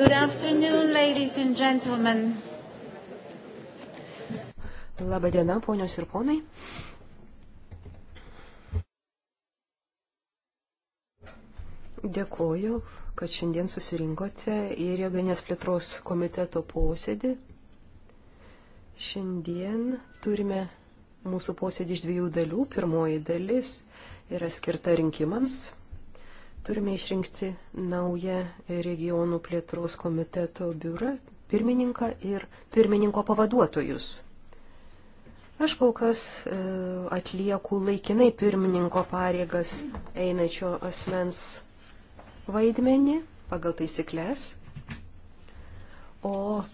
Good afternoon, ladies and gentlemen. Labą dieną, ponios ir ponai. Dėkuoju, kad šiandien susirinkote į Regionės plėtros komiteto posėdį. Šiandien turime mūsų posėdį iš dviejų dalių. Pirmoji dalis yra skirta rinkimams Turime išrinkti naują regionų plėtros komiteto biurą, pirmininką ir pirmininko pavaduotojus. Aš kol kas e, atlieku laikinai pirmininko pareigas einačio asmens vaidmenį pagal taisyklės, o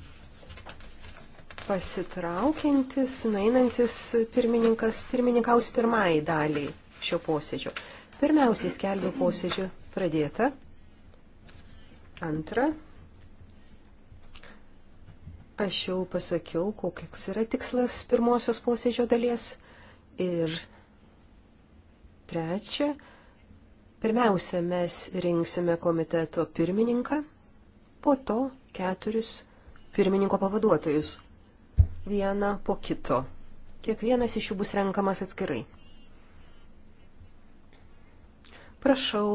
pasitraukiantis, nueinantis pirmininkas pirmininkaus pirmai daliai šio posėdžio. Pirmiausiai skelbiu posėdžio Pradėta. Antra. Aš jau pasakiau, koks yra tikslas pirmosios posėdžio dalies. Ir trečia. Pirmiausia, mes rinksime komiteto pirmininką, po to keturis pirmininko pavaduotojus. Vieną po kito. Kiekvienas iš jų bus renkamas atskirai. Prašau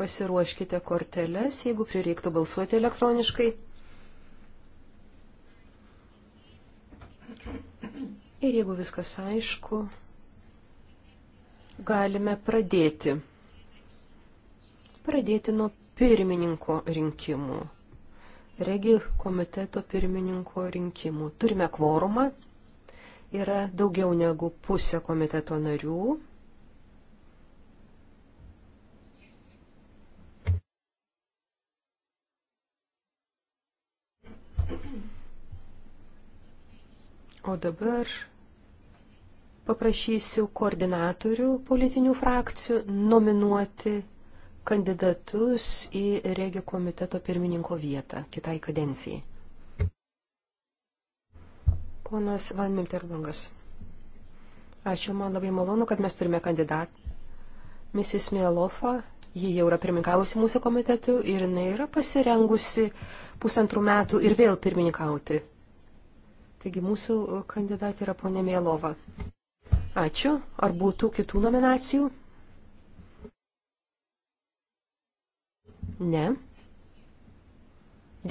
Pasiruoškite korteles, jeigu prireiktų balsuoti elektroniškai. Ir jeigu viskas aišku, galime pradėti. Pradėti nuo pirmininko rinkimų. Regi komiteto pirmininko rinkimų. Turime kvorumą. Yra daugiau negu pusė komiteto narių. O dabar paprašysiu koordinatorių politinių frakcijų nominuoti kandidatus į regio komiteto pirmininko vietą kitai kadencijai. Ponas Van Milterbungas. Ačiū, man labai malonu, kad mes turime kandidatą. Mrs. Mielofa, ji jau yra pirmininkavusi mūsų komitetu ir jinai yra pasirengusi pusantrų metų ir vėl pirmininkauti Taigi mūsų kandidatė yra ponė Mėlova. Ačiū. Ar būtų kitų nominacijų? Ne.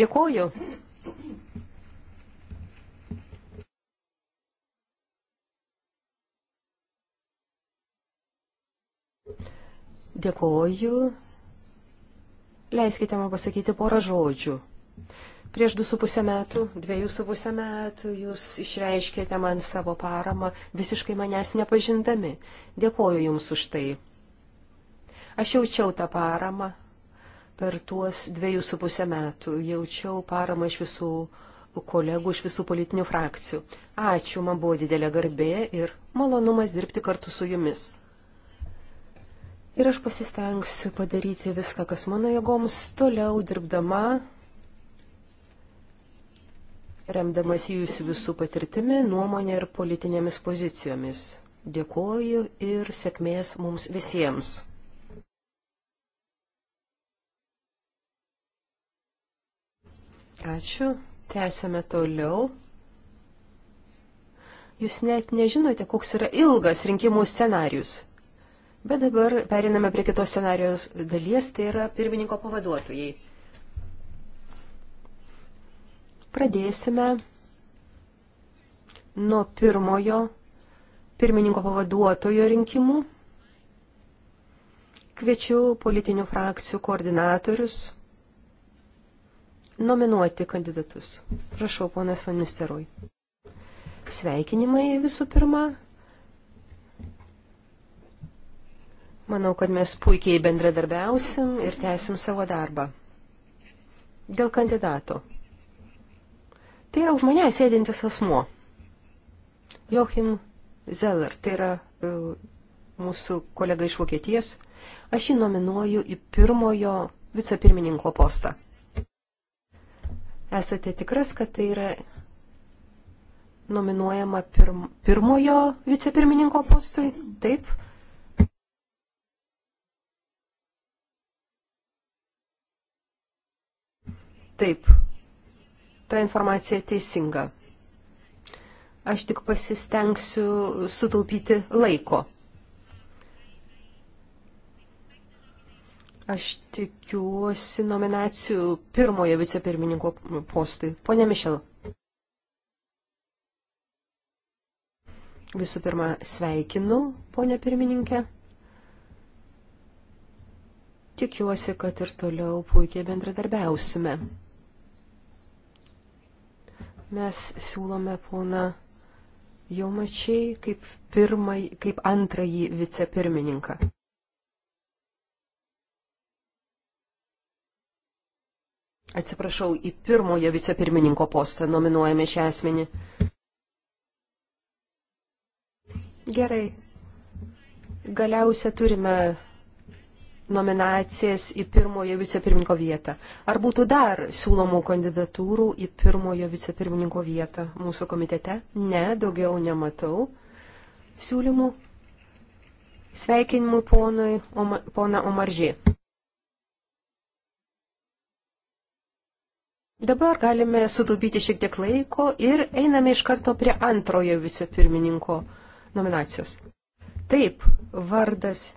Dėkoju. Dėkoju. Leiskite man pasakyti porą žodžių. Prieš du su pusę metų, dviejų su pusę metų jūs išreiškėte man savo paramą, visiškai manęs nepažindami. Dėkoju Jums už tai. Aš jaučiau tą paramą per tuos dviejų su pusę metų, jaučiau paramą iš visų kolegų, iš visų politinių frakcijų. Ačiū, man buvo didelė garbė ir malonumas dirbti kartu su Jumis. Ir aš pasistengsiu padaryti viską, kas mano jėgoms, toliau dirbdama remdamas jūsų visų patirtimi, nuomonė ir politinėmis pozicijomis. Dėkuoju ir sėkmės mums visiems. Ačiū. Tęsėme toliau. Jūs net nežinote, koks yra ilgas rinkimų scenarius. Bet dabar periname prie kitos scenarijos dalies, tai yra pirmininko pavaduotojai. Pradėsime nuo pirmojo pirmininko pavaduotojo rinkimų. Kviečiu politinių frakcijų koordinatorius nominuoti kandidatus. Prašau, ponas Vanisteroj. Sveikinimai visų pirma. Manau, kad mes puikiai bendradarbiausim ir tęsim savo darbą. Dėl kandidato. Tai yra už mane sėdintis asmuo. Joachim Zeller, tai yra e, mūsų kolega iš Vokietijos. Aš jį nominuoju į pirmojo vicepirmininko postą. Esate tikras, kad tai yra nominuojama pirm, pirmojo vicepirmininko postui? Taip. Taip, ta informacija teisinga. Aš tik pasistengsiu sutaupyti laiko. Aš tikiuosi nominacijų pirmojo vicepirmininko postui. Pone Mišel. Visų pirma, sveikinu, ponė pirmininkė. Tikiuosi, kad ir toliau puikiai bendradarbiausime. Mes siūlome poną Jomačiai kaip, pirmai, kaip antrąjį vicepirmininką. Atsiprašau, į pirmojo vicepirmininko postą nominuojame šią asmenį. Gerai. Galiausia turime nominacijas į pirmojo vicepirmininko vietą. Ar būtų dar siūlomų kandidatūrų į pirmojo vicepirmininko vietą mūsų komitete? Ne, daugiau nematau siūlymų. Sveikinimų ponui, oma, pona Omaržiai. Dabar galime sutaupyti šiek tiek laiko ir einame iš karto prie antrojo vicepirmininko nominacijos. Taip, vardas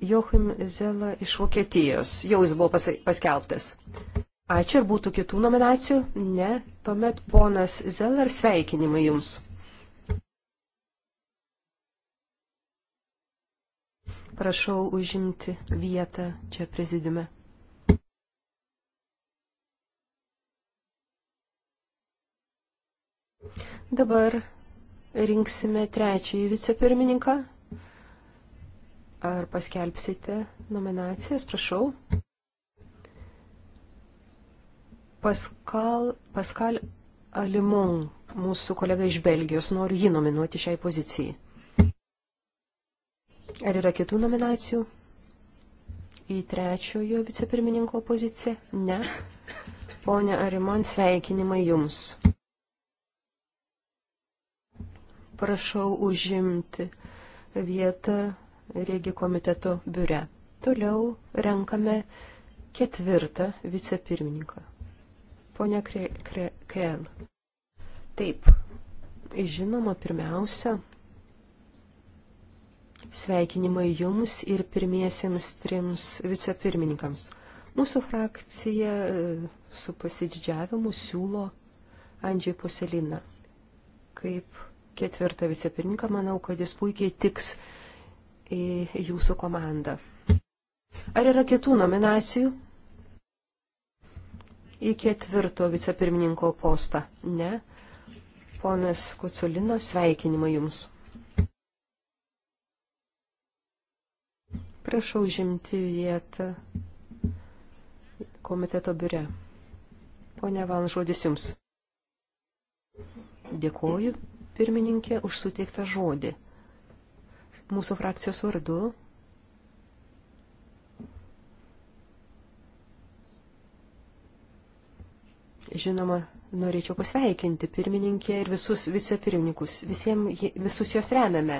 Jochim Zela iš Vokietijos. Jau jis buvo paskelbtas. Ačiū, ar būtų kitų nominacijų? Ne. Tuomet ponas Zeller sveikinimai jums. Prašau užimti vietą čia prezidime. Dabar rinksime trečiąjį vicepirmininką. Ar paskelbsite nominacijas, prašau? Paskal, Paskal Alimon, mūsų kolega iš Belgijos, noriu jį nominuoti šiai pozicijai. Ar yra kitų nominacijų? Į trečiojo vicepirmininko poziciją? Ne. Pone Ariman, sveikinimai Jums. Prašau užimti vietą regi komiteto biure. Toliau renkame ketvirtą vicepirmininką. Pone Kreel. Taip, žinoma, pirmiausia, sveikinimai jums ir pirmiesiems trims vicepirmininkams. Mūsų frakcija e, su pasididžiavimu siūlo Andžiai Puseliną. Kaip ketvirtą vicepirmininką, manau, kad jis puikiai tiks į jūsų komandą. Ar yra kitų nominacijų? Į ketvirto vicepirmininko postą. Ne. Ponas Kuculino, sveikinimai jums. Prašau žimti vietą komiteto biure. Pone Van, žodis jums. Dėkoju, pirmininkė, už suteiktą žodį mūsų frakcijos vardu. Žinoma, norėčiau pasveikinti pirmininkę ir visus vicepirmininkus. Visiems, visus jos remiame.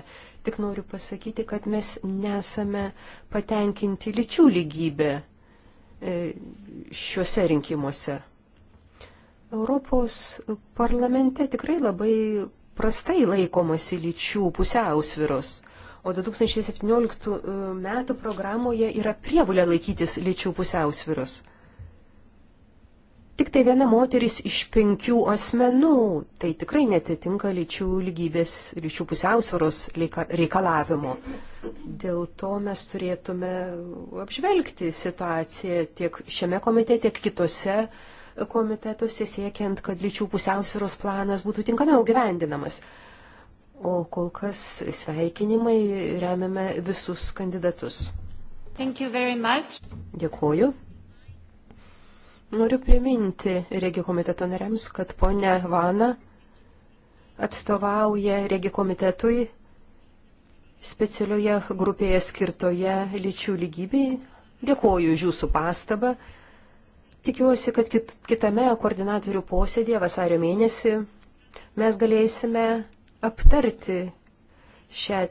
Tik noriu pasakyti, kad mes nesame patenkinti lyčių lygybę e, šiuose rinkimuose. Europos parlamente tikrai labai prastai laikomasi lyčių pusiausviros. O 2017 e, metų programoje yra prievulė laikytis lyčių pusiausviros. Tik tai viena moteris iš penkių asmenų, tai tikrai netitinka lyčių lygybės, lyčių pusiausvaros reikalavimo. Dėl to mes turėtume apžvelgti situaciją tiek šiame komitete, tiek kitose komitetuose siekiant, kad lyčių pusiausvaros planas būtų tinkamiau gyvendinamas. O kol kas sveikinimai remiame visus kandidatus. Dėkuoju. Noriu priminti Regio komiteto nariams, kad ponia Vana atstovauja Regio komitetui specialioje grupėje skirtoje lyčių lygybei. Dėkuoju už jūsų pastabą. Tikiuosi, kad kit, kitame koordinatorių posėdėje vasario mėnesį mes galėsime aptarti šią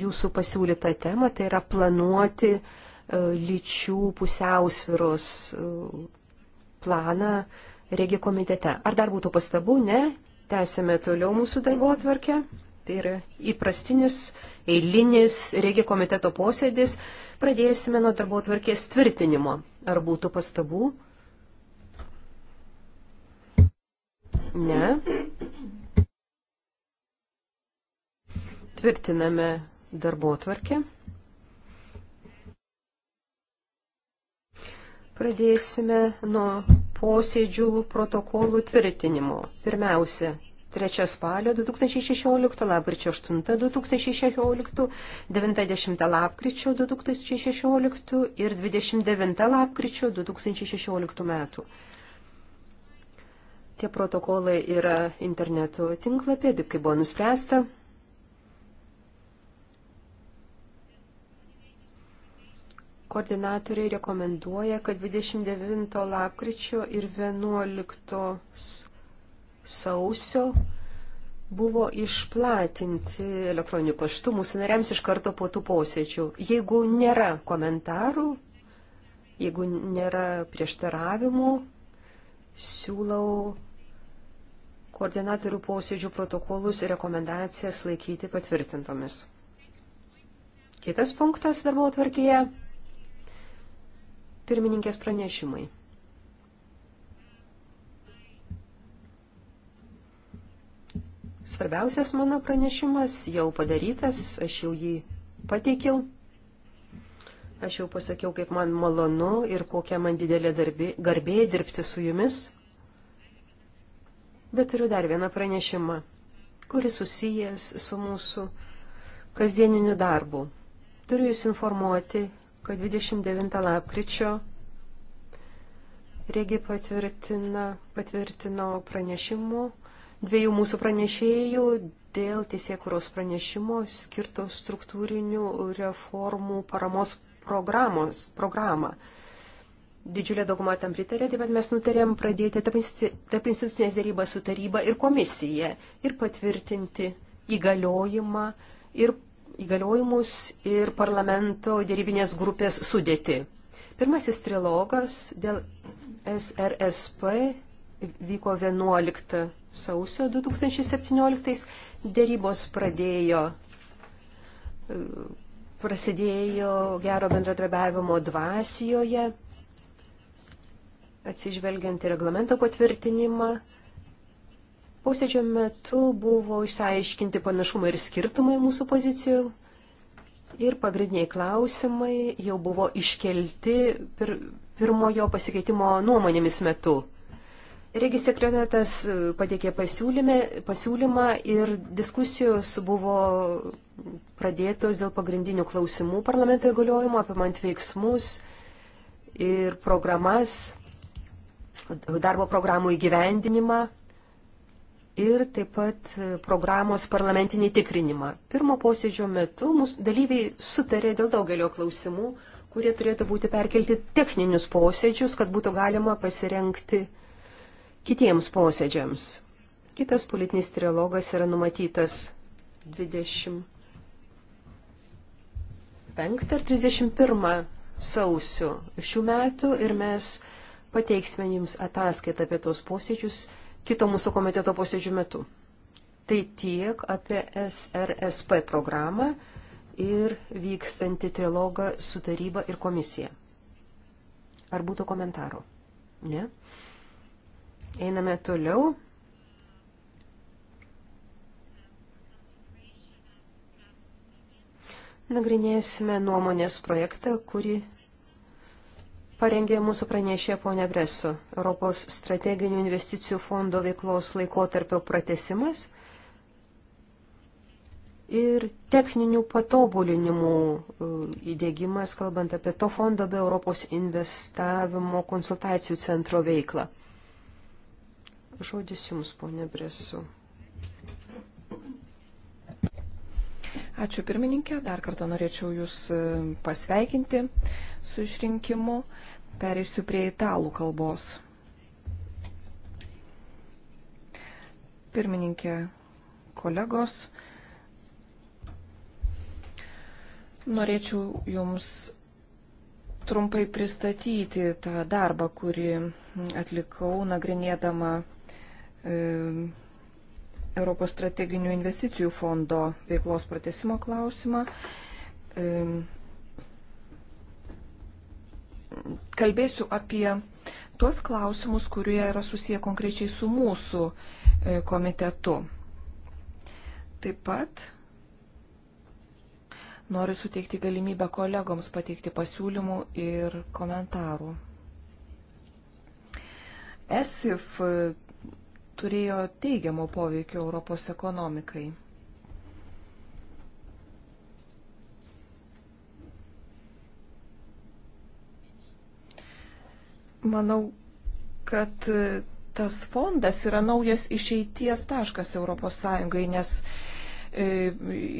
jūsų pasiūlytą temą, tai yra planuoti e, lyčių pusiausviros e, planą regi komitete. Ar dar būtų pastabų? Ne. Tęsėme toliau mūsų darbo atvarkę. Tai yra įprastinis, eilinis regi komiteto posėdis. Pradėsime nuo darbo atvarkės tvirtinimo. Ar būtų pastabų? Ne. Tvirtiname darbo tvarkę. Pradėsime nuo posėdžių protokolų tvirtinimo. Pirmiausia, 3 spalio 2016, lapkričio 8 2016, 90 lapkričio 2016 ir 29 lapkričio 2016 metų. Tie protokolai yra interneto tinklapė, kaip buvo nuspręsta. koordinatoriai rekomenduoja, kad 29 lapkričio ir 11 sausio buvo išplatinti elektroniniu paštu mūsų nariams iš karto po tų posėdžių. Jeigu nėra komentarų, jeigu nėra prieštaravimų, siūlau koordinatorių posėdžių protokolus ir rekomendacijas laikyti patvirtintomis. Kitas punktas darbo atvarkėje pirmininkės pranešimai. Svarbiausias mano pranešimas jau padarytas, aš jau jį pateikiau. Aš jau pasakiau, kaip man malonu ir kokia man didelė darbė, garbė dirbti su jumis. Bet turiu dar vieną pranešimą, kuris susijęs su mūsų kasdieniniu darbu. Turiu jūs informuoti, kad 29 lapkričio Regi patvirtino pranešimų, dviejų mūsų pranešėjų dėl tiesiekuros pranešimo skirto struktūrinių reformų paramos programos, programą. Didžiulė dauguma tam pritarė, taip pat mes nutarėm pradėti tarp institucinės dėrybą su taryba ir komisija ir patvirtinti įgaliojimą ir įgaliojimus ir parlamento dėrybinės grupės sudėti. Pirmasis trilogas dėl SRSP vyko 11 sausio 2017. Dėrybos pradėjo, prasidėjo gero bendradarbiavimo dvasijoje, atsižvelgiant į reglamento patvirtinimą Posėdžio metu buvo išsiaiškinti panašumai ir skirtumai mūsų pozicijų ir pagrindiniai klausimai jau buvo iškelti pir pirmojo pasikeitimo nuomonėmis metu. Regis sekretas pateikė pasiūlymą ir diskusijos buvo pradėtos dėl pagrindinių klausimų parlamento įgaliojimo, apimant veiksmus ir programas, darbo programų įgyvendinimą ir taip pat e, programos parlamentinį tikrinimą. Pirmo posėdžio metu mūsų dalyviai sutarė dėl daugelio klausimų, kurie turėtų būti perkelti techninius posėdžius, kad būtų galima pasirenkti kitiems posėdžiams. Kitas politinis trilogas yra numatytas 25 ar 31 sausiu šių metų ir mes pateiksime jums ataskaitą apie tos posėdžius kito mūsų komiteto posėdžių metu. Tai tiek apie SRSP programą ir vykstantį trilogą su taryba ir komisija. Ar būtų komentarų? Ne? Einame toliau. Nagrinėsime nuomonės projektą, kurį parengė mūsų pranešė ponė Breso. Europos strateginių investicijų fondo veiklos laikotarpio pratesimas ir techninių patobulinimų e, įdėgymas, kalbant apie to fondo be Europos investavimo konsultacijų centro veiklą. Žodis Jums, ponė Bresu. Ačiū pirmininkė, dar kartą norėčiau Jūs e, pasveikinti su išrinkimu. Pereisiu prie italų kalbos. Pirmininkė, kolegos, norėčiau Jums trumpai pristatyti tą darbą, kurį atlikau nagrinėdama e, Europos strateginių investicijų fondo veiklos pratesimo klausimą. E, kalbėsiu apie tuos klausimus, kurie yra susiję konkrečiai su mūsų e, komitetu. Taip pat noriu suteikti galimybę kolegoms pateikti pasiūlymų ir komentarų. ESIF turėjo teigiamo poveikio Europos ekonomikai. Manau, kad e, tas fondas yra naujas išeities taškas ES, nes e,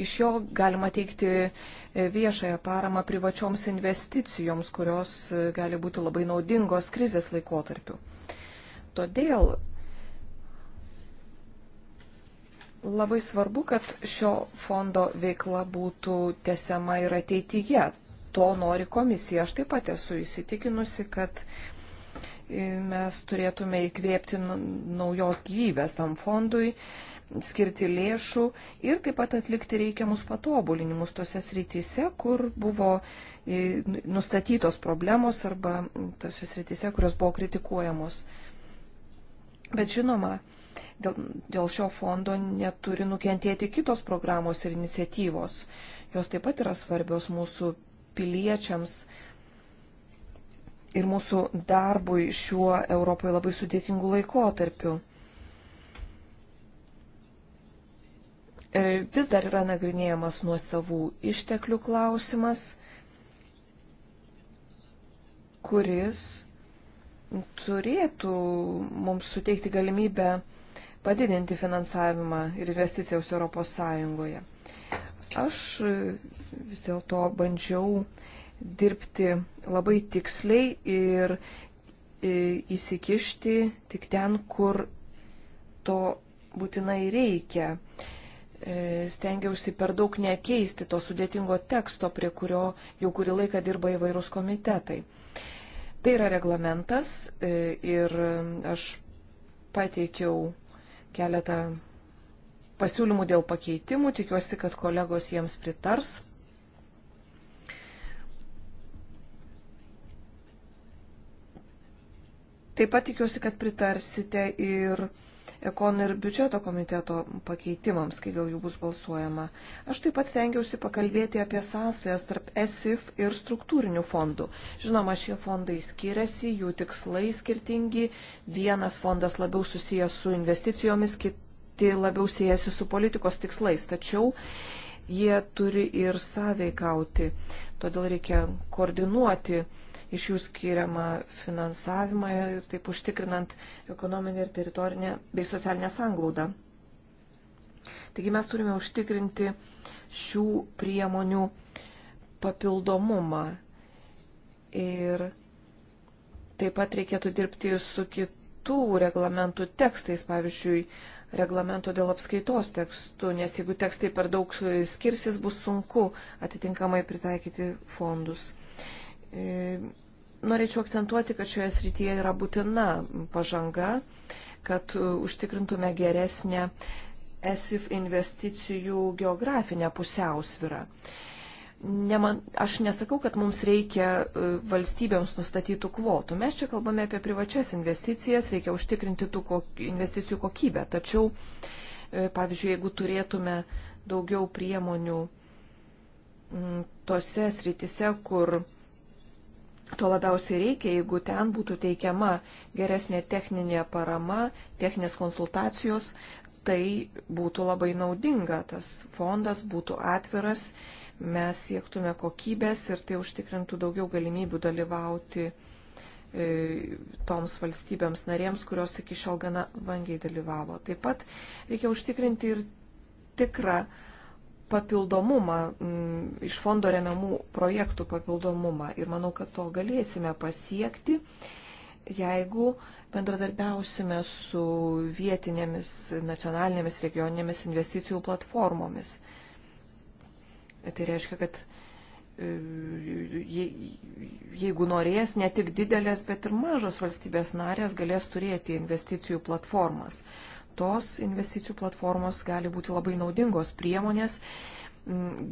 iš jo galima teikti e, viešąją paramą privačioms investicijoms, kurios gali būti labai naudingos krizės laikotarpiu. Todėl labai svarbu, kad šio fondo veikla būtų tesiama ir ateityje. To nori komisija. Aš taip pat esu įsitikinusi, kad mes turėtume įkvėpti naujos gyvybės tam fondui, skirti lėšų ir taip pat atlikti reikiamus patobulinimus tose srityse, kur buvo nustatytos problemos arba tose srityse, kurios buvo kritikuojamos. Bet žinoma, dėl, dėl šio fondo neturi nukentėti kitos programos ir iniciatyvos. Jos taip pat yra svarbios mūsų piliečiams ir mūsų darbui šiuo Europoje labai sudėtingu laikotarpiu. E, vis dar yra nagrinėjamas nuo savų išteklių klausimas, kuris turėtų mums suteikti galimybę padidinti finansavimą ir investicijos Europos Sąjungoje. Aš vis dėlto bandžiau dirbti labai tiksliai ir e, įsikišti tik ten, kur to būtinai reikia. E, stengiausi per daug nekeisti to sudėtingo teksto, prie kurio jau kurį laiką dirba įvairūs komitetai. Tai yra reglamentas e, ir aš pateikiau keletą pasiūlymų dėl pakeitimų, tikiuosi, kad kolegos jiems pritars. Taip pat tikiuosi, kad pritarsite ir ekono ir biudžeto komiteto pakeitimams, kai dėl jų bus balsuojama. Aš taip pat stengiausi pakalbėti apie sąsajas tarp ESIF ir struktūrinių fondų. Žinoma, šie fondai skiriasi, jų tikslai skirtingi. Vienas fondas labiau susijęs su investicijomis, kiti labiau siejasi su politikos tikslais. Tačiau jie turi ir sąveikauti. Todėl reikia koordinuoti iš jų skiriamą finansavimą ir taip užtikrinant ekonominę ir teritorinę bei socialinę sanglaudą. Taigi mes turime užtikrinti šių priemonių papildomumą ir taip pat reikėtų dirbti su kitų reglamentų tekstais, pavyzdžiui, reglamento dėl apskaitos tekstų, nes jeigu tekstai per daug skirsis, bus sunku atitinkamai pritaikyti fondus. E, norėčiau akcentuoti, kad šioje srityje yra būtina pažanga, kad e, užtikrintume geresnę ESIF investicijų geografinę pusiausvyrą. Neman, aš nesakau, kad mums reikia e, valstybėms nustatytų kvotų. Mes čia kalbame apie privačias investicijas, reikia užtikrinti tų kok, investicijų kokybę. Tačiau, pavyzdžiui, jeigu turėtume daugiau priemonių tose sritise, kur To labiausiai reikia, jeigu ten būtų teikiama geresnė techninė parama, techninės konsultacijos, tai būtų labai naudinga, tas fondas būtų atviras, mes siektume kokybės ir tai užtikrintų daugiau galimybių dalyvauti e, toms valstybėms narėms, kurios iki šiol gana vangiai dalyvavo. Taip pat reikia užtikrinti ir tikrą papildomumą, mm, iš fondo remiamų projektų papildomumą. Ir manau, kad to galėsime pasiekti, jeigu bendradarbiausime su vietinėmis nacionalinėmis regioninėmis investicijų platformomis. Tai reiškia, kad e, jeigu norės, ne tik didelės, bet ir mažos valstybės narės galės turėti investicijų platformas tos investicijų platformos gali būti labai naudingos priemonės,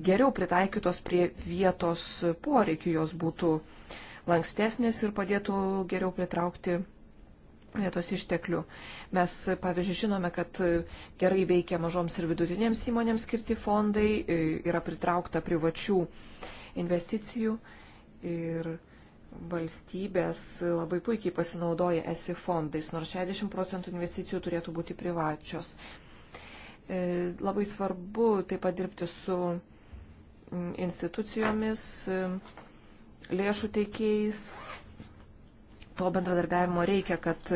geriau pritaikytos prie vietos poreikių, jos būtų lankstesnės ir padėtų geriau pritraukti vietos išteklių. Mes, pavyzdžiui, žinome, kad gerai veikia mažoms ir vidutinėms įmonėms skirti fondai, e, yra pritraukta privačių investicijų ir valstybės labai puikiai pasinaudoja esi fondais, nors 60 procentų investicijų turėtų būti privačios. E, labai svarbu taip pat dirbti su mm, institucijomis, e, lėšų teikėjais. To bendradarbiavimo reikia, kad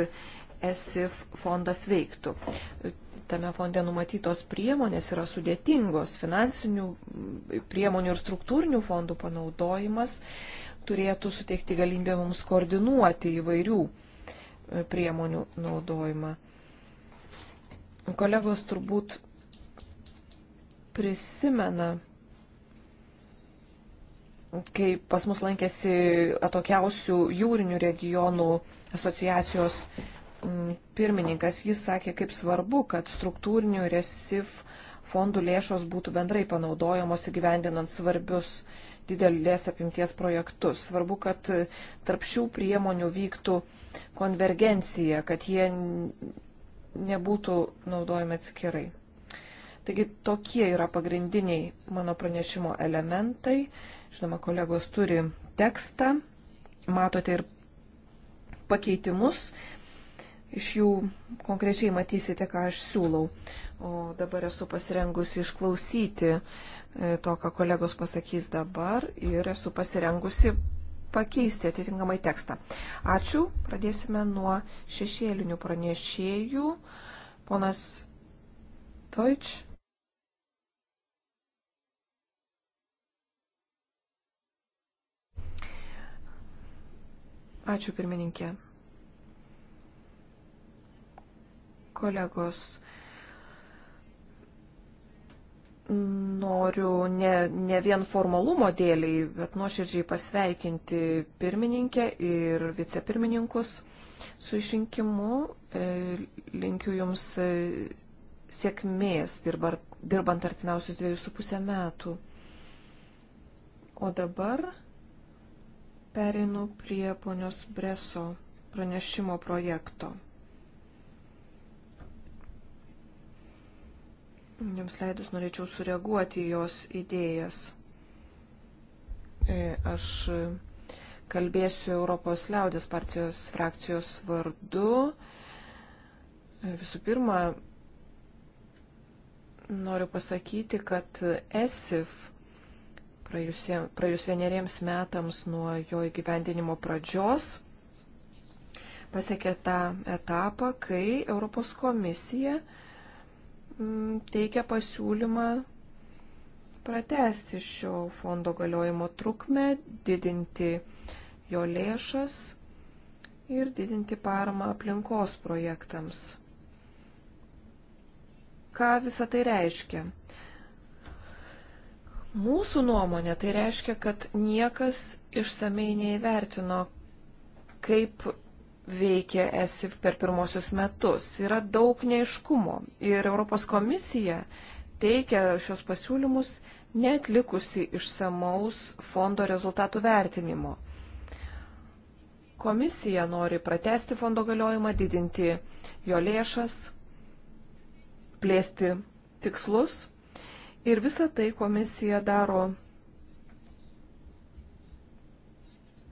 ESIF fondas veiktų. Tame fonde numatytos priemonės yra sudėtingos, finansinių mm, priemonių ir struktūrinių fondų panaudojimas turėtų suteikti galimybę mums koordinuoti įvairių e, priemonių naudojimą. Kolegos turbūt prisimena, kai pas mus lankėsi atokiausių jūrinių regionų asociacijos pirmininkas, jis sakė, kaip svarbu, kad struktūrinių resif fondų lėšos būtų bendrai panaudojamos įgyvendinant svarbius didelės apimties projektus. Svarbu, kad tarp šių priemonių vyktų konvergencija, kad jie nebūtų naudojami atskirai. Taigi tokie yra pagrindiniai mano pranešimo elementai. Žinoma, kolegos turi tekstą, matote ir pakeitimus, iš jų konkrečiai matysite, ką aš siūlau. O dabar esu pasirengusi išklausyti uh, E, to, ką kolegos pasakys dabar ir esu pasirengusi pakeisti atitinkamai tekstą. Ačiū. Pradėsime nuo šešėlinių pranešėjų. Ponas Deutsch. Ačiū pirmininkė. Kolegos, noriu ne, ne vien formalumo dėliai, bet nuoširdžiai pasveikinti pirmininkę ir vicepirmininkus su išrinkimu. E, linkiu Jums e, sėkmės dirbart, dirbant artimiausius dviejus su pusę metų. O dabar perinu prie ponios Breso pranešimo projekto. Jums leidus norėčiau sureaguoti jos idėjas. E, aš kalbėsiu Europos liaudės partijos frakcijos vardu. E, visų pirma, noriu pasakyti, kad ESIF praėjus vieneriems metams nuo jo įgyvendinimo pradžios pasiekė tą etapą, kai Europos komisija Mm, teikia pasiūlymą pratesti šio fondo galiojimo trukmę, didinti jo lėšas ir didinti paramą aplinkos projektams. Ką visa tai reiškia? Mūsų nuomonė tai reiškia, kad niekas išsamei neįvertino, kaip veikė ESIF per pirmosius metus. Yra daug neiškumo ir Europos komisija teikia šios pasiūlymus netlikusi išsamaus fondo rezultatų vertinimo. Komisija nori pratesti fondo galiojimą, didinti jo lėšas, plėsti tikslus ir visą tai komisija daro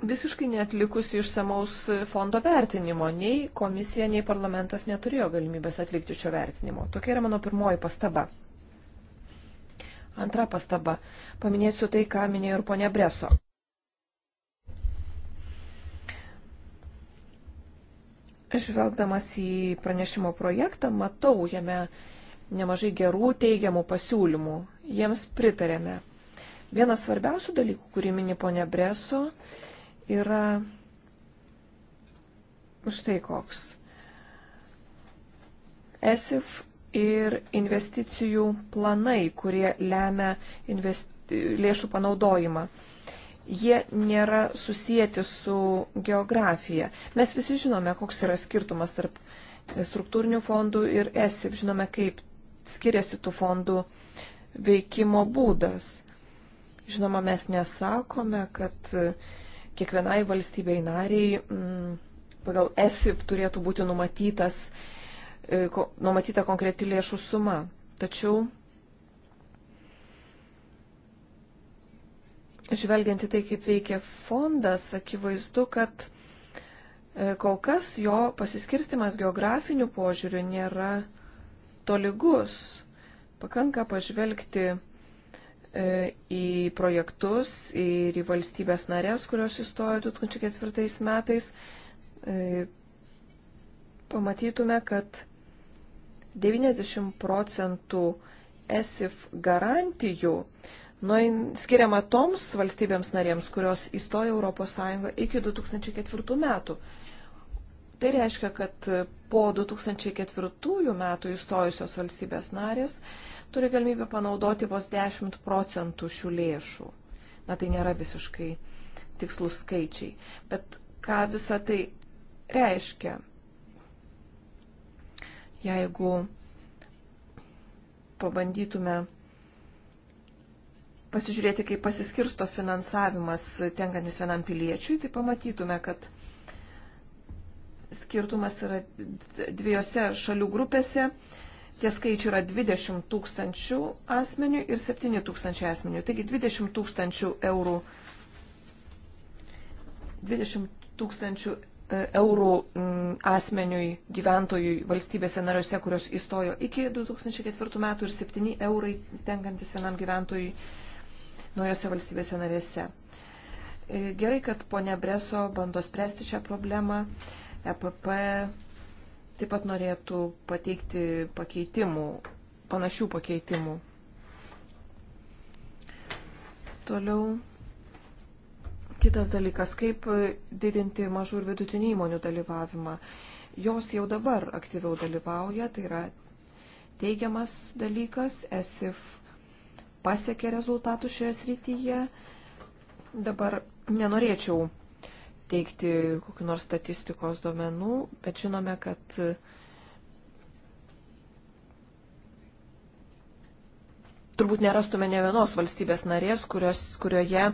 visiškai netlikusi išsamaus fondo vertinimo. Nei komisija, nei parlamentas neturėjo galimybės atlikti šio vertinimo. Tokia yra mano pirmoji pastaba. Antra pastaba. Paminėsiu tai, ką minėjo ir ponia Breso. Žvelgdamas į pranešimo projektą, matau jame nemažai gerų teigiamų pasiūlymų. Jiems pritarėme. Vienas svarbiausių dalykų, kurį mini ponia Breso, yra štai koks. ESIF ir investicijų planai, kurie lemia investi... lėšų panaudojimą. Jie nėra susijęti su geografija. Mes visi žinome, koks yra skirtumas tarp struktūrinių fondų ir ESIP. Žinome, kaip skiriasi tų fondų veikimo būdas. Žinoma, mes nesakome, kad uh, kiekvienai valstybei nariai mm, pagal ESIF turėtų būti numatytas, e, numatyta konkreti lėšų suma. Tačiau žvelgiant į tai, kaip veikia fondas, akivaizdu, kad e, kol kas jo pasiskirstimas geografiniu požiūriu nėra tolygus. Pakanka pažvelgti E, į projektus ir į valstybės narės, kurios įstojo 2004 metais, e, pamatytume, kad 90 procentų ESIF garantijų nu, skiriama toms valstybėms narėms, kurios įstojo Europos Sąjungą iki 2004 metų. Tai reiškia, kad po 2004 metų įstojusios valstybės narės turi galimybę panaudoti vos 10 procentų šių lėšų. Na tai nėra visiškai tikslus skaičiai. Bet ką visa tai reiškia? Jeigu pabandytume pasižiūrėti, kaip pasiskirsto finansavimas tenkantis vienam piliečiui, tai pamatytume, kad skirtumas yra dviejose šalių grupėse Tie skaičiai yra 20 tūkstančių asmenių ir 7 tūkstančių asmenių. Taigi 20 tūkstančių eurų, 20 tūkstančių e, eurų asmeniui gyventojui valstybėse nariuose, kurios įstojo iki 2004 metų ir 7 eurai tenkantis vienam gyventojui naujose valstybėse narėse. E, gerai, kad ponia Breso bando spręsti šią problemą. EPP taip pat norėtų pateikti pakeitimų, panašių pakeitimų. Toliau kitas dalykas, kaip didinti mažų ir vidutinių įmonių dalyvavimą. Jos jau dabar aktyviau dalyvauja, tai yra teigiamas dalykas, ESIF pasiekė rezultatų šioje srityje. Dabar nenorėčiau teikti kokiu nors statistikos duomenų, bet žinome, kad turbūt nerastume ne vienos valstybės narės, kurios, kurioje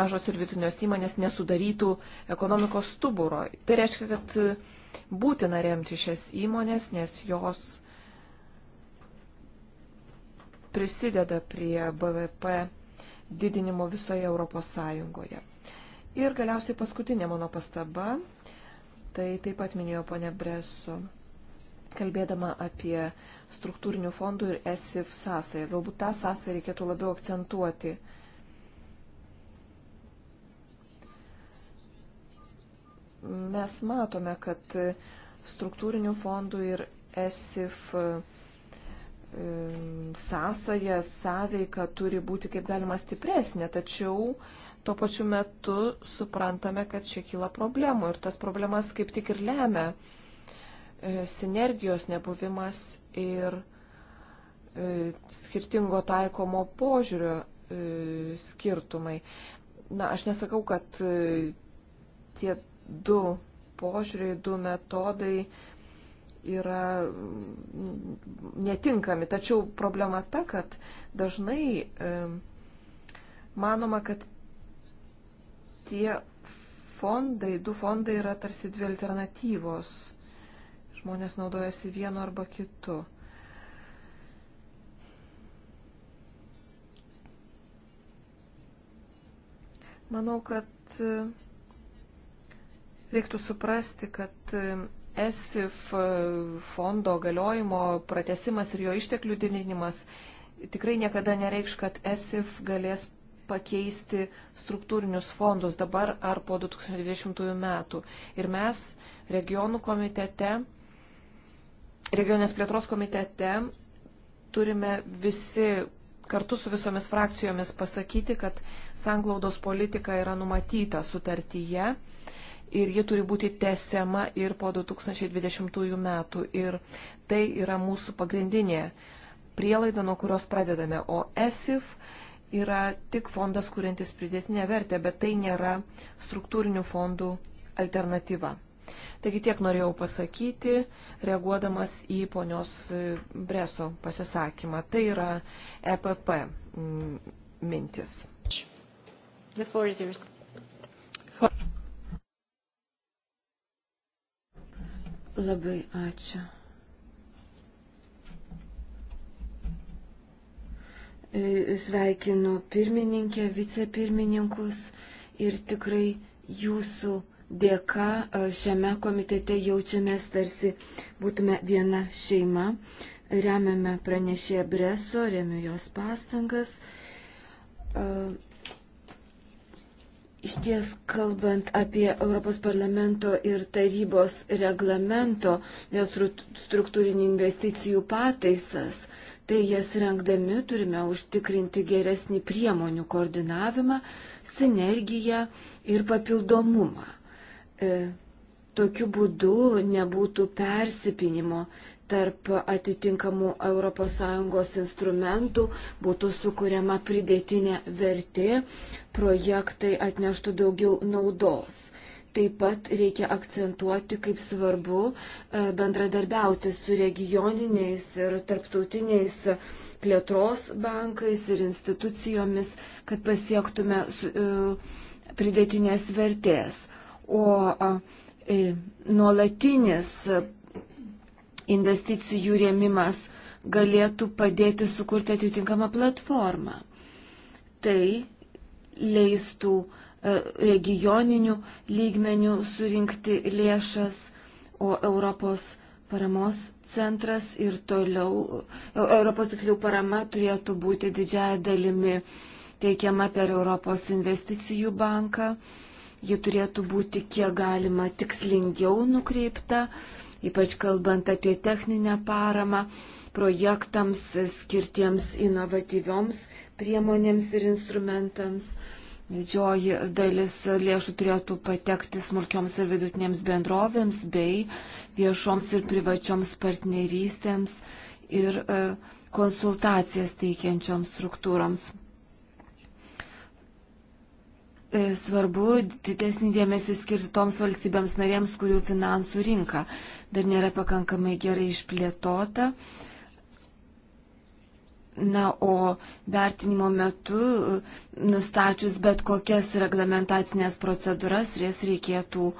mažos ir vidutinios įmonės nesudarytų ekonomikos stuburo. Tai reiškia, kad būtina remti šias įmonės, nes jos prisideda prie BVP didinimo visoje Europos Sąjungoje. Ir galiausiai paskutinė mano pastaba, tai taip pat minėjo ponė Bresu, kalbėdama apie struktūrinių fondų ir ESIF sąsąją. Galbūt tą sąsąją reikėtų labiau akcentuoti. Mes matome, kad struktūrinių fondų ir ESIF sąsaja, sąveika turi būti kaip galima stipresnė, tačiau tuo pačiu metu suprantame, kad čia kyla problemų ir tas problemas kaip tik ir lemia e, sinergijos nebuvimas ir e, skirtingo taikomo požiūrio e, skirtumai. Na, aš nesakau, kad tie du požiūriai, du metodai yra mm, netinkami. Tačiau problema ta, kad dažnai manoma, kad tie fondai, du fondai yra tarsi dvi alternatyvos. Žmonės naudojasi vienu arba kitu. Manau, kad e, reiktų suprasti, kad e, ESIF e, fondo galiojimo pratesimas ir jo išteklių didinimas tikrai niekada nereikš, kad ESIF galės pakeisti struktūrinius fondus dabar ar po 2020 metų. Ir mes regionų komitete, regionės plėtros komitete turime visi kartu su visomis frakcijomis pasakyti, kad sanglaudos politika yra numatyta sutartyje ir ji turi būti tesiama ir po 2020 metų. Ir tai yra mūsų pagrindinė prielaida, nuo kurios pradedame. O ESIF yra tik fondas, kuriantis pridėtinę vertę, bet tai nėra struktūrinių fondų alternatyva. Taigi tiek norėjau pasakyti, reaguodamas į ponios Breso pasisakymą. Tai yra EPP mm, mintis. Labai ačiū. E, sveikinu pirmininkę, vicepirmininkus ir tikrai jūsų dėka e, šiame komitete jaučiamės tarsi būtume viena šeima. Remiame pranešėją Breso, remiu jos pastangas. E, iš ties kalbant apie Europos parlamento ir tarybos reglamento dėl struktūrinių investicijų pataisas, tai jas rengdami turime užtikrinti geresnį priemonių koordinavimą, sinergiją ir papildomumą. E, tokiu būdu nebūtų persipinimo tarp atitinkamų ES instrumentų, būtų sukuriama pridėtinė vertė, projektai atneštų daugiau naudos. Taip pat reikia akcentuoti, kaip svarbu e, bendradarbiauti su regioniniais ir tarptautiniais plėtros bankais ir institucijomis, kad pasiektume e, pridėtinės vertės. O e, nuolatinis investicijų rėmimas galėtų padėti sukurti atitinkamą platformą. Tai leistų uh, E, regioninių lygmenių surinkti lėšas, o Europos paramos centras ir toliau, e, Europos tiksliau parama turėtų būti didžiaja dalimi teikiama per Europos investicijų banką. Ji turėtų būti kiek galima tikslingiau nukreipta, ypač kalbant apie techninę paramą projektams skirtiems inovatyvioms priemonėms ir instrumentams. Didžioji dalis lėšų turėtų patekti smulkioms ir vidutinėms bendrovėms bei viešoms ir privačioms partnerystėms ir e, konsultacijas teikiančioms struktūroms. E, svarbu didesnį dėmesį skirti toms valstybėms narėms, kurių finansų rinka dar nėra pakankamai gerai išplėtota. Uh, Na, o vertinimo metu, e, nustačius bet kokias reglamentacinės procedūras, jas reikėtų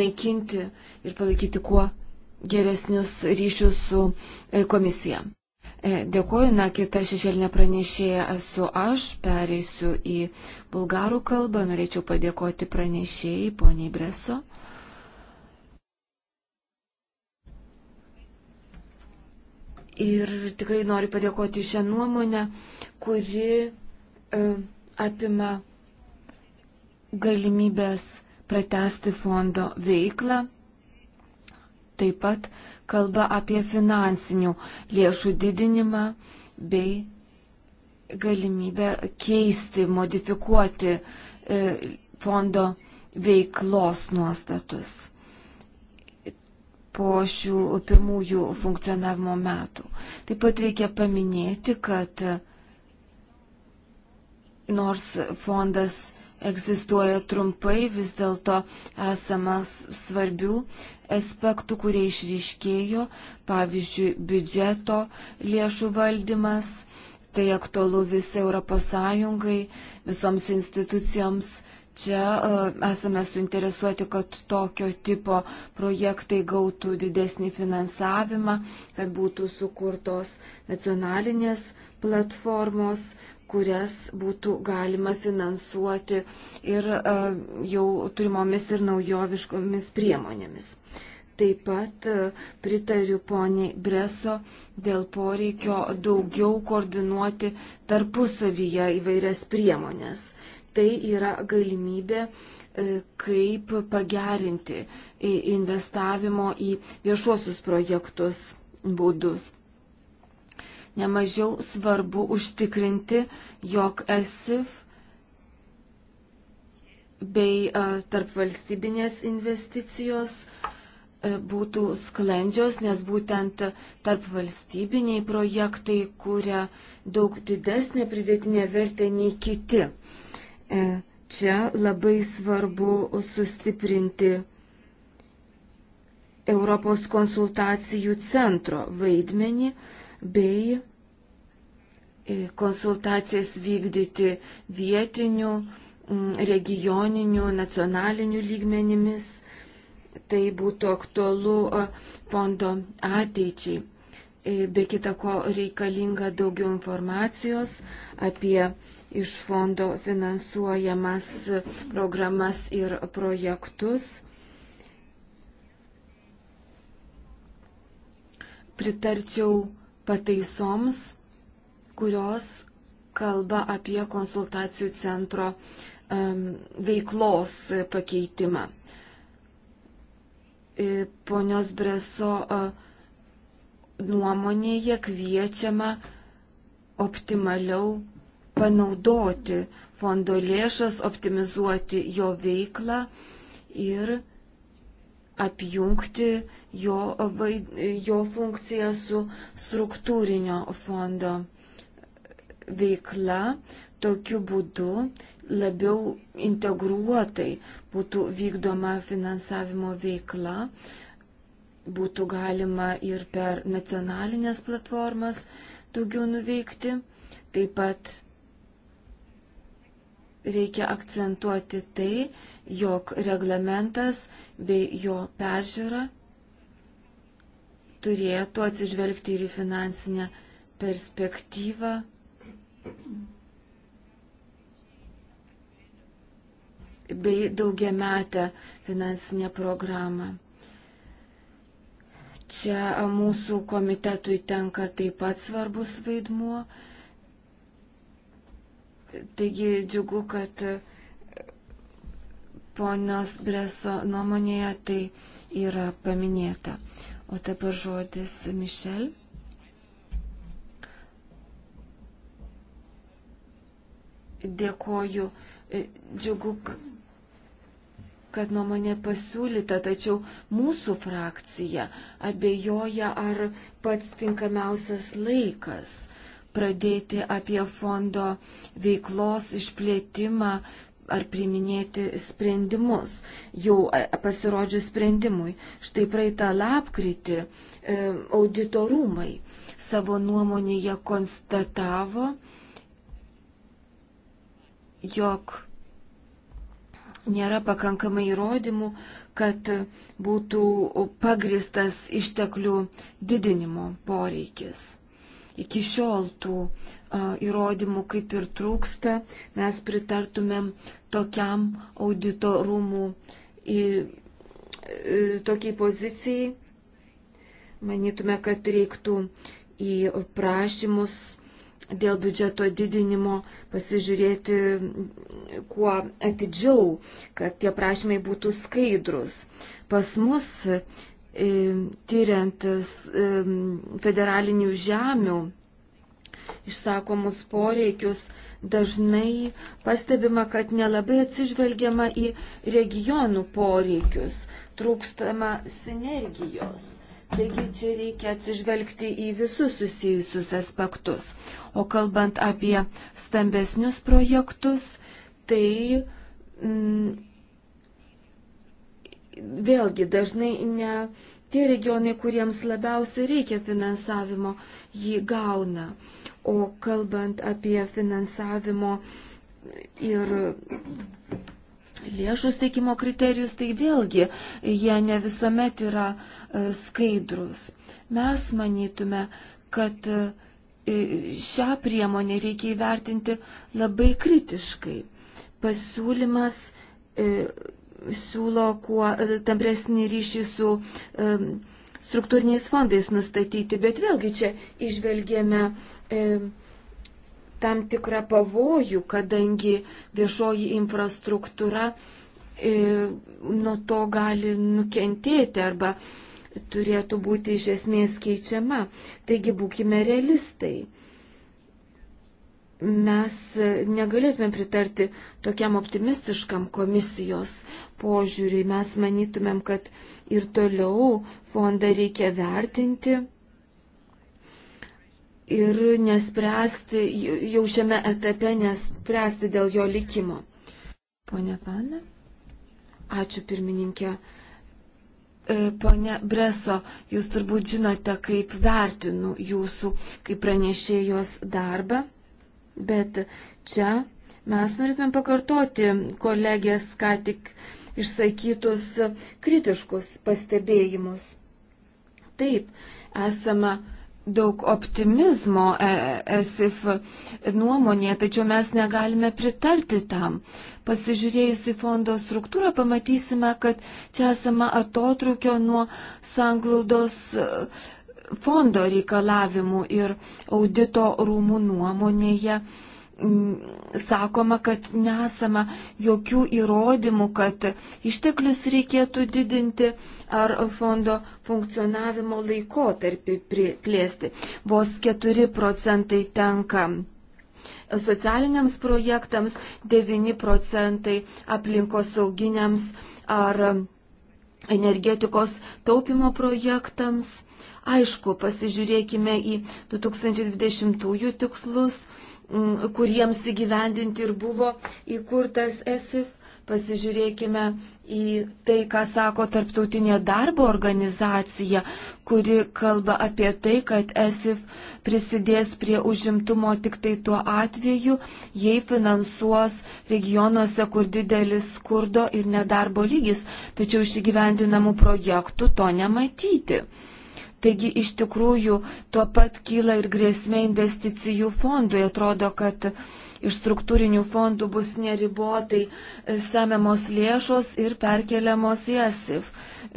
naikinti ir palaikyti kuo geresnius ryšius su e, komisija. E, Dėkuoju, na, kita šešėlinė pranešėja esu aš, pereisiu į bulgarų kalbą, norėčiau padėkoti pranešėjai, poniai Breso. Ir tikrai noriu padėkoti šią nuomonę, kuri e, apima galimybės pratesti fondo veiklą. Taip pat kalba apie finansinių lėšų didinimą bei galimybę keisti, modifikuoti e, fondo veiklos nuostatus po šių pirmųjų funkcionavimo metų. Taip pat reikia paminėti, kad nors fondas egzistuoja trumpai, vis dėlto esamas svarbių aspektų, kurie išryškėjo, pavyzdžiui, biudžeto lėšų valdymas, tai aktualu visai ES, visoms institucijoms čia e, esame suinteresuoti, kad tokio tipo projektai gautų didesnį finansavimą, kad būtų sukurtos nacionalinės platformos, kurias būtų galima finansuoti ir e, jau turimomis ir naujoviškomis priemonėmis. Taip pat e, pritariu poniai Breso dėl poreikio daugiau koordinuoti tarpusavyje įvairias priemonės. Tai yra galimybė, e, kaip pagerinti investavimo į viešuosius projektus būdus. Nemažiau svarbu užtikrinti, jog ESIF bei e, tarp valstybinės investicijos e, būtų sklandžios, nes būtent tarp valstybiniai projektai kūrė daug didesnę pridėtinę vertę nei kiti. E, čia labai svarbu sustiprinti Europos konsultacijų centro vaidmenį bei e, konsultacijas vykdyti vietinių, regioninių, nacionalinių lygmenimis. Tai būtų aktualu e, fondo ateičiai. Be kita ko reikalinga daugiau informacijos apie iš fondo finansuojamas programas ir projektus. Pritarčiau pataisoms, kurios kalba apie konsultacijų centro um, veiklos pakeitimą. E, ponios Breso uh, nuomonėje kviečiama optimaliau panaudoti fondo lėšas, optimizuoti jo veiklą ir apjungti jo, vaid, jo funkciją su struktūrinio fondo veikla. Tokiu būdu labiau integruotai būtų vykdoma finansavimo veikla, būtų galima ir per nacionalinės platformas daugiau nuveikti, taip pat reikia akcentuoti tai, jog reglamentas bei jo peržiūra turėtų atsižvelgti ir į finansinę perspektyvą. bei daugiametę finansinę programą. Čia mūsų komitetui tenka taip pat svarbus vaidmuo, Taigi džiugu, kad ponios Breso nuomonėje tai yra paminėta. O dabar žodis Mišel. Dėkoju. Džiugu, kad nuomonė pasiūlyta, tačiau mūsų frakcija abejoja, ar pats tinkamiausias laikas pradėti apie fondo veiklos išplėtimą ar priiminėti sprendimus, jau pasirodžius sprendimui. Štai praeitą lapkritį e, auditorumai savo nuomonėje konstatavo, jog nėra pakankamai įrodymų, kad būtų pagristas išteklių didinimo poreikis iki šiol tų įrodymų kaip ir trūksta, mes pritartumėm tokiam audito rūmų į, e, tokiai pozicijai. Manytume, kad reiktų į prašymus dėl biudžeto didinimo pasižiūrėti kuo atidžiau, kad tie prašymai būtų skaidrus. Pas mus E, tyriant e, federalinių žemių išsakomus poreikius, dažnai pastebima, kad nelabai atsižvelgiama į regionų poreikius, trūkstama sinergijos. Taigi čia reikia atsižvelgti į visus susijusius aspektus. O kalbant apie stambesnius projektus, tai mm, vėlgi dažnai ne tie regionai, kuriems labiausiai reikia finansavimo, jį gauna. O kalbant apie finansavimo ir lėšų steikimo kriterijus, tai vėlgi jie ne visuomet yra e, skaidrus. Mes manytume, kad e, šią priemonę reikia įvertinti labai kritiškai. Pasiūlymas e, siūlo kuo e, tampresnį ryšį su e, struktūriniais fondais nustatyti, bet vėlgi čia išvelgėme e, tam tikrą pavojų, kadangi viešoji infrastruktūra nuo to gali nukentėti arba turėtų būti iš esmės keičiama. Taigi būkime realistai mes negalėtumėm pritarti tokiam optimistiškam komisijos požiūriui. Mes manytumėm, kad ir toliau fondą reikia vertinti ir nespręsti, jau šiame etape nespręsti dėl jo likimo. Pone Pana, ačiū pirmininkė. E, pone Breso, jūs turbūt žinote, kaip vertinu jūsų, kaip pranešėjos darbą. Bet čia mes norėtume pakartoti kolegės ką tik išsakytus kritiškus pastebėjimus. Taip, esame daug optimizmo e, e, esif nuomonė, tačiau mes negalime pritarti tam. Pasižiūrėjus į fondo struktūrą, pamatysime, kad čia esama atotrukio nuo sanglaudos fondo reikalavimų ir audito rūmų nuomonėje sakoma, kad nesama jokių įrodymų, kad išteklius reikėtų didinti ar fondo funkcionavimo laikotarpį plėsti. Vos 4 procentai tenka socialiniams projektams, 9 procentai aplinkosauginiams ar energetikos taupimo projektams Aišku, pasižiūrėkime į 2020 tikslus, kuriems įgyvendinti ir buvo įkurtas ESIF. Pasižiūrėkime į tai, ką sako tarptautinė darbo organizacija, kuri kalba apie tai, kad ESIF prisidės prie užimtumo tik tai tuo atveju, jei finansuos regionuose, kur didelis skurdo ir nedarbo lygis. Tačiau iš įgyvendinamų projektų to nematyti. Taigi iš tikrųjų tuo pat kyla ir grėsmė investicijų fondui. Atrodo, kad uh, iš struktūrinių fondų bus neribotai e, samiamos lėšos ir perkeliamos į ESIF.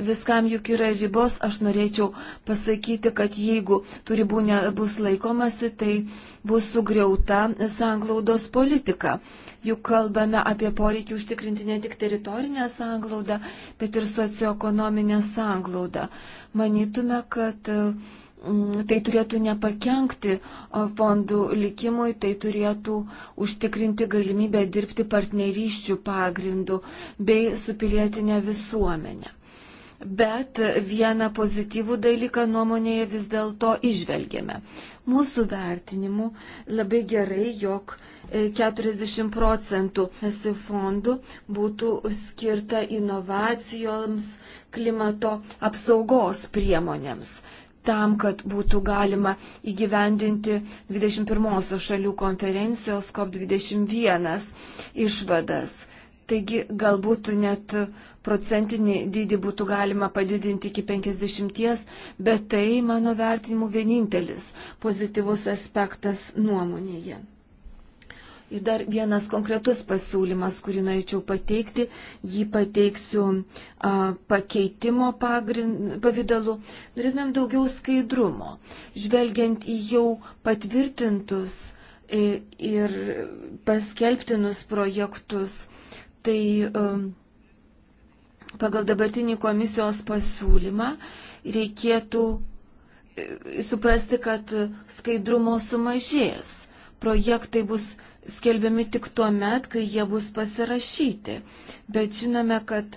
Viskam juk yra ribos, aš norėčiau pasakyti, kad jeigu tų ribų nebus laikomasi, tai bus sugriauta sanglaudos politika. Juk kalbame apie poreikį užtikrinti ne tik teritorinę sanglaudą, bet ir socioekonominę sanglaudą. Manytume, kad uh, Mm, tai turėtų nepakenkti fondų likimui, tai turėtų užtikrinti galimybę dirbti partnerysčių pagrindų bei su pilietinė visuomenė. Bet vieną pozityvų dalyką nuomonėje vis dėlto išvelgėme. Mūsų vertinimu labai gerai, jog 40 e, procentų esi fondų būtų skirta inovacijoms, klimato apsaugos priemonėms tam, kad būtų galima įgyvendinti 21 šalių konferencijos COP21 išvadas. Taigi galbūt net procentinį dydį būtų galima padidinti iki 50, bet tai, mano vertinimu, vienintelis pozityvus aspektas nuomonėje. Ir dar vienas konkretus pasiūlymas, kurį norėčiau pateikti, jį pateiksiu a, pakeitimo pagrind, pavydalu. Norėtumėm daugiau skaidrumo, žvelgiant į jau patvirtintus e, ir paskelbtinus projektus. Tai a, e, pagal dabartinį komisijos pasiūlymą reikėtų e, suprasti, kad skaidrumo sumažės. Projektai bus skelbiami tik tuo met, kai jie bus pasirašyti. Bet žinome, kad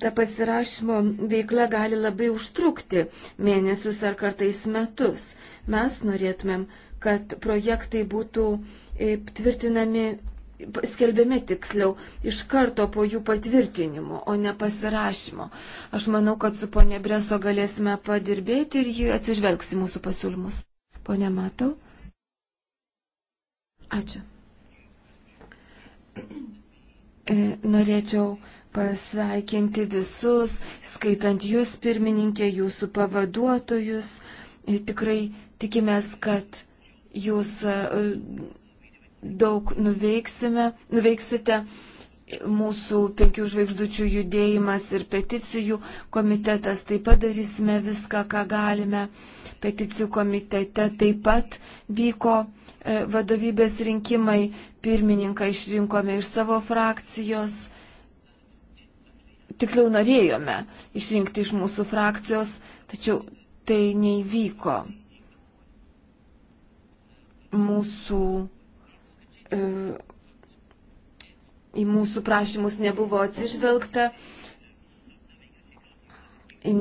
ta pasirašymo veikla gali labai užtrukti mėnesius ar kartais metus. Mes norėtumėm, kad projektai būtų e, tvirtinami, skelbiami tiksliau iš karto po jų patvirtinimo, o ne pasirašymo. Aš manau, kad su ponė Breso galėsime padirbėti ir ji atsižvelgsi mūsų pasiūlymus. Pone Matau. Ačiū. E, norėčiau pasveikinti visus, skaitant jūs pirmininkė, jūsų pavaduotojus. Ir e, tikrai tikimės, kad jūs e, daug nuveiksime, nuveiksite mūsų penkių žvaigždučių judėjimas ir peticijų komitetas taip pat darysime viską, ką galime. Peticijų komitete taip pat vyko e, vadovybės rinkimai, pirmininką išrinkome iš savo frakcijos. Tiksliau norėjome išrinkti iš mūsų frakcijos, tačiau tai neįvyko. Mūsų e, į mūsų prašymus nebuvo atsižvelgta,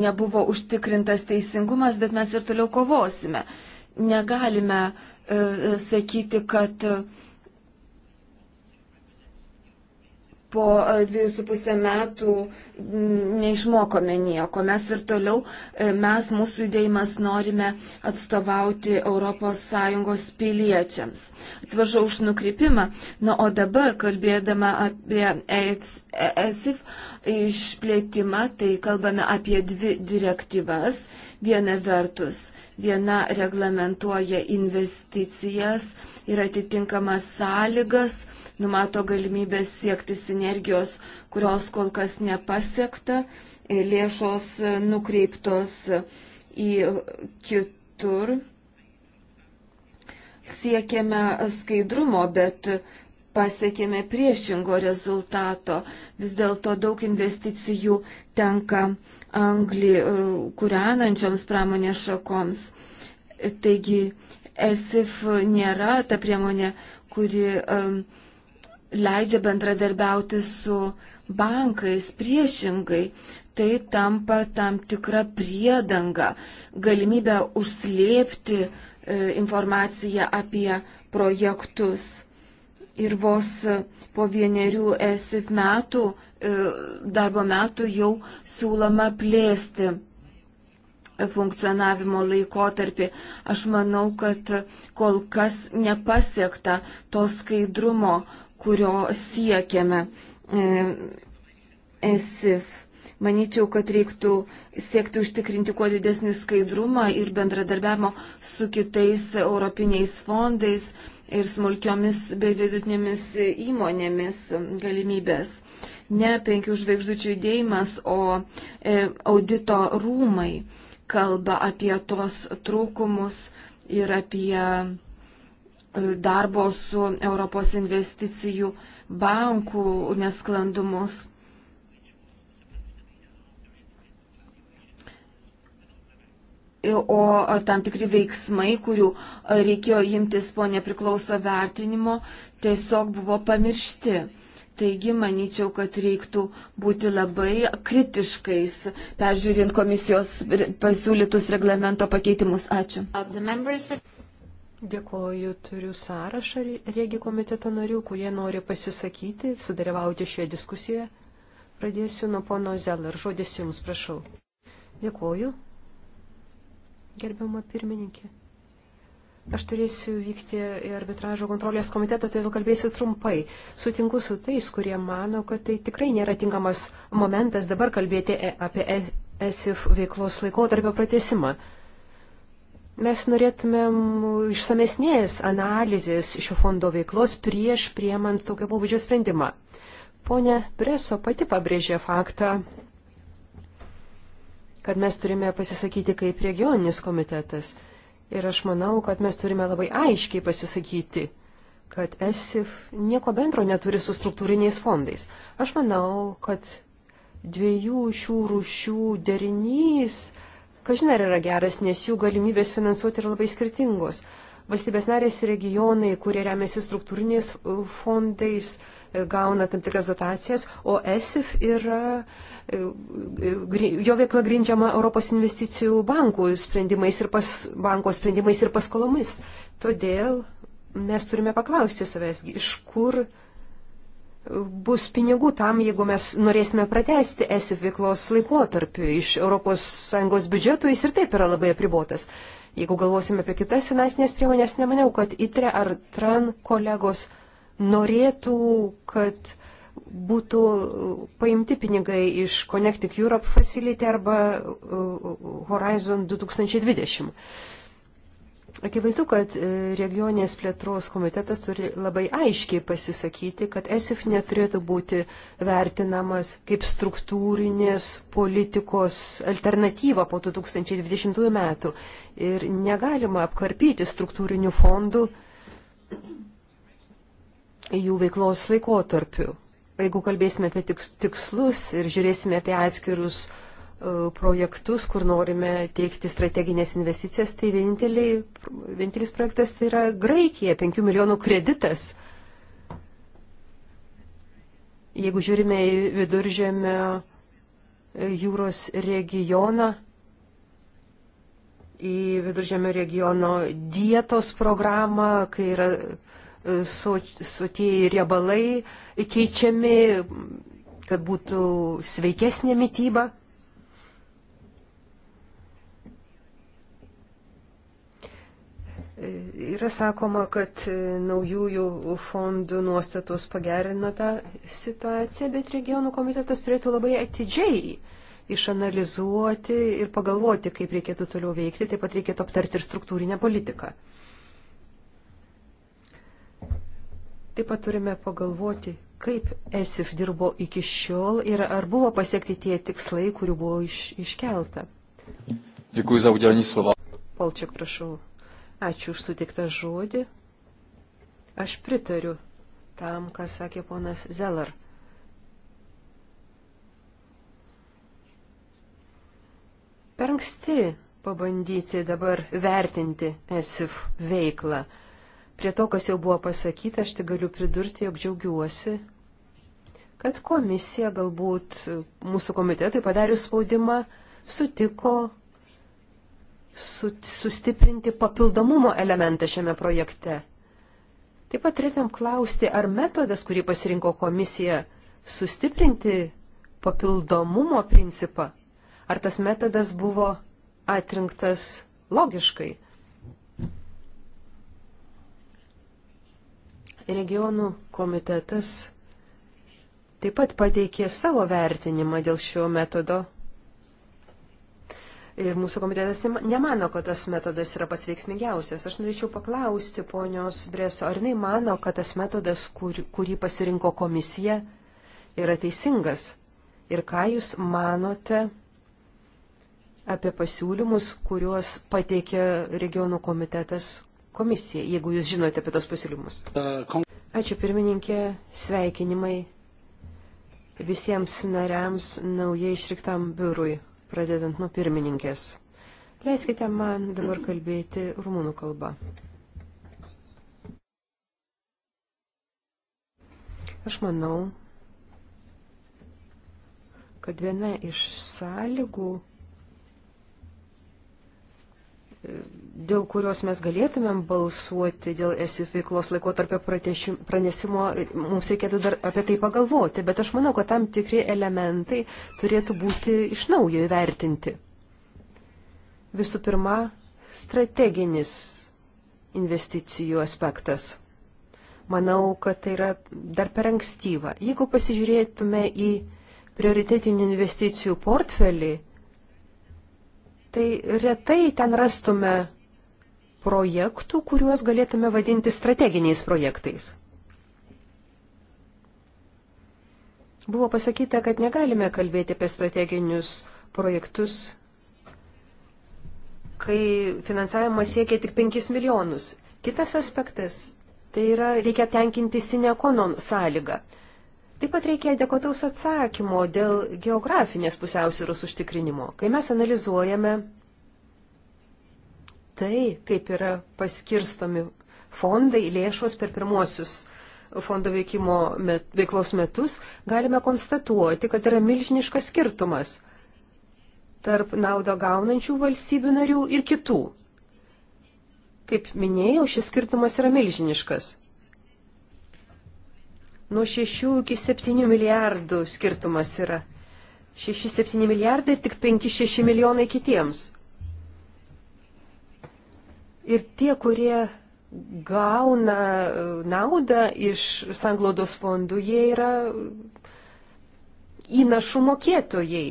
nebuvo užtikrintas teisingumas, bet mes ir toliau kovosime. Negalime e, sakyti, kad e, po e, dviejų su pusę metų neišmokome nieko. Mes ir toliau, e, mes, mūsų judėjimas, norime atstovauti ES piliečiams. Atsiprašau už nukrypimą. Na, o dabar, kalbėdama apie ESIF e išplėtimą, tai kalbame apie dvi direktyvas. Viena vertus, viena reglamentuoja investicijas ir atitinkamas sąlygas numato galimybę siekti sinergijos, kurios kol kas nepasiekta, e, lėšos e, nukreiptos į kitur. Siekėme skaidrumo, bet pasiekėme priešingo rezultato. Vis dėlto daug investicijų tenka anglį e, kūrenančioms pramonės šakoms. Taigi, ESIF nėra ta priemonė, kuri um, leidžia bendradarbiauti su bankais priešingai. Tai tampa tam tikra priedanga, galimybė užslėpti e, informaciją apie projektus. Ir vos po vienerių esif metų, e, darbo metų jau siūloma plėsti funkcionavimo laikotarpį. Aš manau, kad kol kas nepasiekta to skaidrumo, kurio siekiame ESIF. Maničiau, kad reiktų siekti užtikrinti kuo didesnį skaidrumą ir bendradarbiavimo su kitais europiniais fondais ir smulkiomis bei vidutinėmis įmonėmis galimybės. Ne penkių žvaigždučių judėjimas, o e, audito rūmai kalba apie tos trūkumus ir apie darbo su Europos investicijų bankų nesklandumus. O tam tikri veiksmai, kurių reikėjo imtis po nepriklauso vertinimo, tiesiog buvo pamiršti. Taigi, manyčiau, kad reiktų būti labai kritiškais, peržiūrint komisijos pasiūlytus reglamento pakeitimus. Ačiū. Dėkuoju, turiu sąrašą regi komiteto narių, kurie nori pasisakyti, sudalyvauti šioje diskusijoje. Pradėsiu nuo pono Zeller. Žodis jums, prašau. Dėkuoju, gerbiama pirmininkė. Aš turėsiu vykti į arbitražo kontrolės komitetą, todėl kalbėsiu trumpai. Sutinku su tais, kurie mano, kad tai tikrai nėra tinkamas momentas dabar kalbėti e-, apie ESIF e veiklos laikotarpio pratesimą. Mes norėtumėm išsamesnės analizės šio fondo veiklos prieš priemant tokio pobūdžio sprendimą. Pone Breso pati pabrėžė faktą, kad mes turime pasisakyti kaip regioninis komitetas. Ir aš manau, kad mes turime labai aiškiai pasisakyti, kad ESIF nieko bendro neturi su struktūriniais fondais. Aš manau, kad dviejų šių rūšių derinys kažin ar yra geras, nes jų galimybės finansuoti yra labai skirtingos. Valstybės narės regionai, kurie remiasi struktūriniais fondais, e, gauna tam tikras dotacijas, o ESIF yra, e, e, jo veikla grindžiama Europos investicijų bankų sprendimais ir pas, banko sprendimais ir paskolomis. Todėl mes turime paklausti savęs, iš kur bus pinigų tam, jeigu mes norėsime pratesti ESIF veiklos laikotarpį iš ES biudžeto, jis ir taip yra labai apribotas. Jeigu galvosime apie kitas finansinės priemonės, nemaniau, kad ITRE ar TRAN kolegos norėtų, kad būtų paimti pinigai iš Connecting Europe Facility arba uh, uh, Horizon 2020. Akivaizdu, kad e, regioninės plėtros komitetas turi labai aiškiai pasisakyti, kad ESIF neturėtų būti vertinamas kaip struktūrinės politikos alternatyva po 2020 metų. Ir negalima apkarpyti struktūrinių fondų jų veiklos laikotarpiu. Jeigu kalbėsime apie tikslus ir žiūrėsime apie atskirus E, projektus, kur norime teikti strateginės investicijas, tai vienintelis projektas tai yra Graikija, 5 milijonų kreditas. Jeigu žiūrime į viduržėmio jūros regioną, į viduržėmio regiono dietos programą, kai yra e, sotieji riebalai keičiami, kad būtų sveikesnė mytyba. Yra sakoma, kad e, naujųjų fondų nuostatos pagerino tą situaciją, bet regionų komitetas turėtų labai atidžiai išanalizuoti ir pagalvoti, kaip reikėtų toliau veikti, taip pat reikėtų aptarti ir struktūrinę politiką. Taip pat turime pagalvoti, kaip ESIF dirbo iki šiol ir ar buvo pasiekti tie tikslai, kurių buvo iš, iškelta. Dėkui za udělení slova. Polčiak, prašau. Ačiū už sutiktą žodį. Aš pritariu tam, ką sakė ponas Zeller. Per anksti pabandyti dabar vertinti ESIF veiklą. Prie to, kas jau buvo pasakyta, aš tik galiu pridurti, jog džiaugiuosi, kad komisija galbūt mūsų komitetai padarius spaudimą sutiko sustiprinti papildomumo elementą šiame projekte. Taip pat turėtum klausti, ar metodas, kurį pasirinko komisija, sustiprinti papildomumo principą, ar tas metodas buvo atrinktas logiškai. Regionų komitetas taip pat pateikė savo vertinimą dėl šio metodo Ir mūsų komitetas nemano, kad tas metodas yra pats veiksmingiausias. Aš norėčiau paklausti ponios Breso, ar jinai mano, kad tas metodas, kur, kurį pasirinko komisija, yra teisingas? Ir ką jūs manote apie pasiūlymus, kuriuos pateikė regionų komitetas komisija, jeigu jūs žinote apie tos pasiūlymus? Ačiū pirmininkė, sveikinimai visiems nariams naujai išriktam biurui pradedant nuo pirmininkės. Leiskite man dabar kalbėti rumunų kalba. Aš manau, kad viena iš sąlygų dėl kurios mes galėtumėm balsuoti dėl esi veiklos laikotarpio pranešimo, mums reikėtų dar apie tai pagalvoti, bet aš manau, kad tam tikri elementai turėtų būti iš naujo įvertinti. Visų pirma, strateginis investicijų aspektas. Manau, kad tai yra dar per ankstyva. Jeigu pasižiūrėtume į prioritetinių investicijų portfelį, tai retai ten rastume projektų, kuriuos galėtume vadinti strateginiais projektais. Buvo pasakyta, kad negalime kalbėti apie strateginius projektus, kai finansavimas siekia tik 5 milijonus. Kitas aspektas - tai yra reikia tenkinti sinekonon sąlygą. Taip pat reikia adekvataus atsakymo dėl geografinės pusiausvyros užtikrinimo. Kai mes analizuojame tai, kaip yra paskirstomi fondai lėšos per pirmuosius fondo veikimo met, veiklos metus, galime konstatuoti, kad yra milžiniškas skirtumas tarp naudą gaunančių valstybių narių ir kitų. Kaip minėjau, šis skirtumas yra milžiniškas. Nuo 6 iki 7 milijardų skirtumas yra. 6-7 milijardai ir tik 5-6 milijonai kitiems. Ir tie, kurie gauna e, naudą iš sanglaudos fondų, jie yra įnašų mokėtojai.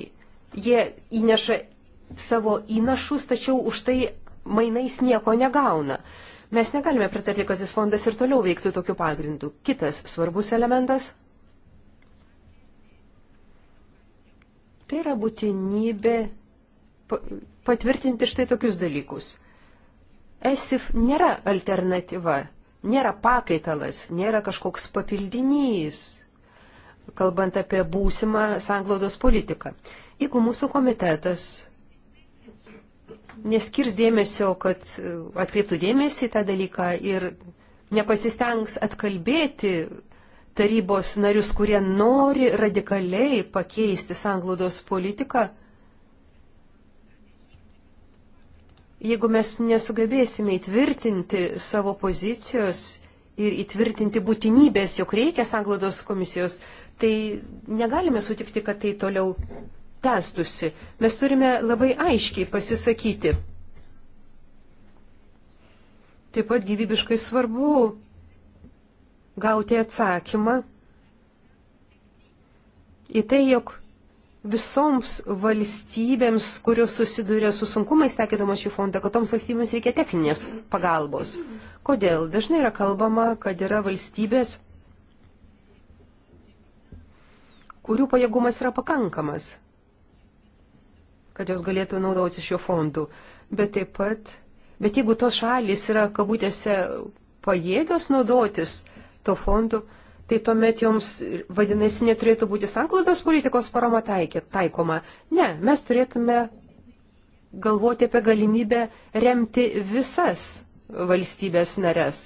Jie įneša savo įnašus, tačiau už tai mainais nieko negauna. Mes negalime pritarti, kad šis fondas ir toliau veiktų tokiu pagrindu. Kitas svarbus elementas - tai yra būtinybė patvirtinti štai tokius dalykus. ESIF nėra alternatyva, nėra pakaitalas, nėra kažkoks papildinys, kalbant apie būsimą sanglaudos politiką. Jeigu mūsų komitetas neskirs dėmesio, kad e, atkreiptų dėmesį tą dalyką ir nepasistengs atkalbėti tarybos narius, kurie nori radikaliai pakeisti sanglaudos politiką, jeigu mes nesugebėsime įtvirtinti savo pozicijos ir įtvirtinti būtinybės, jog reikia sanglaudos komisijos, tai negalime sutikti, kad tai toliau testusi. Mes turime labai aiškiai pasisakyti. Taip pat gyvybiškai svarbu gauti atsakymą į tai, jog visoms valstybėms, kurios susiduria su sunkumais tekėdamas šį fondą, kad toms valstybėms reikia techninės pagalbos. Kodėl? Dažnai yra kalbama, kad yra valstybės, kurių pajėgumas yra pakankamas kad jos galėtų naudoti šiuo fondu. Bet taip pat, bet jeigu tos šalis yra kabutėse pajėgios naudotis to fondu, tai tuomet joms, vadinasi, neturėtų būti sanklaidos politikos parama taikė, taikoma. Ne, mes turėtume galvoti apie galimybę remti visas valstybės nares.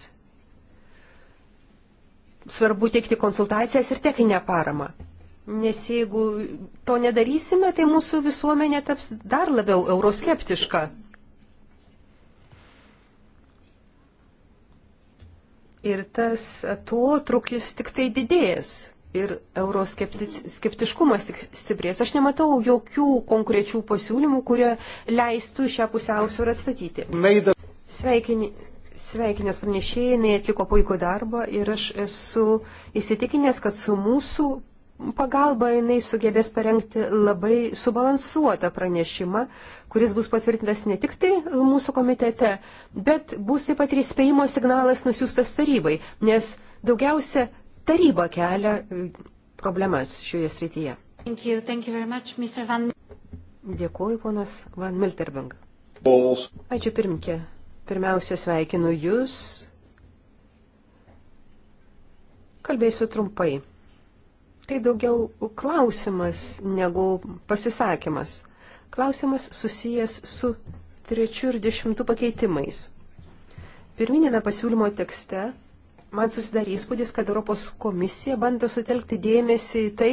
Svarbu teikti konsultacijas ir techninę paramą. Nes jeigu to nedarysime, tai mūsų visuomenė taps dar labiau euroskeptiška. Ir tas atotrukis tik tai didės ir euroskeptiškumas tik stiprės. Aš nematau jokių konkrečių pasiūlymų, kurie leistų šią pusiausvyrą atstatyti. Sveikini, sveikinės pranešėjai, jinai atliko puikų darbą ir aš esu įsitikinęs, kad su mūsų pagalba jinai sugebės parengti labai subalansuotą pranešimą, kuris bus patvirtintas ne tik tai mūsų komitete, bet bus taip pat ir įspėjimo signalas nusiųstas tarybai, nes daugiausia taryba kelia e, problemas šioje srityje. Thank you. Thank you much, Van... Dėkuoju, ponas Van Milterbank. Ačiū pirmkė. Pirmiausia, sveikinu Jūs. Kalbėsiu trumpai. Tai daugiau klausimas negu pasisakymas. Klausimas susijęs su trečiu ir dešimtu pakeitimais. Pirminėme pasiūlymo tekste man susidarė įspūdis, kad Europos komisija bando sutelkti dėmesį į tai,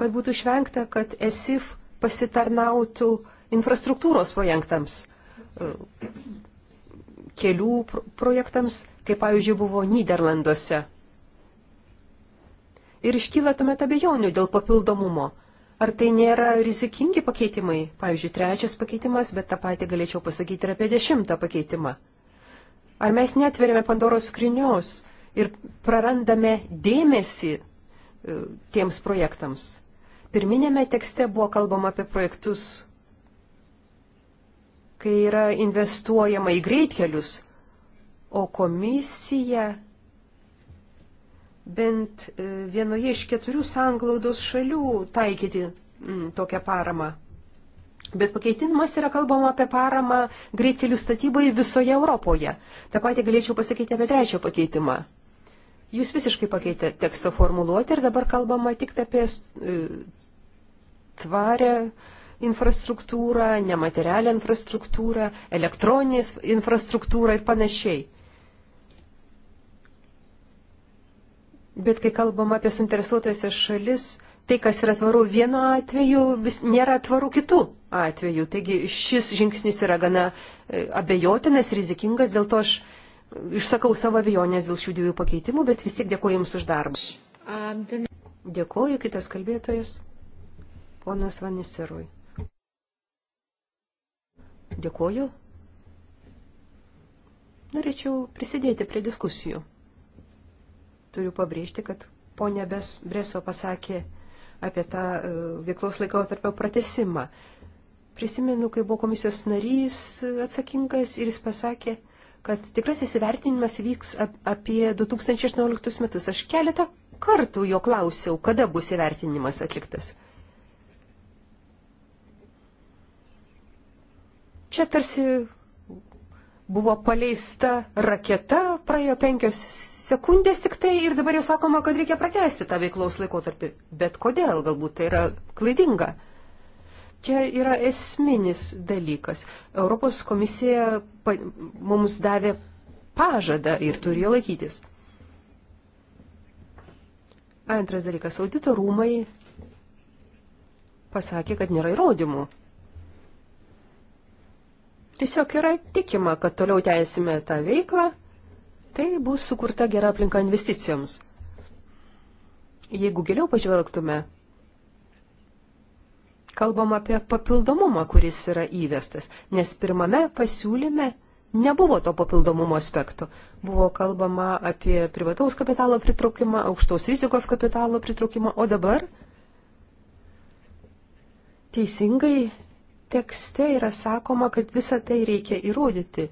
kad būtų išvengta, kad ESIF pasitarnautų infrastruktūros projektams, e, kelių projektams, kaip pavyzdžiui buvo Niderlanduose Ir iškyla tuomet abejonių dėl papildomumo. Ar tai nėra rizikingi pakeitimai? Pavyzdžiui, trečias pakeitimas, bet tą patį galėčiau pasakyti ir apie dešimtą pakeitimą. Ar mes netveriame Pandoros skrinios ir prarandame dėmesį e, tiems projektams? Pirminėme tekste buvo kalbama apie projektus, kai yra investuojama į greitkelius, o komisija bent e, vienoje iš keturių sanglaudos šalių taikyti tokią paramą. Bet pakeitinimas yra kalbama apie paramą greitkelių statybai visoje Europoje. Ta pati galėčiau pasakyti apie trečią pakeitimą. Jūs visiškai pakeitė teksto formuluoti ir dabar kalbama tik apie e, tvarę infrastruktūrą, nematerialią infrastruktūrą, elektroninę infrastruktūrą ir panašiai. Bet kai kalbam apie suinteresuotasias šalis, tai, kas yra tvaru vienu atveju, vis nėra tvaru kitų atveju. Taigi šis žingsnis yra gana e, abejotinas, rizikingas, dėl to aš išsakau savo abejonės dėl šių dviejų pakeitimų, bet vis tiek dėkuoju Jums už darbą. Dėkuoju, kitas kalbėtojas, ponas Vaniserui. Dėkuoju. Norėčiau prisidėti prie diskusijų turiu pabrėžti, kad ponia Breso pasakė apie tą e, veiklos laikotarpio pratesimą. Prisimenu, kai buvo komisijos narys atsakingas ir jis pasakė, kad tikrasis įvertinimas vyks apie 2018 metus. Aš keletą kartų jo klausiau, kada bus įvertinimas atliktas. Čia tarsi buvo paleista raketa, praėjo penkios sekundės tik tai ir dabar jau sakoma, kad reikia pratesti tą veiklaus laikotarpį. Bet kodėl? Galbūt tai yra klaidinga. Čia yra esminis dalykas. Europos komisija pa, mums davė pažadą ir turėjo laikytis. Antras dalykas. Audito rūmai pasakė, kad nėra įrodymų. Tiesiog yra tikima, kad toliau tęsime tą veiklą Tai bus sukurta gera aplinka investicijoms. Jeigu giliau pažvelgtume, kalbam apie papildomumą, kuris yra įvestas, nes pirmame pasiūlyme nebuvo to papildomumo aspektų. Buvo kalbama apie privataus kapitalo pritraukimą, aukštos rizikos kapitalo pritraukimą, o dabar teisingai tekste yra sakoma, kad visą tai reikia įrodyti.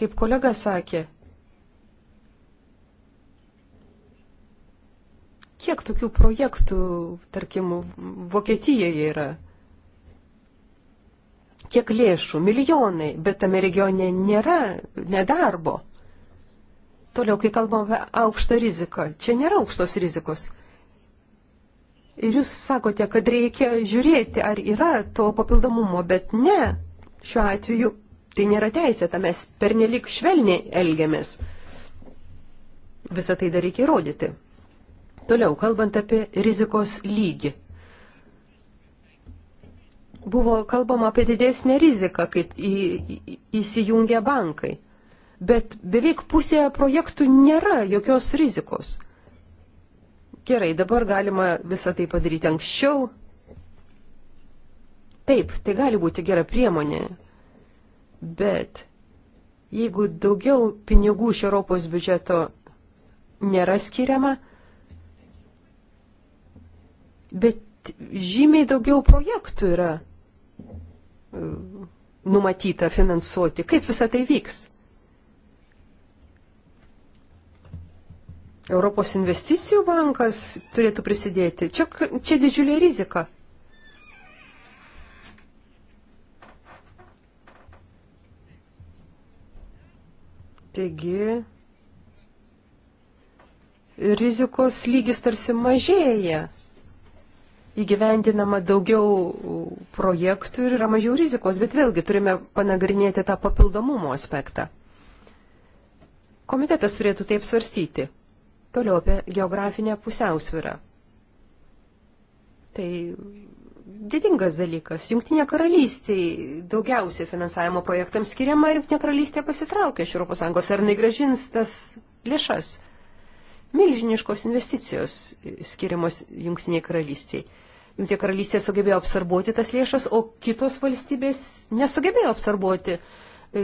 Kaip kolega sakė, Kiek tokių projektų, tarkim, Vokietijoje yra? Kiek lėšų? Milijonai, bet tame regione nėra nedarbo. Toliau, kai kalbam apie aukštą riziką, čia nėra aukštos rizikos. Ir jūs sakote, kad reikia žiūrėti, ar yra to papildomumo, bet ne, šiuo atveju tai nėra teisėta, mes pernelik švelniai elgiamės. Visą tai dar reikia įrodyti. Toliau, kalbant apie rizikos lygį. Buvo kalbama apie didesnę riziką, kai į, į, įsijungia bankai. Bet beveik pusėje projektų nėra jokios rizikos. Gerai, dabar galima visą tai padaryti anksčiau. Taip, tai gali būti gera priemonė. Bet jeigu daugiau pinigų iš Europos biudžeto nėra skiriama, bet žymiai daugiau projektų yra e, numatyta finansuoti. Kaip visą tai vyks? Europos investicijų bankas turėtų prisidėti. Čia, čia didžiulė rizika. Taigi, rizikos lygis tarsi mažėja įgyvendinama daugiau projektų ir yra mažiau rizikos, bet vėlgi turime panagrinėti tą papildomumo aspektą. Komitetas turėtų taip svarstyti. Toliau apie geografinę pusiausvyrą. Tai didingas dalykas. Junktinė karalystė daugiausiai finansavimo projektams skiriama ir Junktinė karalystė pasitraukė iš ES. Ar negražins tas lėšas? Milžiniškos investicijos skiriamos Junktiniai karalystiai tie karalystė sugebėjo apsarbuoti tas lėšas, o kitos valstybės nesugebėjo apsarbuoti,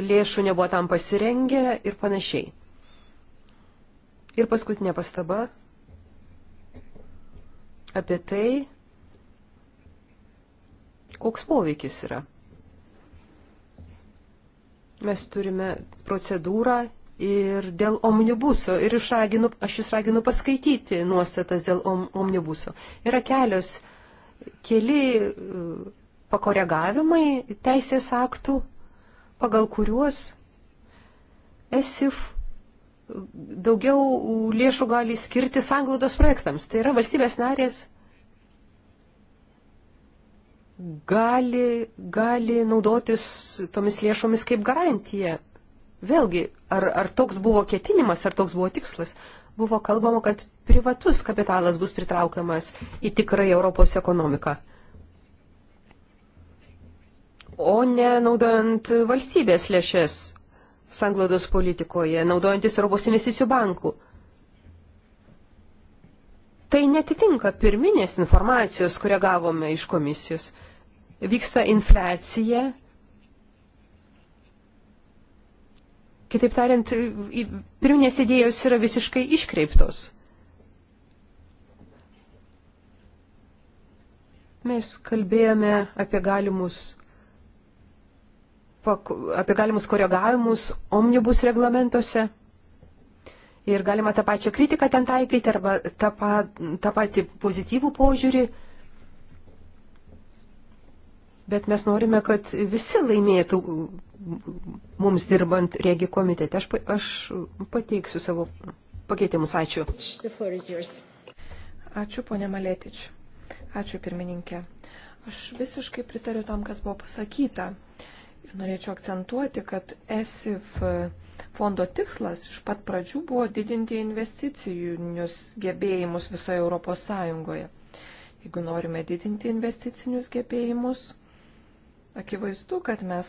lėšų nebuvo tam pasirengę ir panašiai. Ir paskutinė pastaba apie tai, koks poveikis yra. Mes turime procedūrą ir dėl omnibuso, ir išraginu, aš jūs raginu paskaityti nuostatas dėl om, omnibuso. Yra kelios keli e, pakoregavimai teisės aktų, pagal kuriuos ESIF daugiau lėšų gali skirti sanglaudos projektams. Tai yra valstybės narės gali, gali naudotis tomis lėšomis kaip garantija. Vėlgi, ar, ar toks buvo ketinimas, ar toks buvo tikslas, buvo kalbama, kad privatus kapitalas bus pritraukiamas į tikrai Europos ekonomiką, o ne naudojant valstybės lėšas sanglaudos politikoje, naudojantis Europos investicijų bankų. Tai netitinka pirminės informacijos, kurią gavome iš komisijos. Vyksta inflecija Kitaip tariant, pirminės idėjos yra visiškai iškreiptos. Mes kalbėjome apie galimus, apie galimus koregavimus omnibus reglamentuose. Ir galima tą pačią kritiką ten taikyti arba tą, pa, tą patį pozityvų požiūrį Bet mes norime, kad visi laimėtų mums dirbant regi komitete. Aš, aš pateiksiu savo pakeitimus. Ačiū. Ačiū, ponė Malėtič. Ačiū, pirmininkė. Aš visiškai pritariu tam, kas buvo pasakyta. Norėčiau akcentuoti, kad ESIF fondo tikslas iš pat pradžių buvo didinti investicijinius gebėjimus visoje Europos Sąjungoje. Jeigu norime didinti investicinius gebėjimus, Akivaizdu, kad mes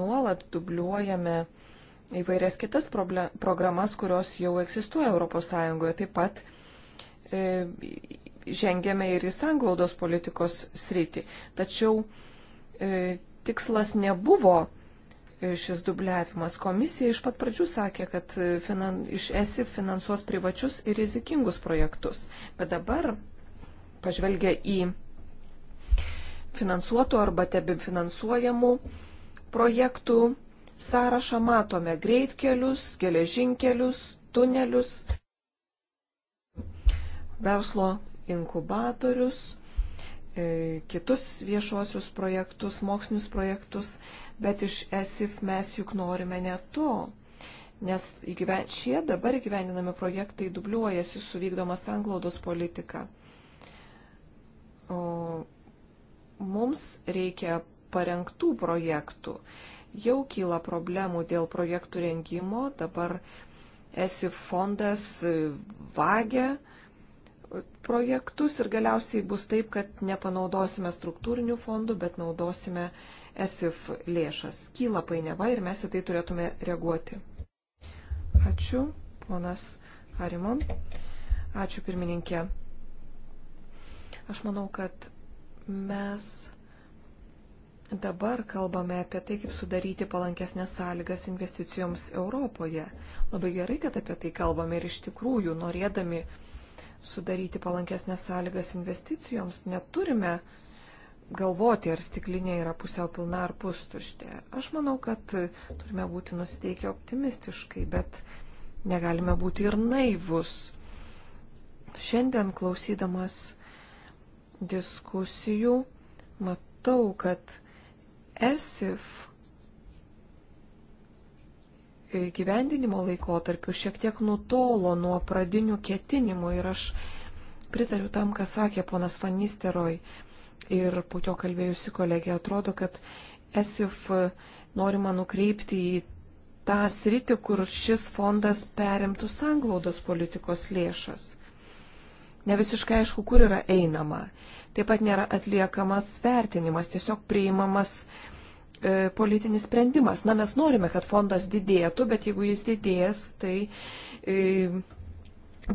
nuolat dubliuojame įvairias kitas programas, kurios jau egzistuoja ES. Taip pat e, žengėme ir į sanglaudos politikos sritį. Tačiau e, tikslas nebuvo e, šis dubliavimas. Komisija iš pat pradžių sakė, kad e, finan, iš ESI finansuos privačius ir rizikingus projektus. Bet dabar, pažvelgia į finansuotų arba tebefinansuojamų projektų sąrašą matome greitkelius, geležinkelius, tunelius, verslo inkubatorius, e, kitus viešuosius projektus, mokslinius projektus, bet iš ESIF mes juk norime ne to nes įgyven, šie dabar įgyveninami projektai dubliuojasi su vykdoma sanglaudos politika. O mums reikia parengtų projektų. Jau kyla problemų dėl projektų rengimo, dabar esi fondas vagia projektus ir galiausiai bus taip, kad nepanaudosime struktūrinių fondų, bet naudosime ESIF lėšas. Kyla painiava ir mes į tai turėtume reaguoti. Ačiū, ponas Arimon. Ačiū, pirmininkė. Aš manau, kad mes dabar kalbame apie tai, kaip sudaryti palankesnės sąlygas investicijoms Europoje. Labai gerai, kad apie tai kalbame ir iš tikrųjų, norėdami sudaryti palankesnės sąlygas investicijoms, neturime galvoti, ar stiklinė yra pusiau pilna ar pustuštė. Aš manau, kad turime būti nusiteikę optimistiškai, bet negalime būti ir naivus. Šiandien klausydamas diskusijų matau, kad ESIF gyvendinimo laikotarpiu šiek tiek nutolo nuo pradinių ketinimų ir aš pritariu tam, ką sakė ponas Vanisteroj ir po to kalbėjusi kolegė. Atrodo, kad ESIF norima nukreipti į tą sritį, kur šis fondas perimtų sanglaudos politikos lėšas. Ne visiškai aišku, kur yra einama Taip pat nėra atliekamas vertinimas, tiesiog priimamas e, politinis sprendimas. Na, mes norime, kad fondas didėtų, bet jeigu jis didės, tai e,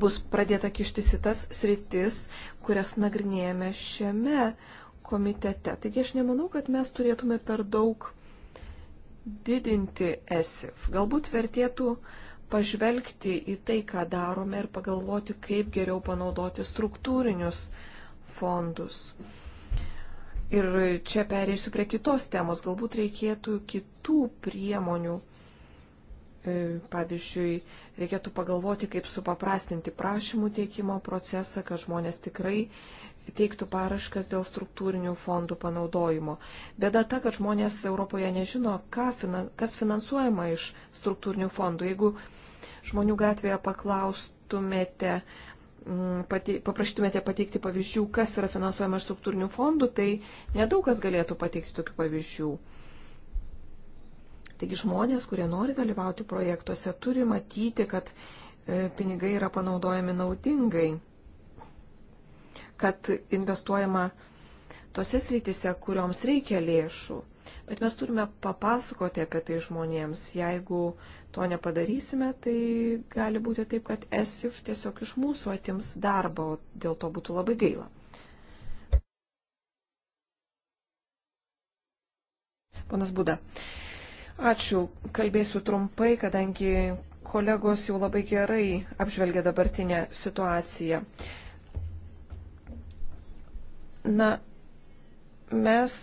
bus pradėta kištis į tas sritis, kurias nagrinėjame šiame komitete. Taigi aš nemanau, kad mes turėtume per daug didinti esif. Galbūt vertėtų pažvelgti į tai, ką darome ir pagalvoti, kaip geriau panaudoti struktūrinius fondus. Ir čia pereisiu prie kitos temos. Galbūt reikėtų kitų priemonių. E, pavyzdžiui, reikėtų pagalvoti, kaip supaprastinti prašymų teikimo procesą, kad žmonės tikrai teiktų paraškas dėl struktūrinių fondų panaudojimo. Bėda ta, kad žmonės Europoje nežino, kas finansuojama iš struktūrinių fondų. Jeigu žmonių gatvėje paklaustumėte, Mm, pati, paprašytumėte pateikti pavyzdžių, kas yra finansuojama struktūrinių fondų, tai nedaug kas galėtų pateikti tokių pavyzdžių. Taigi žmonės, kurie nori dalyvauti projektuose, turi matyti, kad e, pinigai yra panaudojami naudingai, kad investuojama tose srityse, kurioms reikia lėšų. Bet mes turime papasakoti apie tai žmonėms, jeigu to nepadarysime, tai gali būti taip, kad ESIF tiesiog iš mūsų atims darbą, o dėl to būtų labai gaila. Ponas Buda. Ačiū, kalbėsiu trumpai, kadangi kolegos jau labai gerai apžvelgia dabartinę situaciją. Na, mes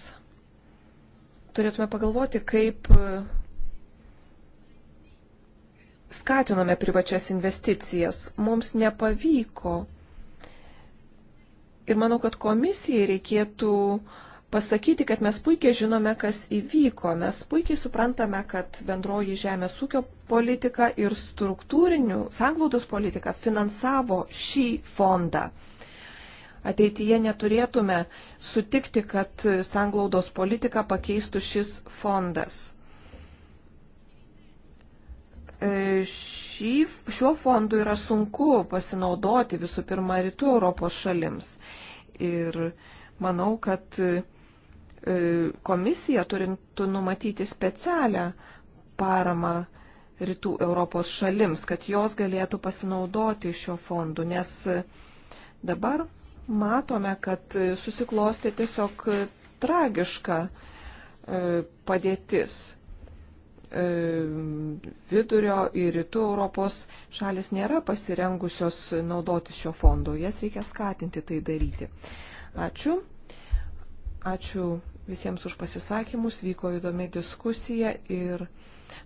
turėtume pagalvoti, kaip skatinome privačias investicijas. Mums nepavyko. Ir manau, kad komisijai reikėtų pasakyti, kad mes puikiai žinome, kas įvyko. Mes puikiai suprantame, kad bendroji žemės ūkio politika ir struktūrinių sanglaudos politika finansavo šį fondą. Ateityje neturėtume sutikti, kad sanglaudos politiką pakeistų šis fondas. E, šį, šiuo fondu yra sunku pasinaudoti visų pirma rytų Europos šalims. Ir manau, kad e, komisija turintų numatyti specialią paramą rytų Europos šalims, kad jos galėtų pasinaudoti šio fondu, nes e, dabar matome, kad susiklosti tiesiog tragiška padėtis E, vidurio ir rytų Europos šalis nėra pasirengusios naudoti šio fondo. Jas reikia skatinti tai daryti. Ačiū. Ačiū visiems už pasisakymus. Vyko įdomi diskusija ir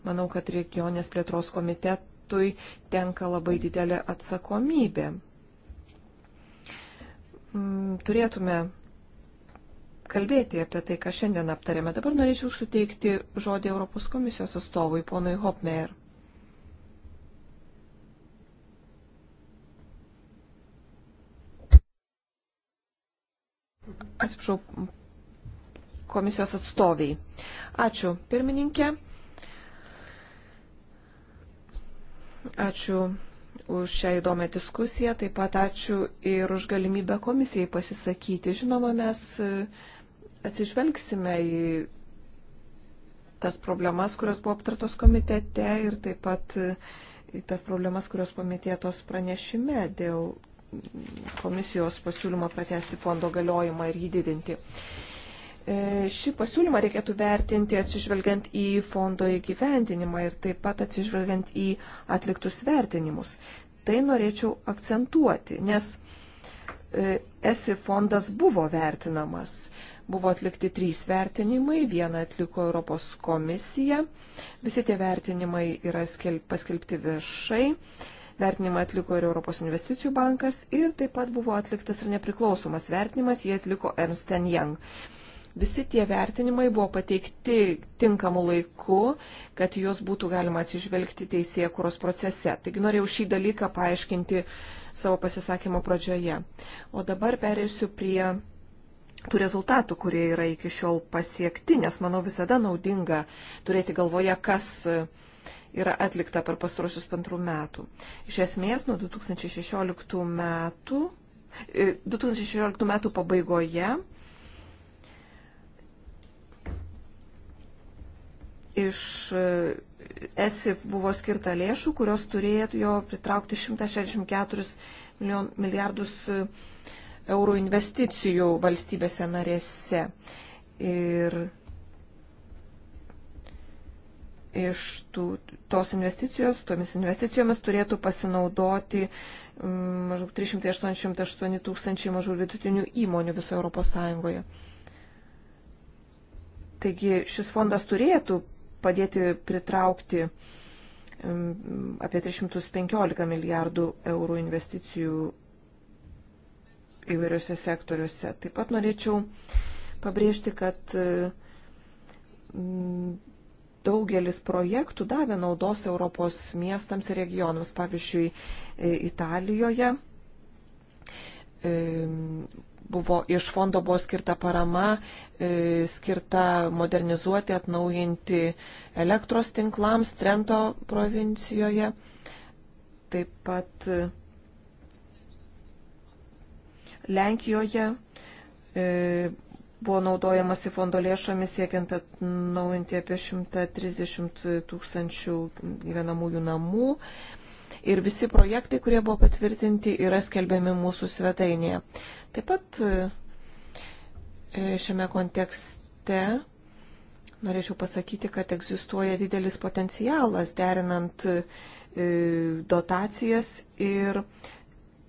manau, kad regionės plėtros komitetui tenka labai didelė atsakomybė. Mm, turėtume kalbėti apie tai, ką šiandien aptarėme. Dabar norėčiau suteikti žodį Europos komisijos atstovui, ponui Hopmeier. Atsiprašau, komisijos atstoviai. Ačiū, pirmininkė. Ačiū už šią įdomią diskusiją, taip pat ačiū ir už galimybę komisijai pasisakyti. Žinoma, mes atsižvelgsime į tas problemas, kurios buvo aptartos komitete ir taip pat į tas problemas, kurios pamitėtos pranešime dėl komisijos pasiūlymo pratesti fondo galiojimą ir jį didinti. E, šį pasiūlymą reikėtų vertinti atsižvelgiant į fondo įgyvendinimą ir taip pat atsižvelgiant į atliktus vertinimus. Tai norėčiau akcentuoti, nes e, ESI fondas buvo vertinamas Buvo atlikti trys vertinimai, vieną atliko Europos komisija. Visi tie vertinimai yra paskelbti viešai. Vertinimą atliko ir Europos investicijų bankas ir taip pat buvo atliktas ir nepriklausomas vertinimas, jį atliko Ernst Young. Visi tie vertinimai buvo pateikti tinkamu laiku, kad juos būtų galima atsižvelgti teisėje kuros procese. Taigi norėjau šį dalyką paaiškinti savo pasisakymo pradžioje. O dabar perėsiu prie tų rezultatų, kurie yra iki šiol pasiekti, nes manau visada naudinga turėti galvoje, kas e, yra atlikta per pastarosius pantrų metų. Iš esmės, nuo 2016 metų, 2016 e, metų pabaigoje iš e, ESIF buvo skirta lėšų, kurios turėjo pritraukti 164 milijardus eurų eurų investicijų valstybėse narėse. Ir iš tų, tos investicijos, tomis investicijomis turėtų pasinaudoti mm, maždaug 388 tūkstančiai mažų vidutinių įmonių viso Europos Sąjungoje. Taigi šis fondas turėtų padėti pritraukti mm, apie 315 milijardų eurų investicijų įvairiuose sektoriuose. Taip pat norėčiau pabrėžti, kad mm, daugelis projektų davė naudos Europos miestams ir regionams. Pavyzdžiui, e, Italijoje e, buvo iš fondo buvo skirta parama, e, skirta modernizuoti, atnaujinti elektros tinklams Trento provincijoje. Taip pat Lenkijoje e, buvo naudojamasi fondo lėšomis siekiant atnaujinti apie 130 tūkstančių gyvenamųjų namų. Ir visi projektai, kurie buvo patvirtinti, yra skelbiami mūsų svetainėje. Taip pat e, šiame kontekste norėčiau pasakyti, kad egzistuoja didelis potencialas derinant e, dotacijas ir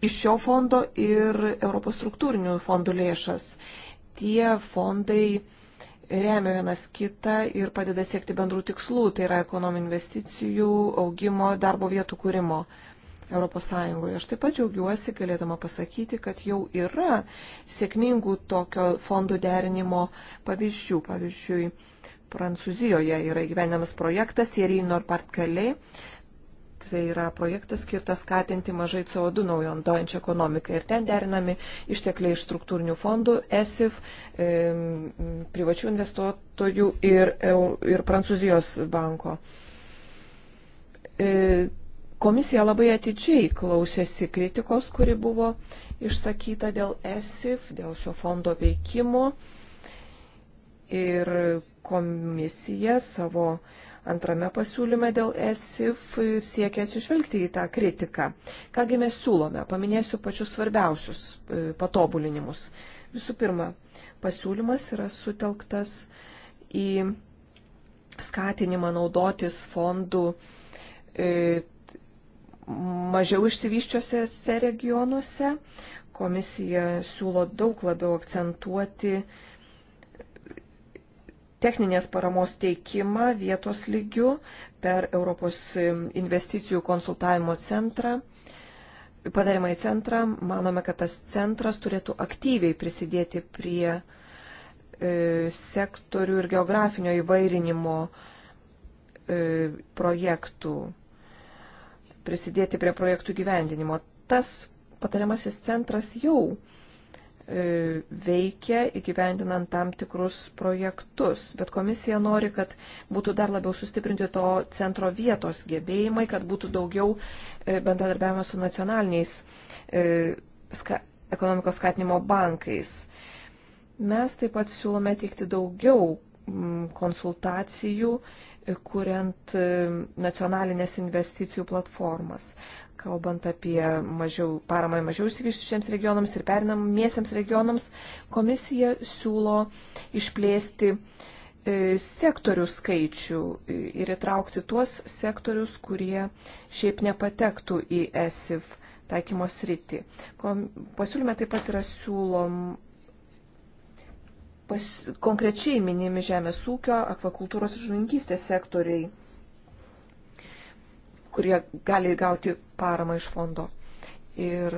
iš šio fondo ir Europos struktūrinių fondų lėšas. Tie fondai remia vienas kitą ir padeda siekti bendrų tikslų, tai yra ekonominių investicijų, augimo, darbo vietų kūrimo. ES. Aš taip pat džiaugiuosi, galėdama pasakyti, kad jau yra sėkmingų tokio fondų derinimo pavyzdžių. Pavyzdžiui, Prancūzijoje yra gyvenimas projektas Jerino ir Partkalė, tai yra projektas skirtas skatinti mažai CO2 naujandojančią ekonomiką. Ir ten derinami ištekliai iš struktūrinių fondų, ESIF, e, privačių investuotojų ir, ir Prancūzijos banko. E, komisija labai atidžiai klausėsi kritikos, kuri buvo išsakyta dėl ESIF, dėl šio fondo veikimo. Ir komisija savo e, antrame pasiūlyme dėl ESIF siekia atsižvelgti į tą kritiką. Kągi mes siūlome, paminėsiu pačius svarbiausius e, patobulinimus. Visų pirma, pasiūlymas yra sutelktas į skatinimą naudotis fondų e, mažiau išsivyščiuose regionuose. Komisija siūlo daug labiau akcentuoti uh, techninės paramos teikimą vietos lygių per Europos investicijų konsultavimo centrą. Padarimai centrą, manome, kad tas centras turėtų aktyviai prisidėti prie e, sektorių ir geografinio įvairinimo e, projektų, prisidėti prie projektų gyvendinimo. Tas patariamasis centras jau e, E, veikia įgyvendinant tam tikrus projektus, bet komisija nori, kad būtų dar labiau sustiprinti to centro vietos gebėjimai, kad būtų daugiau e, bendradarbiavimo su nacionaliniais e, ska, ekonomikos skatinimo bankais. Mes taip pat siūlome teikti daugiau konsultacijų, kuriant nacionalinės investicijų platformas kalbant apie mažiau, paramą mažiau išsivyščiusiems regionams ir perinamiesiems regionams, komisija siūlo išplėsti e, sektorių skaičių e, ir įtraukti tuos sektorius, kurie šiaip nepatektų į ESIF taikymo sritį. Pasiūlyme taip pat yra siūlom pas, konkrečiai minimi žemės ūkio, akvakultūros ir žuvininkystės sektoriai kurie gali gauti paramą iš fondo. Ir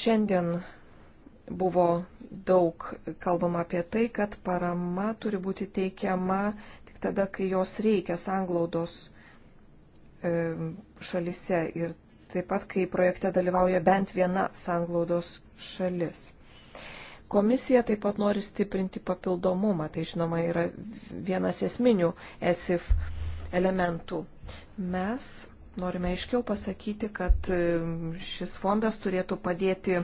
šiandien buvo daug kalbama apie tai, kad parama turi būti teikiama tik tada, kai jos reikia sanglaudos e, šalise ir taip pat, kai projekte dalyvauja bent viena sanglaudos šalis. Komisija taip pat nori stiprinti papildomumą, tai žinoma yra vienas esminių ESIF elementų. Mes norime aiškiau pasakyti, kad šis fondas turėtų padėti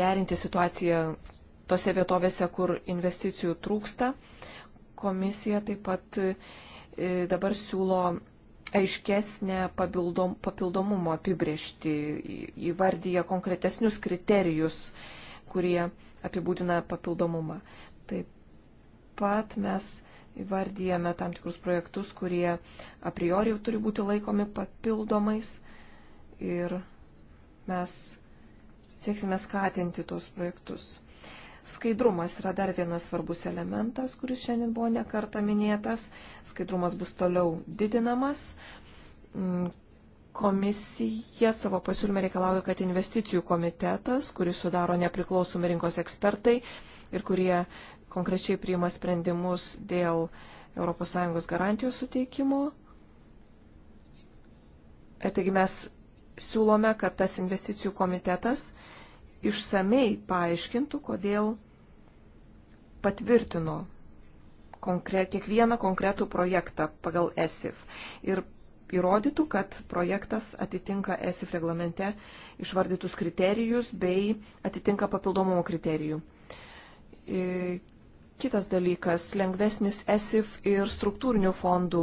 gerinti situaciją tose vietovėse, kur investicijų trūksta. Komisija taip pat e, dabar siūlo aiškesnę papildom, papildomumo apibriežti, įvardyja konkretesnius kriterijus, kurie apibūdina papildomumą. Taip pat mes įvardyjame tam tikrus projektus, kurie a priori turi būti laikomi papildomais ir mes sieksime skatinti tos projektus. Skaidrumas yra dar vienas svarbus elementas, kuris šiandien buvo nekarta minėtas. Skaidrumas bus toliau didinamas. Mm, komisija savo pasiūlymę reikalauja, kad investicijų komitetas, kuris sudaro nepriklausomi rinkos ekspertai ir kurie konkrečiai priima sprendimus dėl ES garantijų suteikimo. E, taigi mes siūlome, kad tas investicijų komitetas išsamei paaiškintų, kodėl patvirtino konkre, kiekvieną konkretų projektą pagal ESIF ir įrodytų, kad projektas atitinka ESIF reglamente išvardytus kriterijus bei atitinka papildomumo kriterijų. E, Kitas dalykas - lengvesnis ESIF ir struktūrinių fondų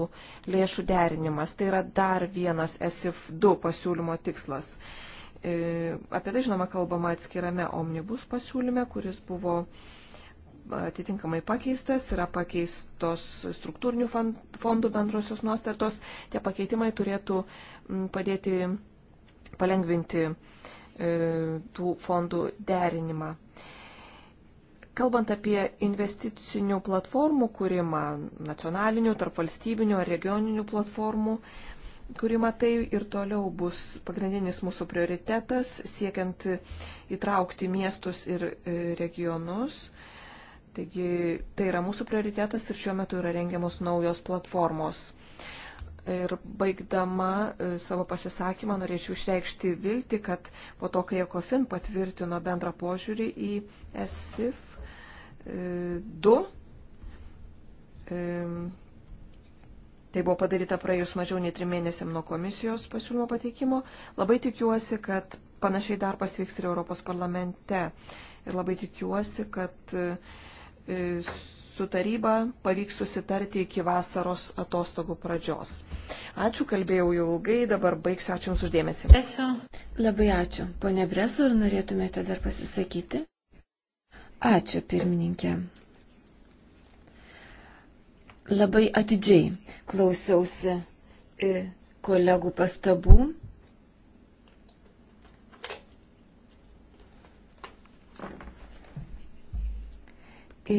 lėšų derinimas. Tai yra dar vienas ESIF 2 pasiūlymo tikslas. E, apie tai, žinoma, kalbama atskirame omnibus pasiūlyme, kuris buvo atitinkamai pakeistas, yra pakeistos struktūrinių fondų bendrosios nuostatos. Tie pakeitimai turėtų padėti palengvinti e, tų fondų derinimą. Kalbant apie investicinių platformų kūrimą, nacionalinių, tarpvalstybinių ar regioninių platformų kūrimą, tai ir toliau bus pagrindinis mūsų prioritetas, siekiant įtraukti miestus ir e, regionus. Taigi tai yra mūsų prioritetas ir šiuo metu yra rengiamos naujos platformos. Ir baigdama e, savo pasisakymą norėčiau išreikšti viltį, kad po to, kai ECOFIN patvirtino bendrą požiūrį į ESIF, 2. Tai buvo padaryta praėjus mažiau nei trim mėnesiam nuo komisijos pasiūlymo pateikimo. Labai tikiuosi, kad panašiai darbas vyks ir Europos parlamente. Ir labai tikiuosi, kad e, su taryba pavyks susitarti iki vasaros atostogų pradžios. Ačiū, kalbėjau jau ilgai, dabar baigsiu. Ačiū Jums uždėmesi. Labai ačiū. Pone Bresu, ar norėtumėte dar pasisakyti? Ačiū, pirmininkė. Labai atidžiai klausiausi e, kolegų pastabų. E,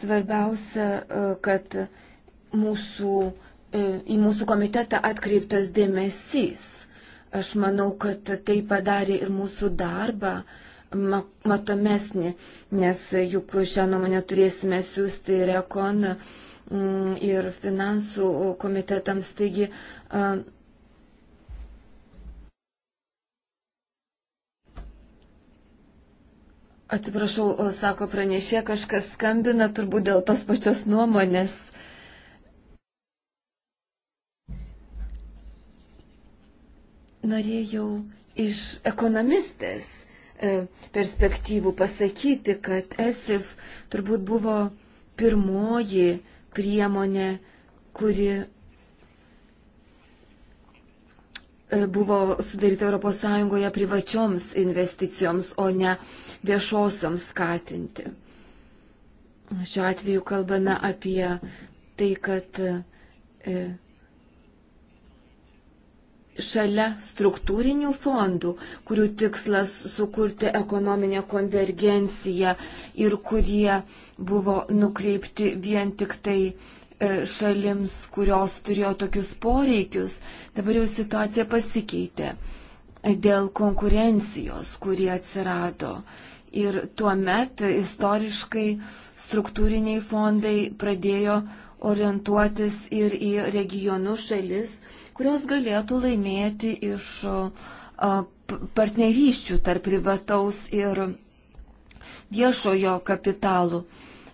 svarbiausia, e, kad mūsų, į mūsų komitetą atkreiptas dėmesys. Aš manau, kad tai padarė ir mūsų darbą matomesnį, nes juk šią nuomonę turėsime siūsti ir ekon, mm, ir finansų komitetams. Taigi, atsiprašau, sako pranešė, kažkas skambina turbūt dėl tos pačios nuomonės. Norėjau iš ekonomistės E, perspektyvų pasakyti, kad ESIF turbūt buvo pirmoji priemonė, kuri e, buvo sudaryta ES privačioms investicijoms, o ne viešosioms skatinti. Šiuo atveju kalbame apie tai, kad e, šalia struktūrinių fondų, kurių tikslas sukurti ekonominę konvergenciją ir kurie buvo nukreipti vien tik tai e, šalims, kurios turėjo tokius poreikius, dabar jau situacija pasikeitė dėl konkurencijos, kurie atsirado. Ir tuo met istoriškai struktūriniai fondai pradėjo orientuotis ir į regionų šalis, kurios galėtų laimėti iš partnerysčių tarp privataus ir viešojo kapitalų.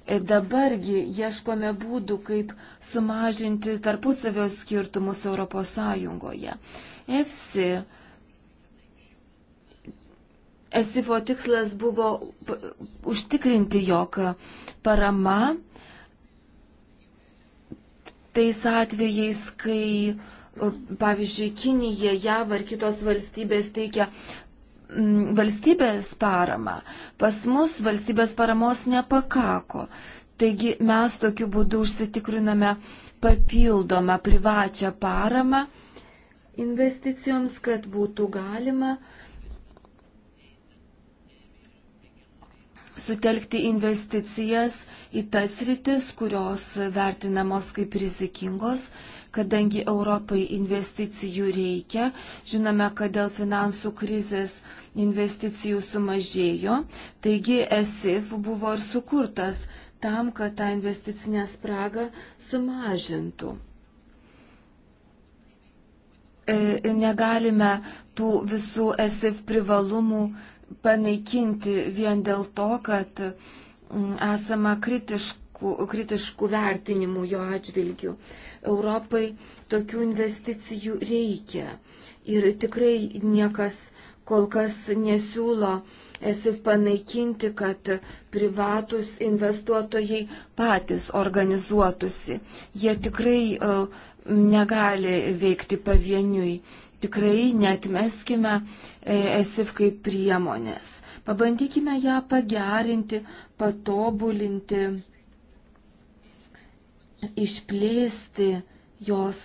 E, dabargi ieškome būdų, kaip sumažinti tarpusavio skirtumus Europos Sąjungoje. EFSI ESIFO tikslas buvo užtikrinti, jog parama tais atvejais, kai uh, pavyzdžiui, Kinija, JAV ar kitos valstybės teikia valstybės paramą. Pas mus valstybės paramos nepakako. Taigi mes tokiu būdu užsitikriname papildomą privačią paramą investicijoms, kad būtų galima sutelkti investicijas į tas rytis, kurios vertinamos kaip rizikingos kadangi Europai investicijų reikia. Žinome, kad dėl finansų krizės investicijų sumažėjo, taigi ESIF buvo ir sukurtas tam, kad tą investicinę spragą sumažintų. E, negalime tų visų ESIF privalumų panaikinti vien dėl to, kad mm, esama kritiškų, kritiškų vertinimų jo atžvilgių. Europai tokių investicijų reikia. Ir tikrai niekas kol kas nesiūlo esi panaikinti, kad privatus investuotojai patys organizuotųsi. Jie tikrai e, negali veikti pavieniui. Tikrai netmeskime esif kaip priemonės. Pabandykime ją pagerinti, patobulinti išplėsti jos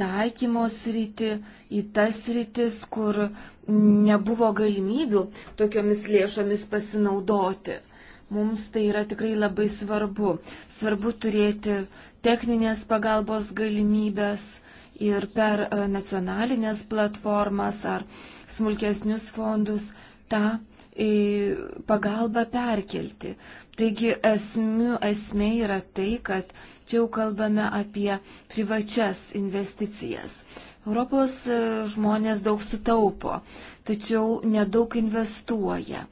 taikymos rytį į tas rytis, kur nebuvo galimybių tokiomis lėšomis pasinaudoti. Mums tai yra tikrai labai svarbu. Svarbu turėti techninės pagalbos galimybės ir per e, nacionalinės platformas ar smulkesnius fondus tą e, pagalbą perkelti. Taigi esmių, esmė yra tai, kad Čia jau kalbame apie privačias investicijas. Europos e, žmonės daug sutaupo, tačiau nedaug investuoja.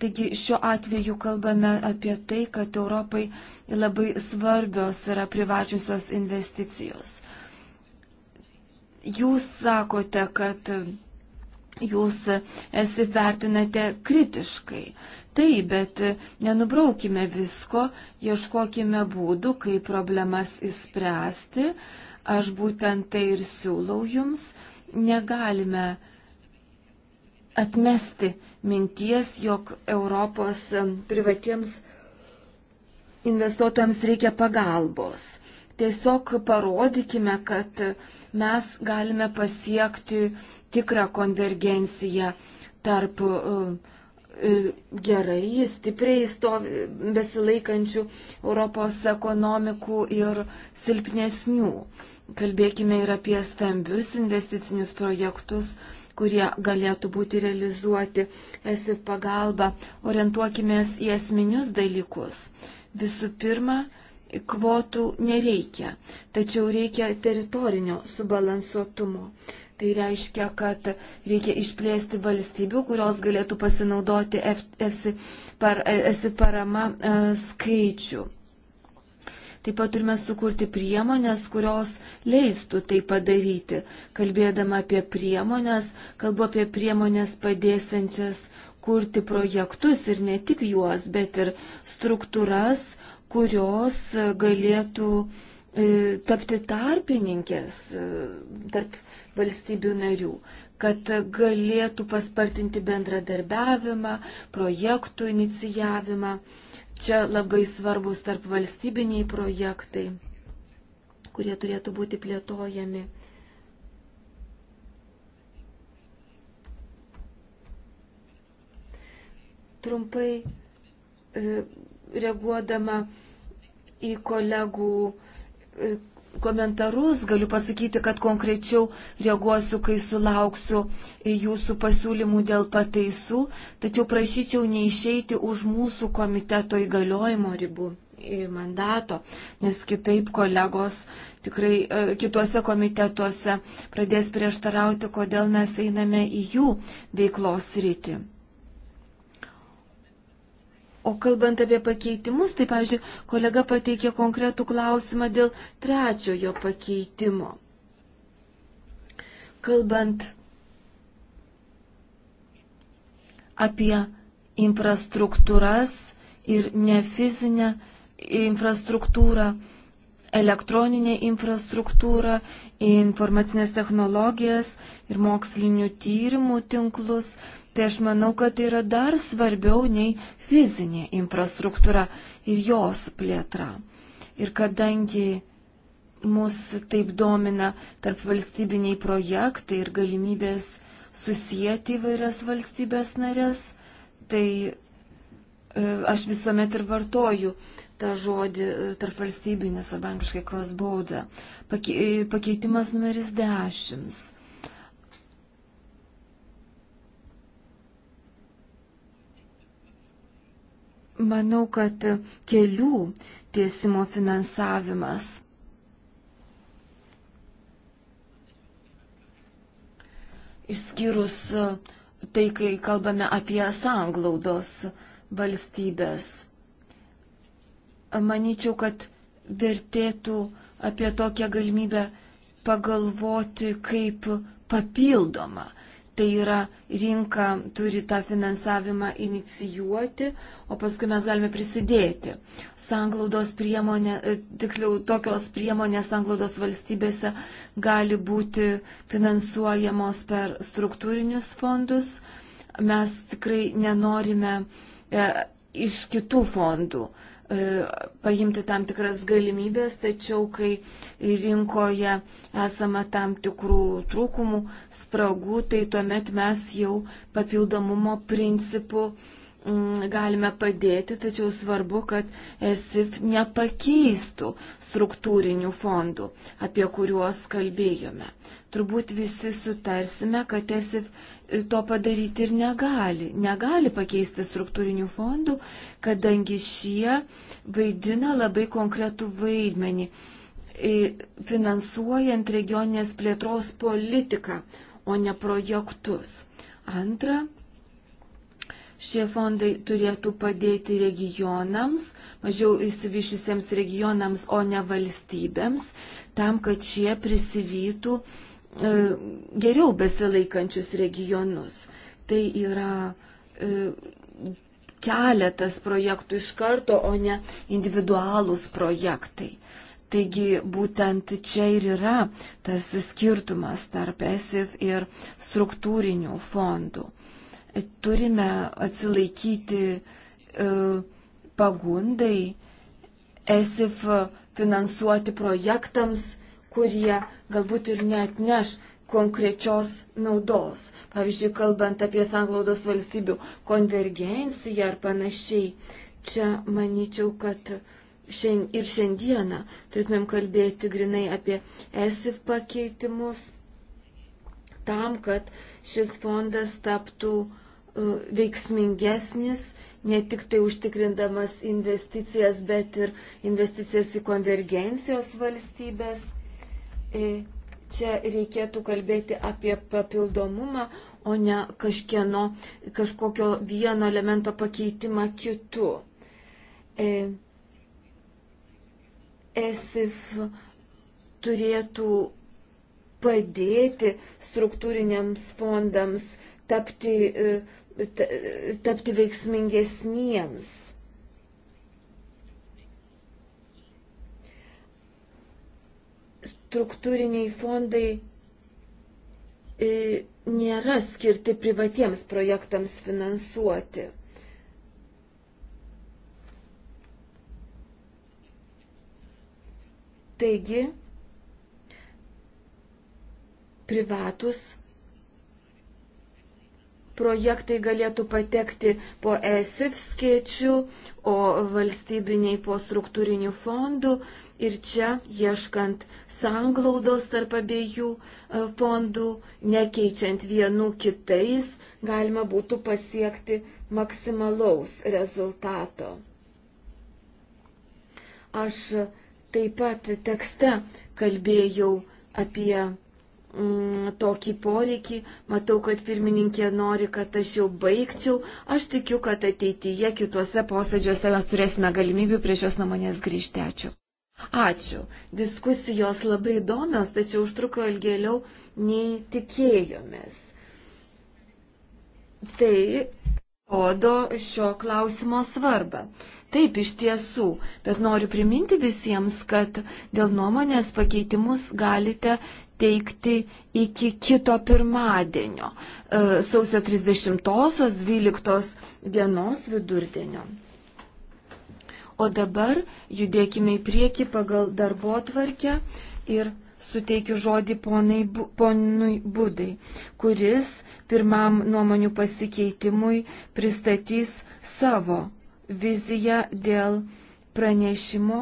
Taigi šiuo atveju kalbame apie tai, kad Europai labai svarbios yra privačiusios investicijos. Jūs sakote, kad jūs esi vertinate kritiškai, Taip, bet nenubraukime visko, ieškokime būdų, kaip problemas įspręsti. Aš būtent tai ir siūlau jums. Negalime atmesti minties, jog Europos privatiems investuotojams reikia pagalbos. Tiesiog parodykime, kad mes galime pasiekti tikrą konvergenciją tarp uh, E, gerai, stipriai stovi, besilaikančių Europos ekonomikų ir silpnesnių. Kalbėkime ir apie stambius investicinius projektus, kurie galėtų būti realizuoti esi pagalba. Orientuokime į esminius dalykus. Visų pirma, kvotų nereikia, tačiau reikia teritorinio subalansuotumo. Tai reiškia, kad reikia išplėsti valstybių, kurios galėtų pasinaudoti EFSI par, parama e, skaičių. Taip pat turime sukurti priemonės, kurios leistų tai padaryti. Kalbėdama apie priemonės, kalbu apie priemonės padėsiančias kurti projektus ir ne tik juos, bet ir struktūras, kurios galėtų e, tapti tarpininkės e, tarp valstybių narių, kad galėtų paspartinti bendradarbiavimą, projektų inicijavimą. Čia labai svarbus tarp valstybiniai projektai, kurie turėtų būti plėtojami. Trumpai e, reaguodama į kolegų e, komentarus, galiu pasakyti, kad konkrečiau reaguosiu, kai sulauksiu jūsų pasiūlymų dėl pataisų, tačiau prašyčiau neišeiti už mūsų komiteto įgaliojimo ribų mandato, nes kitaip kolegos tikrai e, kituose komitetuose pradės prieštarauti, kodėl mes einame į jų veiklos rytį. O kalbant apie pakeitimus, tai, pavyzdžiui, kolega pateikė konkretų klausimą dėl trečiojo pakeitimo. Kalbant apie infrastruktūras ir nefizinę infrastruktūrą, elektroninę infrastruktūrą, informacinės technologijas ir mokslinių tyrimų tinklus, Tai aš manau, kad tai yra dar svarbiau nei fizinė infrastruktūra ir jos plėtra. Ir kadangi mus taip domina tarp valstybiniai projektai ir galimybės susijęti įvairias valstybės narės, tai e, aš visuomet ir vartoju tą žodį e, tarp valstybinis arba angliškai crossbauda. E, pakeitimas numeris 10. Manau, kad kelių tiesimo finansavimas išskyrus tai, kai kalbame apie sanglaudos valstybės. Manyčiau, kad vertėtų apie tokią galimybę pagalvoti kaip papildomą Tai yra rinka turi tą finansavimą inicijuoti, o paskui mes galime prisidėti. Sanglaudos priemonė, e, tiksliau tokios priemonės sanglaudos valstybėse gali būti finansuojamos per struktūrinius fondus. Mes tikrai nenorime e, iš kitų fondų. E, E, paimti tam tikras galimybės, tačiau kai rinkoje esama tam tikrų trūkumų, spragų, tai tuomet mes jau papildomumo principų mm, galime padėti, tačiau svarbu, kad ESIF nepakeistų struktūrinių fondų, apie kuriuos kalbėjome. Turbūt visi sutarsime, kad ESIF to padaryti ir negali. Negali pakeisti struktūrinių fondų, kadangi šie vaidina labai konkretų vaidmenį, finansuojant regioninės plėtros politiką, o ne projektus. Antra, šie fondai turėtų padėti regionams, mažiau įsivyšiusiems regionams, o ne valstybėms, tam, kad šie prisivytų uh, E, geriau besilaikančius regionus. Tai yra e, keletas projektų iš karto, o ne individualūs projektai. Taigi būtent čia ir yra tas skirtumas tarp ESIF ir struktūrinių fondų. Turime atsilaikyti e, pagundai ESIF finansuoti projektams, kurie galbūt ir net neš konkrečios naudos. Pavyzdžiui, kalbant apie sanglaudos valstybių konvergenciją ar panašiai, čia manyčiau, kad šiandien, ir šiandieną turėtumėm kalbėti grinai apie ESIF pakeitimus tam, kad šis fondas taptų e, veiksmingesnis, ne tik tai užtikrindamas investicijas, bet ir investicijas į konvergencijos valstybės E, čia reikėtų kalbėti apie papildomumą, o ne kažkieno, kažkokio vieno elemento pakeitimą kitu. ESIF turėtų padėti struktūriniams fondams tapti, e, tapti veiksmingesniems struktūriniai fondai e, nėra skirti privatiems projektams finansuoti. Taigi, privatus projektai galėtų patekti po ESIF skėčių, o valstybiniai po struktūrinių fondų ir čia ieškant sanglaudos tarp abiejų e, fondų, nekeičiant vienų kitais, galima būtų pasiekti maksimalaus rezultato. Aš taip pat tekste kalbėjau apie mm, tokį poreikį. Matau, kad pirmininkė nori, kad aš jau baigčiau. Aš tikiu, kad ateityje kituose posėdžiuose mes turėsime galimybių prie šios nuomonės grįžti. Ačiū. Ačiū. Diskusijos labai įdomios, tačiau užtruko ilgėliau nei tikėjomės. Tai rodo šio klausimo svarbą. Taip, iš tiesų, bet noriu priminti visiems, kad dėl nuomonės pakeitimus galite teikti iki kito pirmadienio, e, sausio 30-osios 12 dienos vidurdienio. O dabar judėkime į priekį pagal darbo atvarkę ir suteikiu žodį ponai, bu, ponui Budai, kuris pirmam nuomonių pasikeitimui pristatys savo viziją dėl pranešimo,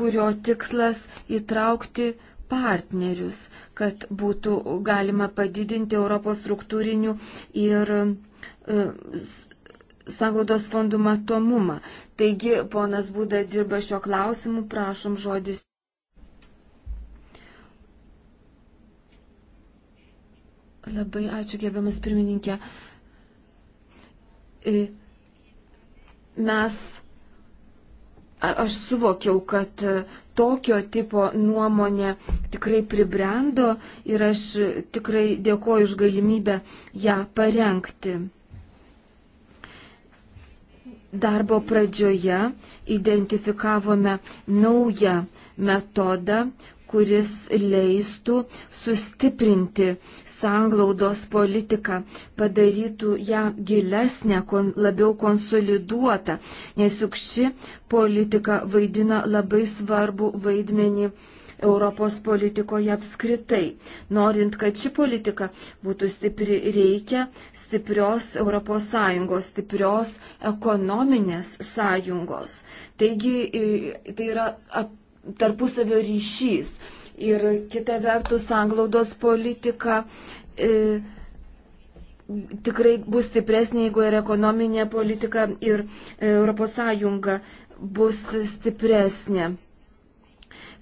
kurio tikslas įtraukti partnerius, kad būtų galima padidinti Europos struktūrinių ir e, sanglaudos fondų matomumą. Taigi, ponas Būda dirba šio klausimu, prašom žodis. Labai ačiū, gerbiamas pirmininkė. E, mes, aš suvokiau, kad e, tokio tipo nuomonė tikrai pribrendo ir aš tikrai dėkoju už galimybę ją parengti. Darbo pradžioje identifikavome naują metodą, kuris leistų sustiprinti sanglaudos politiką, padarytų ją gilesnę, labiau konsoliduotą, nes juk ši politika vaidina labai svarbu vaidmenį Europos politikoje apskritai. Norint, kad ši politika būtų stipri, reikia stiprios ES, stiprios ekonominės sąjungos. Taigi tai yra tarpusavio ryšys. Ir kita vertus, anglaudos politika. E, tikrai bus stipresnė, jeigu ir ekonominė politika, ir ES bus stipresnė.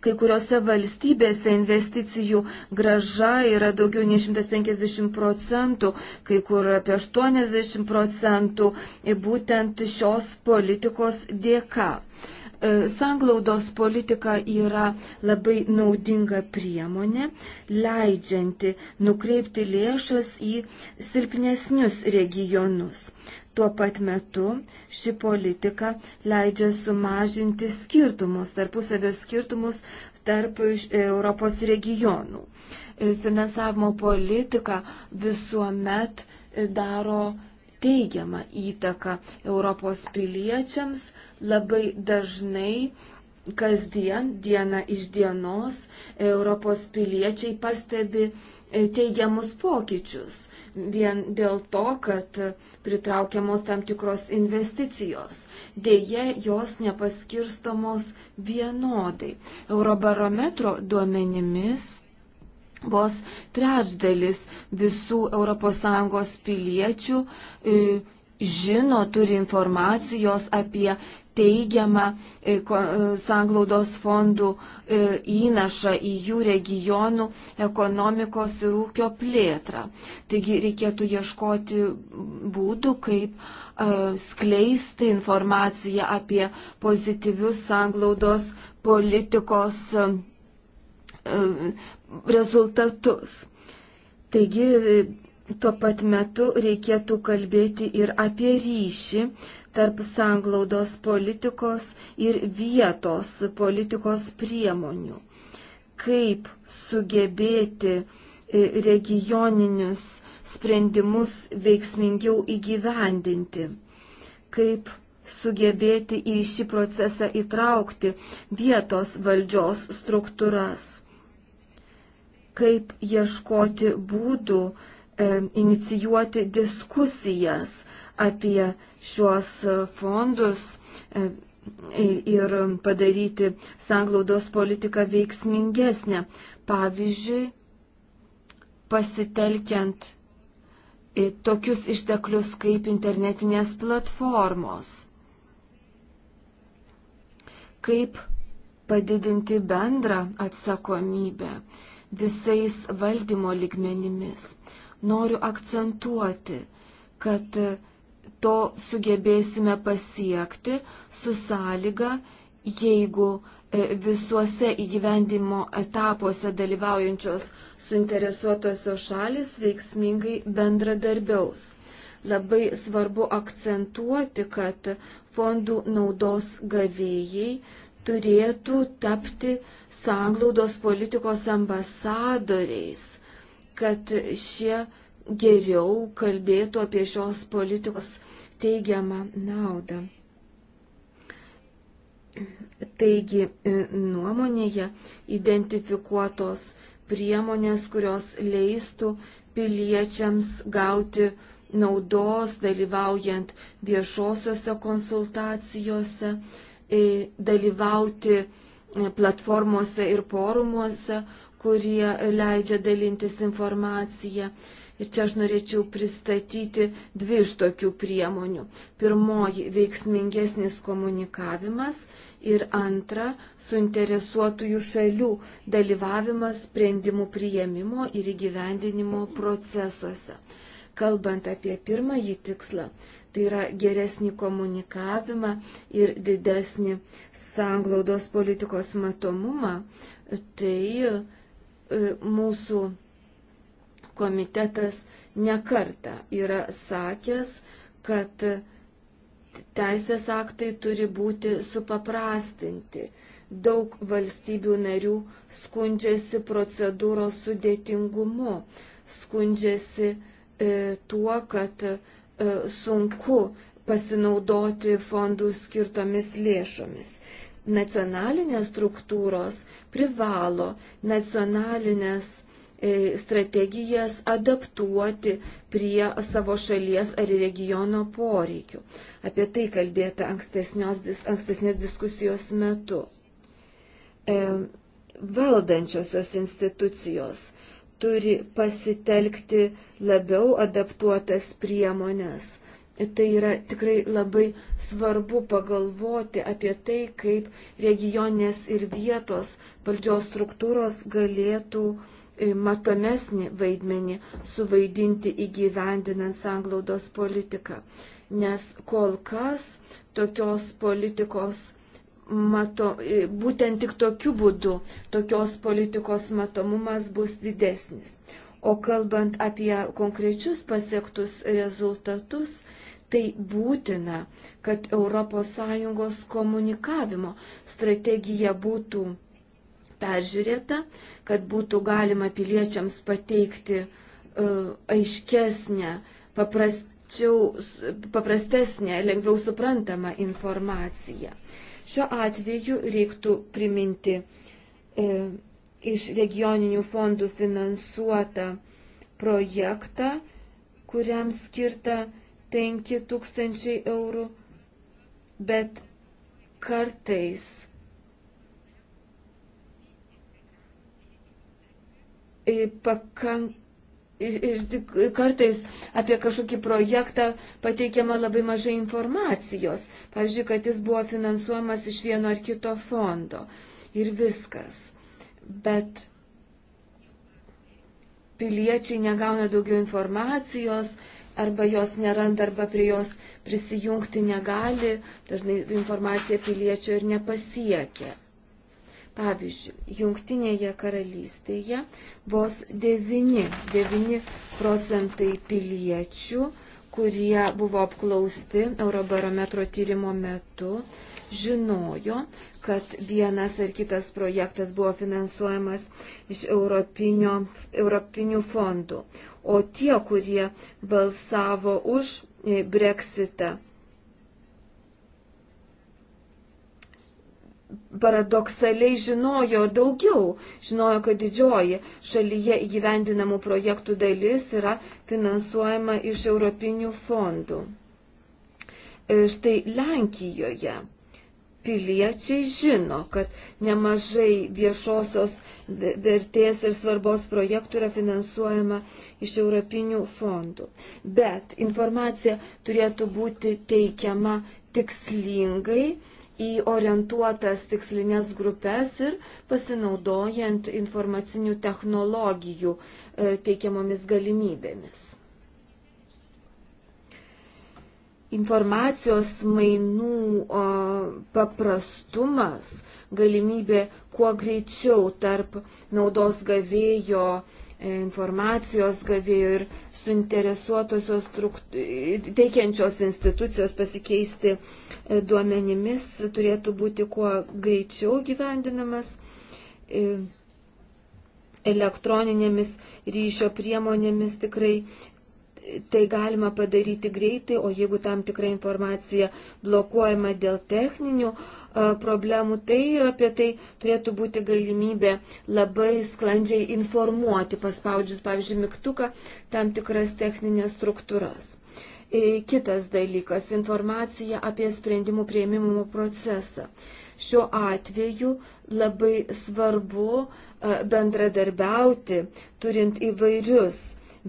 Kai kuriuose valstybėse investicijų graža yra daugiau nei 150 procentų, kai kur apie 80 procentų būtent šios politikos dėka. E, sanglaudos politika yra labai naudinga priemonė, leidžianti nukreipti lėšas į silpnesnius regionus. Tuo pat metu ši politika leidžia sumažinti skirtumus, tarpusavio skirtumus tarp Europos regionų. E, finansavimo politika visuomet e, daro teigiamą įtaką Europos piliečiams labai dažnai kasdien, diena iš dienos, Europos piliečiai pastebi e, teigiamus pokyčius vien dėl to, kad pritraukiamos tam tikros investicijos. Deja, jos nepaskirstomos vienodai. Eurobarometro duomenimis vos trečdalis visų ES piliečių. E, žino, turi informacijos apie teigiamą e, e, sanglaudos fondų e, įnašą į jų regionų ekonomikos ir ūkio plėtrą. Taigi reikėtų ieškoti būdų, kaip skleisti informaciją apie pozityvius sanglaudos politikos rezultatus. Taigi Tuo pat metu reikėtų kalbėti ir apie ryšį tarp sanglaudos politikos ir vietos politikos priemonių. Kaip sugebėti e, regioninius sprendimus veiksmingiau įgyvendinti, kaip sugebėti į šį procesą įtraukti vietos valdžios struktūras, kaip ieškoti būdų, inicijuoti diskusijas apie šiuos fondus ir padaryti sanglaudos politiką veiksmingesnę. Pavyzdžiui, pasitelkiant tokius išteklius kaip internetinės platformos. Kaip padidinti bendrą atsakomybę visais valdymo ligmenimis noriu akcentuoti, kad to sugebėsime pasiekti su sąlyga, jeigu e, visuose įgyvendimo etapuose dalyvaujančios suinteresuotosios šalis veiksmingai bendradarbiaus. Labai svarbu akcentuoti, kad fondų naudos gavėjai turėtų tapti sanglaudos politikos ambasadoriais kad šie geriau kalbėtų apie šios politikos teigiamą naudą. Taigi e, nuomonėje identifikuotos priemonės, kurios leistų piliečiams gauti naudos dalyvaujant viešosiuose konsultacijose, e, dalyvauti e, platformose ir forumuose, kurie leidžia dalintis informaciją. Ir čia aš norėčiau pristatyti dvi iš tokių priemonių. Pirmoji - veiksmingesnis komunikavimas ir antra - suinteresuotųjų šalių dalyvavimas sprendimų prieimimo ir įgyvendinimo procesuose. Kalbant apie pirmąjį tikslą, tai yra geresnį komunikavimą ir didesnį sanglaudos politikos matomumą, tai E, mūsų komitetas nekarta yra sakęs, kad teisės aktai turi būti supaprastinti. Daug valstybių narių skundžiasi procedūros sudėtingumu, skundžiasi e, tuo, kad e, sunku pasinaudoti fondų skirtomis lėšomis nacionalinės struktūros privalo nacionalinės e, strategijas adaptuoti prie savo šalies ar regiono poreikių. Apie tai kalbėta ankstesnės diskusijos metu. E, valdančiosios institucijos turi pasitelkti labiau adaptuotas priemonės – Tai yra tikrai labai svarbu pagalvoti apie tai, kaip regioninės ir vietos valdžios struktūros galėtų e, matomesnį vaidmenį suvaidinti įgyvendinant sanglaudos politiką. Nes kol kas tokios politikos mato, e, būtent tik tokiu būdu tokios politikos matomumas bus didesnis. O kalbant apie konkrečius pasiektus rezultatus, Tai būtina, kad ES komunikavimo strategija būtų peržiūrėta, kad būtų galima piliečiams pateikti uh, aiškesnę, paprasčiau, paprastesnę, lengviau suprantamą informaciją. Šiuo atveju reiktų priminti e, iš regioninių fondų finansuotą projektą, kuriam skirta 5000 eurų, bet kartais pakank, kartais apie kažkokį projektą pateikiama labai mažai informacijos. Pavyzdžiui, kad jis buvo finansuojamas iš vieno ar kito fondo. Ir viskas. Bet piliečiai negauna daugiau informacijos, arba jos neranda, arba prie jos prisijungti negali, dažnai informacija piliečio ir nepasiekia. Pavyzdžiui, Jungtinėje karalystėje vos 9, 9 procentai piliečių, kurie buvo apklausti Eurobarometro tyrimo metu, žinojo, kad vienas ar kitas projektas buvo finansuojamas iš europinio, europinių fondų. O tie, kurie balsavo už e, breksitą, paradoksaliai žinojo daugiau, žinojo, kad didžioji šalyje įgyvendinamų projektų dalis yra finansuojama iš europinių fondų. E, štai Lenkijoje piliečiai žino, kad nemažai viešosios vertės ir svarbos projektų yra finansuojama iš europinių fondų. Bet informacija turėtų būti teikiama tikslingai į orientuotas tikslinės grupės ir pasinaudojant informacinių technologijų e, teikiamomis galimybėmis. informacijos mainų o, paprastumas, galimybė kuo greičiau tarp naudos gavėjo, e, informacijos gavėjo ir suinteresuotosios teikiančios institucijos pasikeisti e, duomenimis turėtų būti kuo greičiau gyvendinamas e, elektroninėmis ryšio priemonėmis tikrai tai galima padaryti greitai, o jeigu tam tikra informacija blokuojama dėl techninių problemų, tai apie tai turėtų būti galimybė labai sklandžiai informuoti, paspaudžius, pavyzdžiui, mygtuką, tam tikras techninės struktūras. E, kitas dalykas - informacija apie sprendimų prieimimo procesą. Šiuo atveju labai svarbu bendradarbiauti, turint įvairius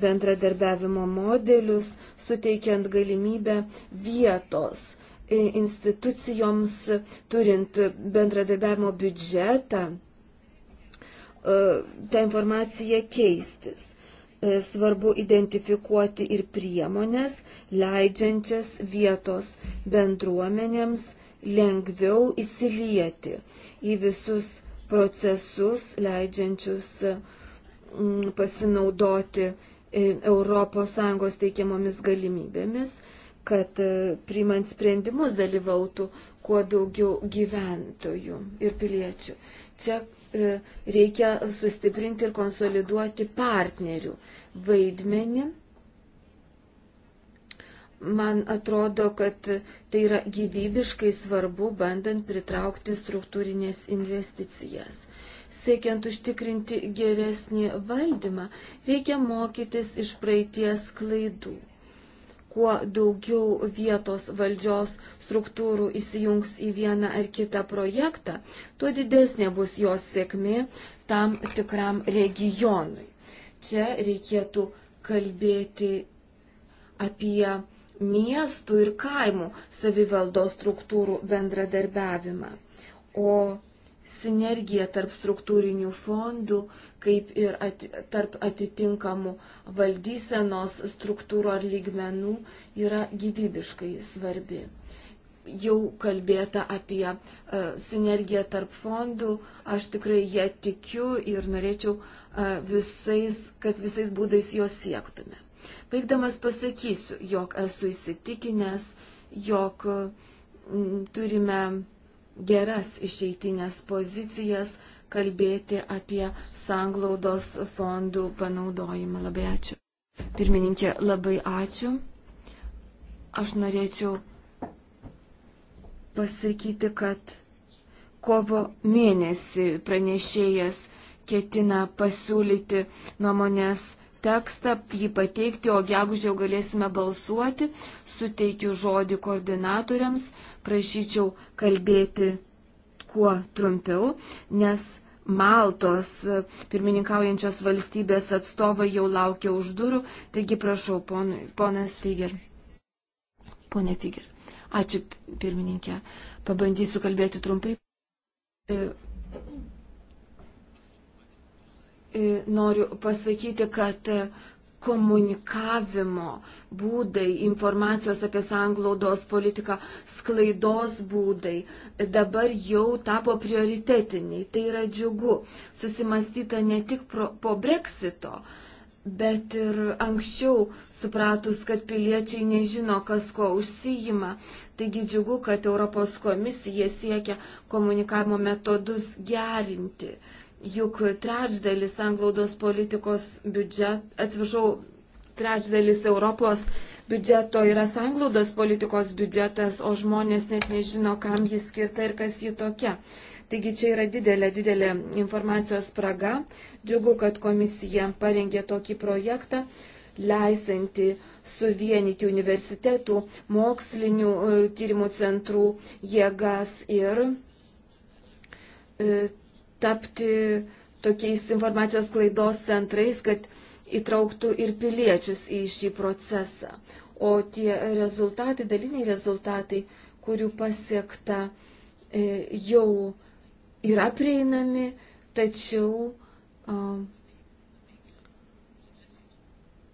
bendradarbiavimo modelius, suteikiant galimybę vietos institucijoms turint bendradarbiavimo biudžetą, e, tą informaciją keistis. E, svarbu identifikuoti ir priemonės, leidžiančias vietos bendruomenėms lengviau įsilieti į visus procesus, leidžiančius pasinaudoti ES teikiamomis galimybėmis, kad e, priimant sprendimus dalyvautų kuo daugiau gyventojų ir piliečių. Čia e, reikia sustiprinti ir konsoliduoti partnerių vaidmenį. Man atrodo, kad tai yra gyvybiškai svarbu, bandant pritraukti struktūrinės investicijas siekiant užtikrinti geresnį valdymą, reikia mokytis iš praeities klaidų. Kuo daugiau vietos valdžios struktūrų įsijungs į vieną ar kitą projektą, tuo didesnė bus jos sėkmė tam tikram regionui. Čia reikėtų kalbėti apie miestų ir kaimų savivaldos struktūrų bendradarbiavimą. O sinergija tarp struktūrinių fondų, kaip ir ati, tarp atitinkamų valdysenos struktūrų ar lygmenų yra gyvybiškai svarbi. Jau kalbėta apie uh, sinergiją tarp fondų, aš tikrai ją tikiu ir norėčiau, uh, visais, kad visais būdais jos siektume. Baigdamas pasakysiu, jog esu įsitikinęs, jog mm, turime geras išeitinės pozicijas, kalbėti apie sanglaudos fondų panaudojimą. Labai ačiū. Pirmininkė, labai ačiū. Aš norėčiau pasakyti, kad kovo mėnesį pranešėjas ketina pasiūlyti nuomonės tekstą, jį pateikti, o gegužė jau galėsime balsuoti. Suteikiu žodį koordinatoriams prašyčiau kalbėti kuo trumpiau, nes Maltos pirmininkaujančios valstybės atstovai jau laukia už durų, taigi prašau, pon, ponas Figer. Pone Figer. Ačiū, pirmininkė. Pabandysiu kalbėti trumpai. E, e, noriu pasakyti, kad komunikavimo būdai, informacijos apie sanglaudos politiką, sklaidos būdai dabar jau tapo prioritetiniai. Tai yra džiugu. Susimastyta ne tik pro, po breksito, bet ir anksčiau supratus, kad piliečiai nežino, kas ko užsijima. Taigi džiugu, kad Europos komisija siekia komunikavimo metodus gerinti. Uh, Juk trečdalis anglaudos politikos biudžet, atsiprašau, trečdalis Europos biudžeto yra sanglaudos politikos biudžetas, o žmonės net nežino, kam jis skirta ir kas jį tokia. Taigi čia yra didelė, didelė informacijos spraga. Džiugu, kad komisija parengė tokį projektą, leisanti suvienyti universitetų, mokslinių e, tyrimų centrų jėgas ir e, tapti tokiais informacijos klaidos centrais, kad įtrauktų ir piliečius į šį procesą. O tie rezultatai, daliniai rezultatai, kurių pasiekta, e, jau yra prieinami, tačiau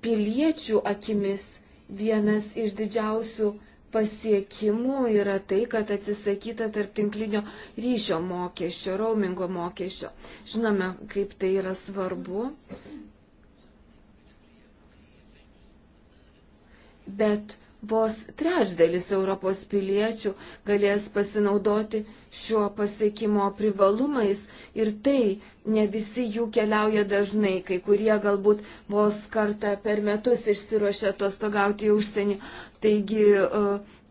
piliečių akimis vienas iš didžiausių pasiekimų yra tai, kad atsisakyta tarptinklinio ryšio mokesčio, roamingo mokesčio. Žinome, kaip tai yra svarbu. Bet vos trečdalis Europos piliečių galės pasinaudoti šio pasiekimo privalumais ir tai ne visi jų keliauja dažnai, kai kurie galbūt vos kartą per metus išsiruošia atostogauti į užsienį. Taigi e,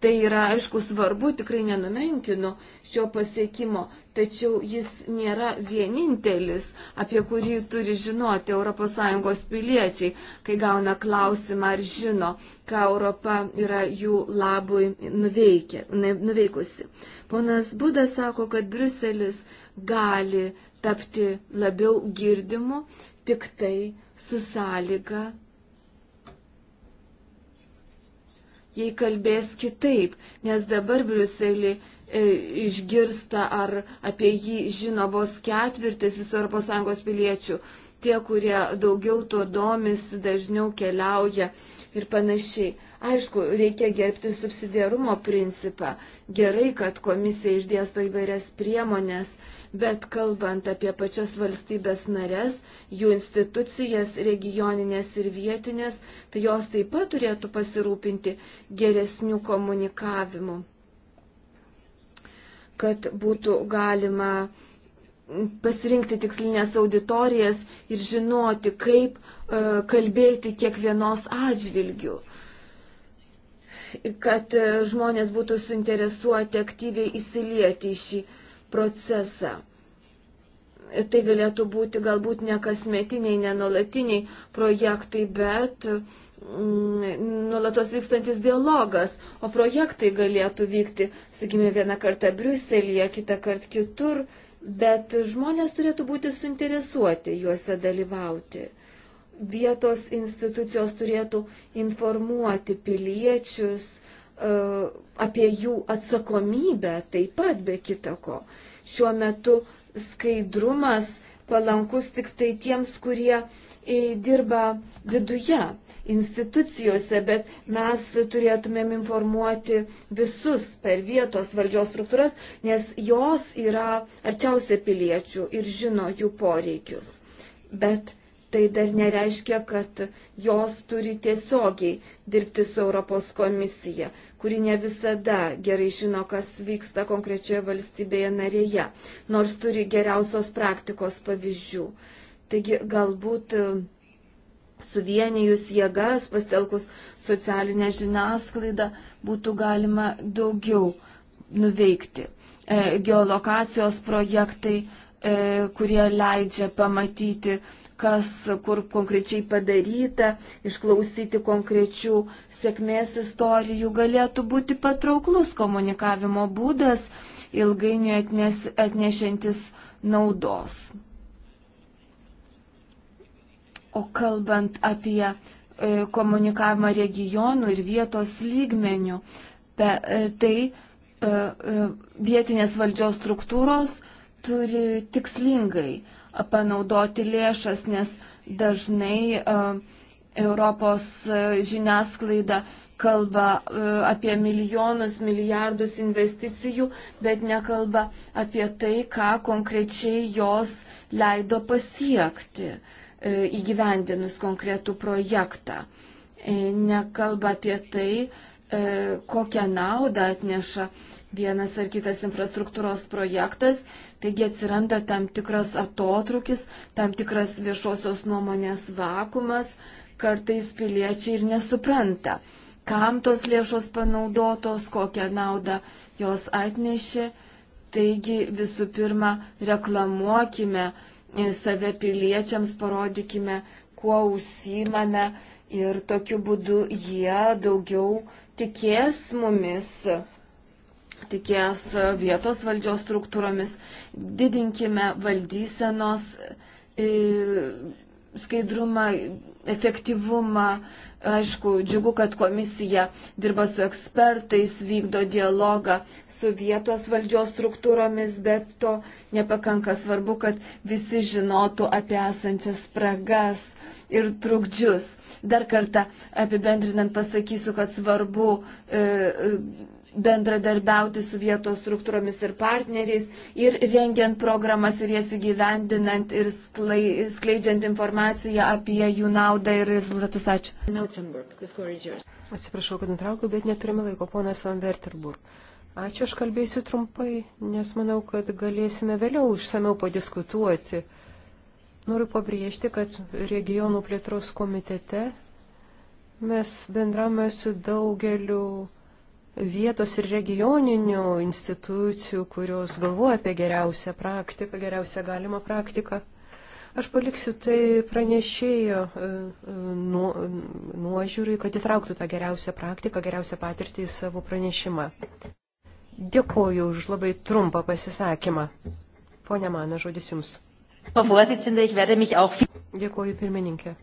tai yra aišku svarbu, tikrai nenumenkinu šio pasiekimo, tačiau jis nėra vienintelis, apie kurį turi žinoti ES piliečiai, kai gauna klausimą ar žino, ką Europa yra jų labui nuveikia, nu, nuveikusi. Ponas Budas sako, kad Bruselis gali tapti labiau girdimu tik tai su sąlyga. Jei kalbės kitaip, nes dabar Bruselį E, išgirsta ar apie jį žino vos ketvirtis visų ES piliečių. Tie, kurie daugiau tuo domisi, dažniau keliauja ir panašiai. Aišku, reikia gerbti subsidiarumo principą. Gerai, kad komisija išdėsto įvairias priemonės, bet kalbant apie pačias valstybės narės, jų institucijas, regioninės ir vietinės, tai jos taip pat turėtų pasirūpinti geresnių komunikavimų kad būtų galima pasirinkti tikslinės auditorijas ir žinoti, kaip e, kalbėti kiekvienos atžvilgių kad e, žmonės būtų suinteresuoti aktyviai įsilieti į šį procesą. Tai galėtų būti galbūt ne kasmetiniai, ne nuolatiniai projektai, bet uh, Mm, nuolatos vykstantis dialogas, o projektai galėtų vykti, sakykime, vieną kartą Briuselėje, kitą kartą kitur, bet žmonės turėtų būti suinteresuoti juose dalyvauti. Vietos institucijos turėtų informuoti piliečius uh, apie jų atsakomybę taip pat be kitako. Šiuo metu skaidrumas uh, palankus tik tai tiems, kurie e, dirba viduje, institucijose, bet mes turėtumėm informuoti visus per vietos valdžios struktūras, nes jos yra arčiausia piliečių ir žino jų poreikius. Bet tai dar nereiškia, kad jos turi tiesiogiai dirbti su Europos komisija, kuri ne visada gerai žino, kas vyksta konkrečioje valstybėje narėje, nors turi geriausios praktikos pavyzdžių. Taigi galbūt e, suvienijus jėgas, pastelkus socialinę žiniasklaidą, būtų galima daugiau nuveikti. E, geolokacijos projektai, e, kurie leidžia pamatyti kas kur konkrečiai padaryta, išklausyti konkrečių sėkmės istorijų galėtų būti patrauklus komunikavimo būdas, ilgainiui atnes, atnešantis naudos. O kalbant apie e, komunikavimą regionų ir vietos lygmenių, pe, e, tai e, e vietinės valdžios struktūros turi tikslingai panaudoti lėšas, nes dažnai e, Europos žiniasklaida kalba e, apie milijonus, milijardus investicijų, bet nekalba apie tai, ką konkrečiai jos leido pasiekti e, įgyvendinus konkretų projektą. Nekalba apie tai, kokią naudą atneša vienas ar kitas infrastruktūros projektas Taigi atsiranda tam tikras atotrukis, tam tikras viešosios nuomonės vakumas, kartais piliečiai ir nesupranta, kam tos lėšos panaudotos, kokią naudą jos atnešė. Taigi visų pirma, reklamuokime e, save piliečiams, parodykime, kuo užsimame ir tokiu būdu jie daugiau tikės mumis tikės vietos valdžios struktūromis, didinkime valdysenos e, skaidrumą, efektyvumą. Aišku, džiugu, kad komisija dirba su ekspertais, vykdo dialogą su vietos valdžios struktūromis, bet to nepakanka svarbu, kad visi žinotų apie esančias spragas ir trukdžius. Dar kartą apibendrinant pasakysiu, kad svarbu. E, e, bendradarbiauti su vietos struktūromis ir partneriais ir rengiant programas ir jas įgyvendinant ir sklai, skleidžiant informaciją apie jų naudą ir rezultatus. Ačiū. Atsiprašau, kad nutraukiu, bet neturime laiko, ponas Van Verterburg. Ačiū, aš kalbėsiu trumpai, nes manau, kad galėsime vėliau išsameu padiskutuoti. Noriu pabrėžti, kad regionų plėtros komitete mes bendravome su daugeliu vietos ir regioninių institucijų, kurios galvoja apie geriausią praktiką, geriausią galimą praktiką. Aš paliksiu tai pranešėjo nu, nuožiūrai, kad įtrauktų tą geriausią praktiką, geriausią patirtį į savo pranešimą. Dėkuoju už labai trumpą pasisakymą. Pone Mana, žodis Jums. Dėkuoju pirmininkė.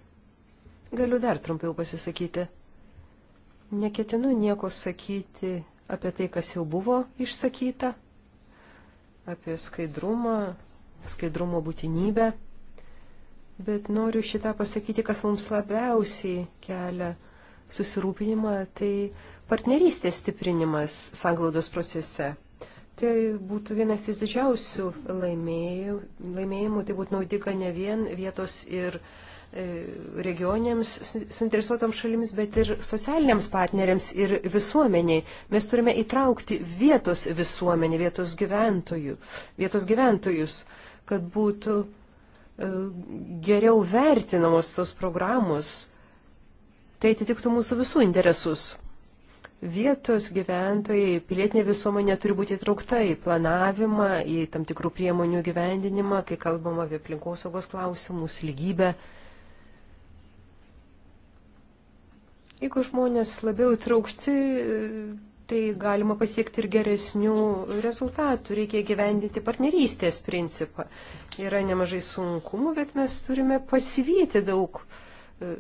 Galiu dar trumpiau pasisakyti. Neketinu nieko sakyti apie tai, kas jau buvo išsakyta, apie skaidrumą, skaidrumo būtinybę, bet noriu šitą pasakyti, kas mums labiausiai kelia susirūpinimą, tai partnerystės stiprinimas sanglaudos procese. Tai būtų vienas iš didžiausių laimėjimų, tai būtų naudinga ne vien vietos ir uh, E, regioniams suinteresuotams šalims, bet ir socialiniams partneriams ir visuomeniai. Mes turime įtraukti vietos visuomenį, vietos, gyventojų, vietos gyventojus, kad būtų e, geriau vertinamos tos programos. Tai atitiktų mūsų visų interesus. Vietos gyventojai, pilietinė visuomenė turi būti įtraukta į planavimą, į tam tikrų priemonių gyvendinimą, kai kalbama apie aplinkosaugos klausimus, lygybę. Jeigu žmonės labiau įtraukti, tai galima pasiekti ir geresnių rezultatų. Reikia gyvendinti partnerystės principą. Yra nemažai sunkumų, bet mes turime pasivyti daug. E,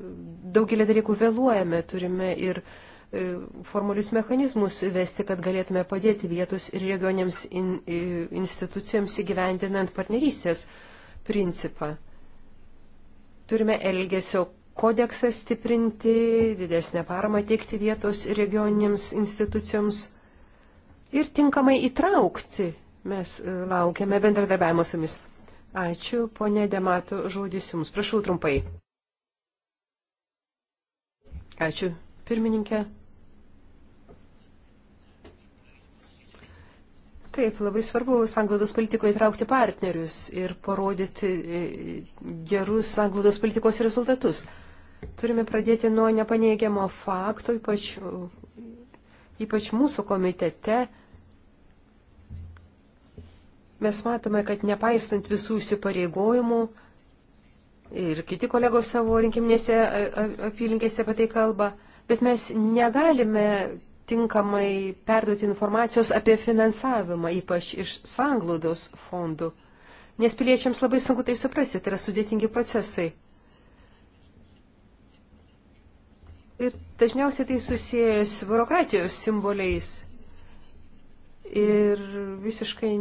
daugelį dalykų vėluojame, turime ir e, formalius mechanizmus vesti, kad galėtume padėti vietos ir regioniams in, institucijoms įgyvendinant partnerystės principą. Turime elgesio kodeksą stiprinti, didesnę paramą teikti vietos regioninėms institucijoms ir tinkamai įtraukti. Mes e, laukiame bendradarbiavimo su jumis. Ačiū, ponė Demato, žodis jums. Prašau trumpai. Ačiū, pirmininkė. Taip, labai svarbu sanglaudos politikoje įtraukti partnerius ir parodyti e, gerus sanglaudos politikos rezultatus. Turime pradėti nuo nepaneigiamo fakto, ypač, ypač mūsų komitete. Mes matome, kad nepaisant visų įsipareigojimų, ir kiti kolegos savo rinkiminėse apylinkėse apie tai kalba, bet mes negalime tinkamai perduoti informacijos apie finansavimą, ypač iš sanglaudos fondų, nes piliečiams labai sunku tai suprasti, tai yra sudėtingi procesai. Ir dažniausiai tai susijęs su biurokratijos simboliais. Ir visiškai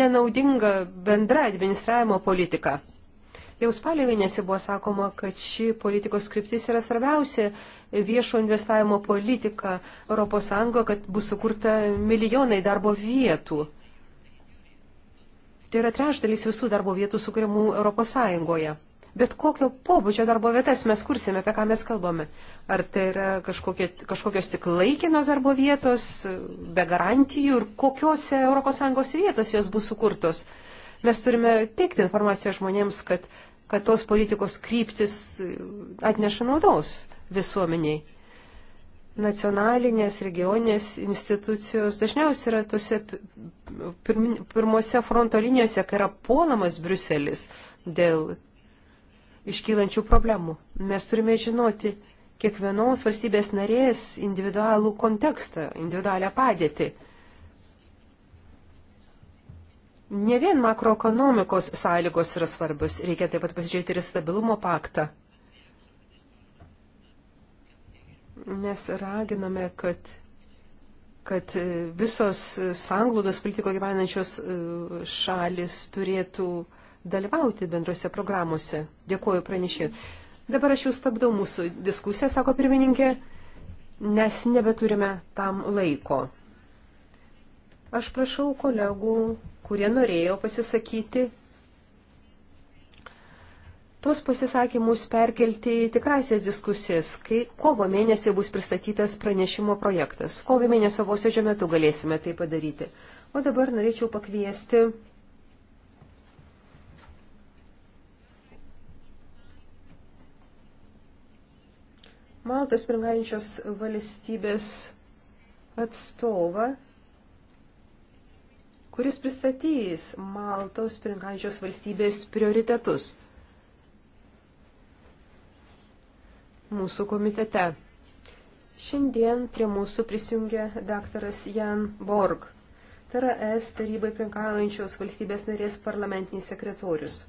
nenaudinga bendra administravimo politika. Jau spalio mėnesį buvo sakoma, kad ši politikos skriptis yra svarbiausia viešo investavimo politika ES, kad bus sukurta milijonai darbo vietų. Tai yra trešdalis visų darbo vietų sukūrimų ES bet kokio pobūdžio darbo vietas mes kursime, apie ką mes kalbame. Ar tai yra kažkokie, kažkokios tik laikinos darbo vietos, be garantijų ir kokiuose ES vietos jos bus sukurtos. Mes turime teikti informaciją žmonėms, kad, kad tos politikos kryptis atneša naudos visuomeniai. Nacionalinės, regioninės institucijos dažniausiai yra tuose pirmose fronto linijose, kai yra puolamas Bruselis dėl iškylančių problemų. Mes turime žinoti kiekvienos valstybės narės individualų kontekstą, individualią padėtį. Ne vien makroekonomikos sąlygos yra svarbios, reikia taip pat pasižiūrėti ir stabilumo paktą. Mes raginame, kad, kad visos sanglaudos politiko gyvenančios e, šalis turėtų uh, dalyvauti bendrose programuose. Dėkuoju pranešiu. Dabar aš jau stabdau mūsų diskusiją, sako pirmininkė, nes nebeturime tam laiko. Aš prašau kolegų, kurie norėjo pasisakyti, tuos pasisakymus perkelti į tikrasias diskusijas, kai kovo mėnesį bus pristatytas pranešimo projektas. Kovo mėnesio posėdžio metu galėsime tai padaryti. O dabar norėčiau pakviesti Maltos pirmaujančios valstybės atstovą, kuris pristatys Maltos pirmaujančios valstybės prioritetus mūsų komitete. Šiandien prie mūsų prisijungia daktaras Jan Borg, tai yra S tarybai prinkaujančios valstybės narės parlamentinis sekretorius.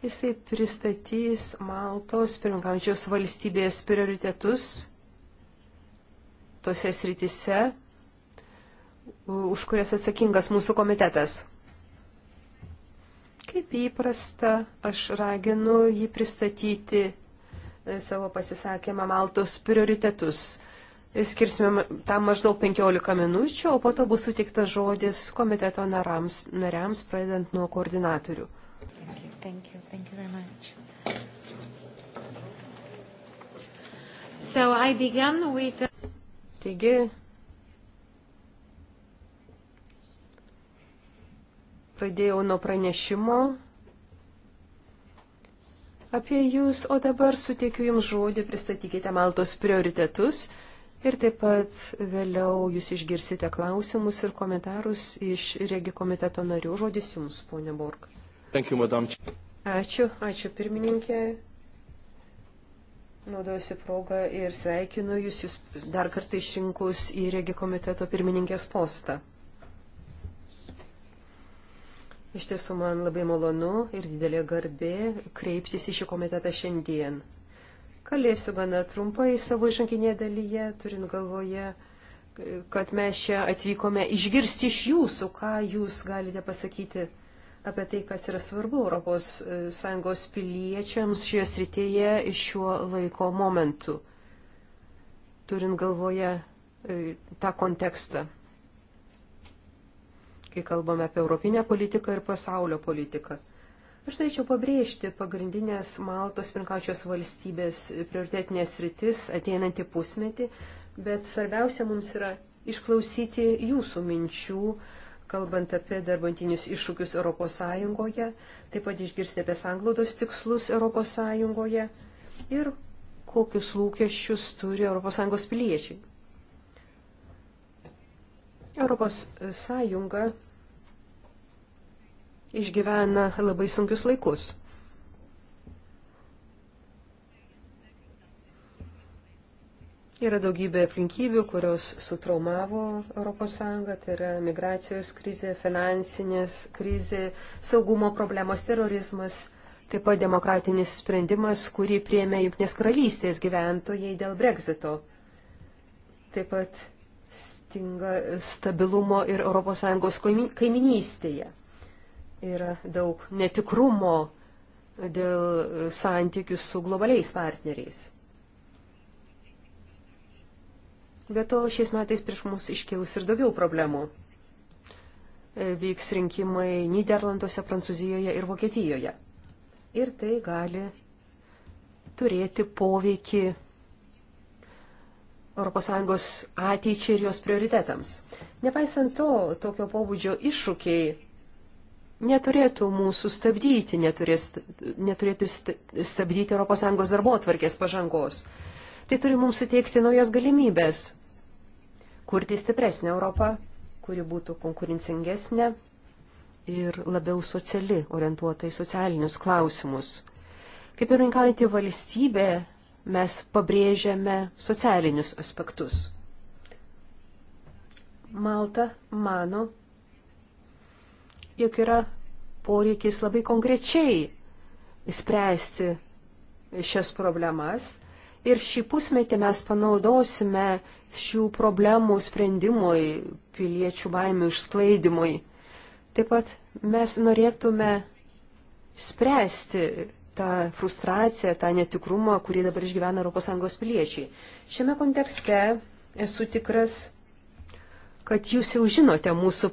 Jisai pristatys Maltos pirmkaujančios valstybės prioritetus tose srityse, už kurias atsakingas mūsų komitetas. Kaip įprasta, aš raginu jį pristatyti e, savo pasisakymą Maltos prioritetus. E, skirsime tam maždaug 15 minučių, o po to bus suteiktas žodis komiteto narams, nariams, pradedant nuo koordinatorių. Thank you, thank you, thank you very much. So I began with... Taigi, pradėjau nuo pranešimo apie jūs, o dabar suteikiu jums žodį, pristatykite Maltos prioritetus ir taip pat vėliau jūs išgirsite klausimus ir komentarus iš Regi komiteto narių. Žodis jums, ponė Borg. Thank you, madam. Ačiū, ačiū pirmininkė. Naudojusi progą ir sveikinu jūs, jūs dar kartą išrinkus į regi komiteto pirmininkės postą. Iš tiesų man labai malonu ir didelė garbė kreiptis į šį komitetą šiandien. Kalėsiu gana trumpai savo išankinėje dalyje, turint galvoje, kad mes čia atvykome išgirsti iš jūsų, ką jūs galite pasakyti apie tai, kas yra svarbu ES e, piliečiams šioje srityje šiuo laiko momentu, turint galvoje e, tą kontekstą, kai kalbame apie europinę politiką ir pasaulio politiką. Aš norėčiau pabrėžti pagrindinės Maltos pirmkaučios valstybės prioritetinės rytis ateinantį pusmetį, bet svarbiausia mums yra išklausyti jūsų minčių, uh, kalbant apie darbantinius iššūkius ES, taip pat išgirsti apie sanglaudos tikslus ES ir kokius lūkesčius turi ES piliečiai. ES išgyvena labai sunkius laikus. Yra daugybė aplinkybių, kurios sutraumavo ES, tai yra migracijos krizė, finansinės krizė, saugumo problemos, terorizmas, taip pat demokratinis sprendimas, kurį priemė Junktinės karalystės gyventojai dėl Brexito. Taip pat stinga stabilumo ir ES kaiminystėje. Yra daug netikrumo dėl santykių su globaliais partneriais. Be to, šiais metais prieš mus iškilus ir daugiau problemų. E, vyks rinkimai Niderlanduose, Prancūzijoje ir Vokietijoje. Ir tai gali turėti poveikį ES ateičiai ir jos prioritetams. Nepaisant to, tokio pobūdžio iššūkiai neturėtų mūsų stabdyti, neturės, neturėtų stabdyti ES darbo atvarkės pažangos. Tai turi mums suteikti naujas galimybės kurti stipresnę Europą, kuri būtų konkurencingesnė ir labiau sociali, orientuota į socialinius klausimus. Kaip ir rinkaujantį valstybę, mes pabrėžiame socialinius aspektus. Malta mano, jog yra poreikis labai konkrečiai spręsti šias problemas ir šį pusmetį mes panaudosime šių problemų sprendimui, piliečių baimių išsklaidimui. Taip pat mes norėtume spręsti tą frustraciją, tą netikrumą, kurį dabar išgyvena ES piliečiai. Šiame kontekste esu tikras, kad jūs jau žinote mūsų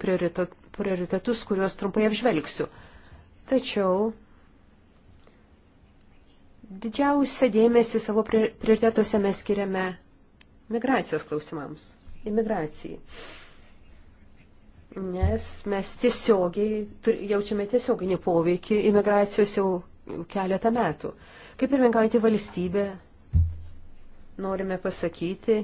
prioritetus, kuriuos trumpai apžvelgsiu. Tačiau didžiausią dėmesį savo prioritetuose mes skiriame migracijos klausimams, imigracijai. Nes mes tiesiogiai jaučiame tiesioginį poveikį imigracijos jau keletą metų. Kaip ir menkaujantį valstybę norime pasakyti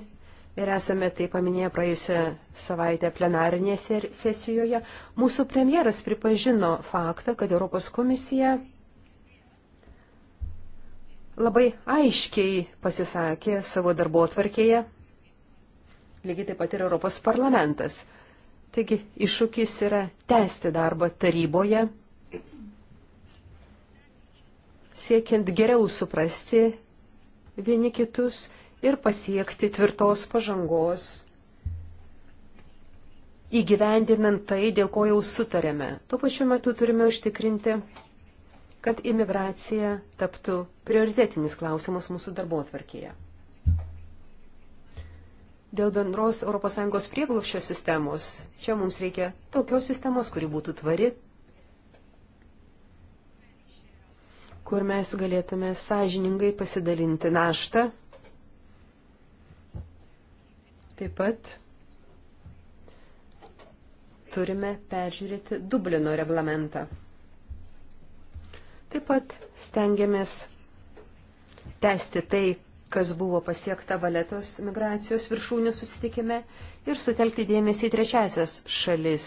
ir esame tai paminėję praėjusią savaitę plenarinėje sesijoje, mūsų premjeras pripažino faktą, kad Europos komisija labai aiškiai pasisakė savo darbo atvarkėje, lygiai taip pat ir Europos parlamentas. Taigi iššūkis yra tęsti darbą taryboje, siekiant geriau suprasti vieni kitus ir pasiekti tvirtos pažangos, įgyvendinant tai, dėl ko jau sutarėme. Tuo pačiu metu turime užtikrinti kad imigracija taptų prioritetinis klausimas mūsų darbo atvarkėje. Dėl bendros ES prieglupščio sistemos čia mums reikia tokios sistemos, kuri būtų tvari, kur mes galėtume sąžiningai pasidalinti naštą. Taip pat turime peržiūrėti Dublino reglamentą. Taip pat stengiamės tęsti tai, kas buvo pasiekta valetos migracijos viršūnių susitikime ir sutelkti dėmesį į trečiasias šalis,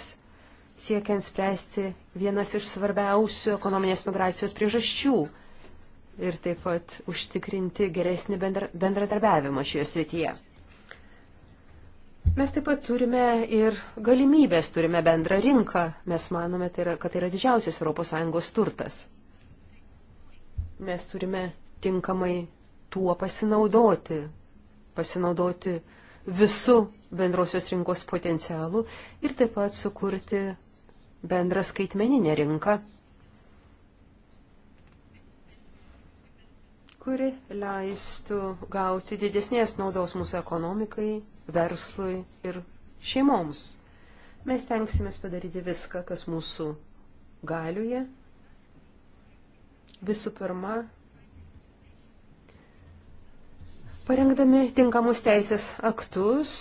siekiant spręsti vienas iš svarbiausių ekonominės migracijos priežasčių ir taip pat užtikrinti geresnį bendra, bendradarbiavimą šioje srityje. Mes taip pat turime ir galimybės, turime bendrą rinką, mes manome, tai yra, kad tai yra didžiausias ES turtas mes turime tinkamai tuo pasinaudoti, pasinaudoti visų bendrosios rinkos potencialų ir taip pat sukurti bendrą skaitmeninę rinką, kuri leistų gauti didesnės naudos mūsų ekonomikai, verslui ir šeimoms. Mes tenksimės padaryti viską, kas mūsų galiuje Visų pirma, parengdami tinkamus teisės aktus,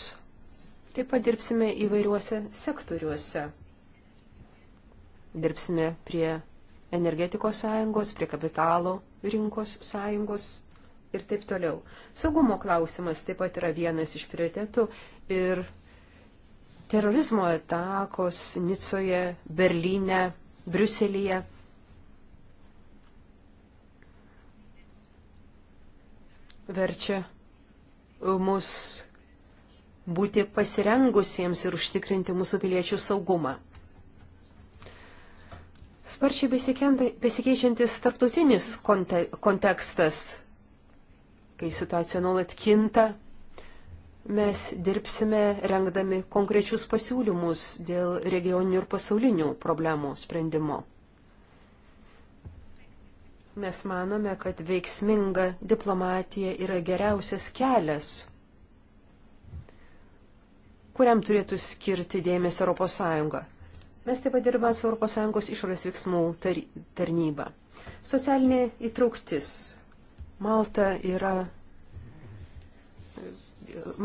taip pat dirbsime įvairiuose sektoriuose. Dirbsime prie energetikos sąjungos, prie kapitalo rinkos sąjungos ir taip toliau. Saugumo klausimas taip pat yra vienas iš prioritetų ir terorizmo atakos Nicoje, Berlyne, Briuselėje verčia mus būti pasirengusiems ir užtikrinti mūsų piliečių saugumą. Sparčiai besikeičiantis tarptautinis konte, kontekstas, kai situacija nuolat kinta, mes dirbsime rengdami konkrečius pasiūlymus dėl regioninių ir pasaulinių problemų sprendimo. Mes manome, kad veiksminga diplomatija yra geriausias kelias, kuriam turėtų skirti dėmesį ES. Mes taip pat dirbame su ES išorės veiksmų tar tarnyba. Socialinė įtrauktis. Malta yra.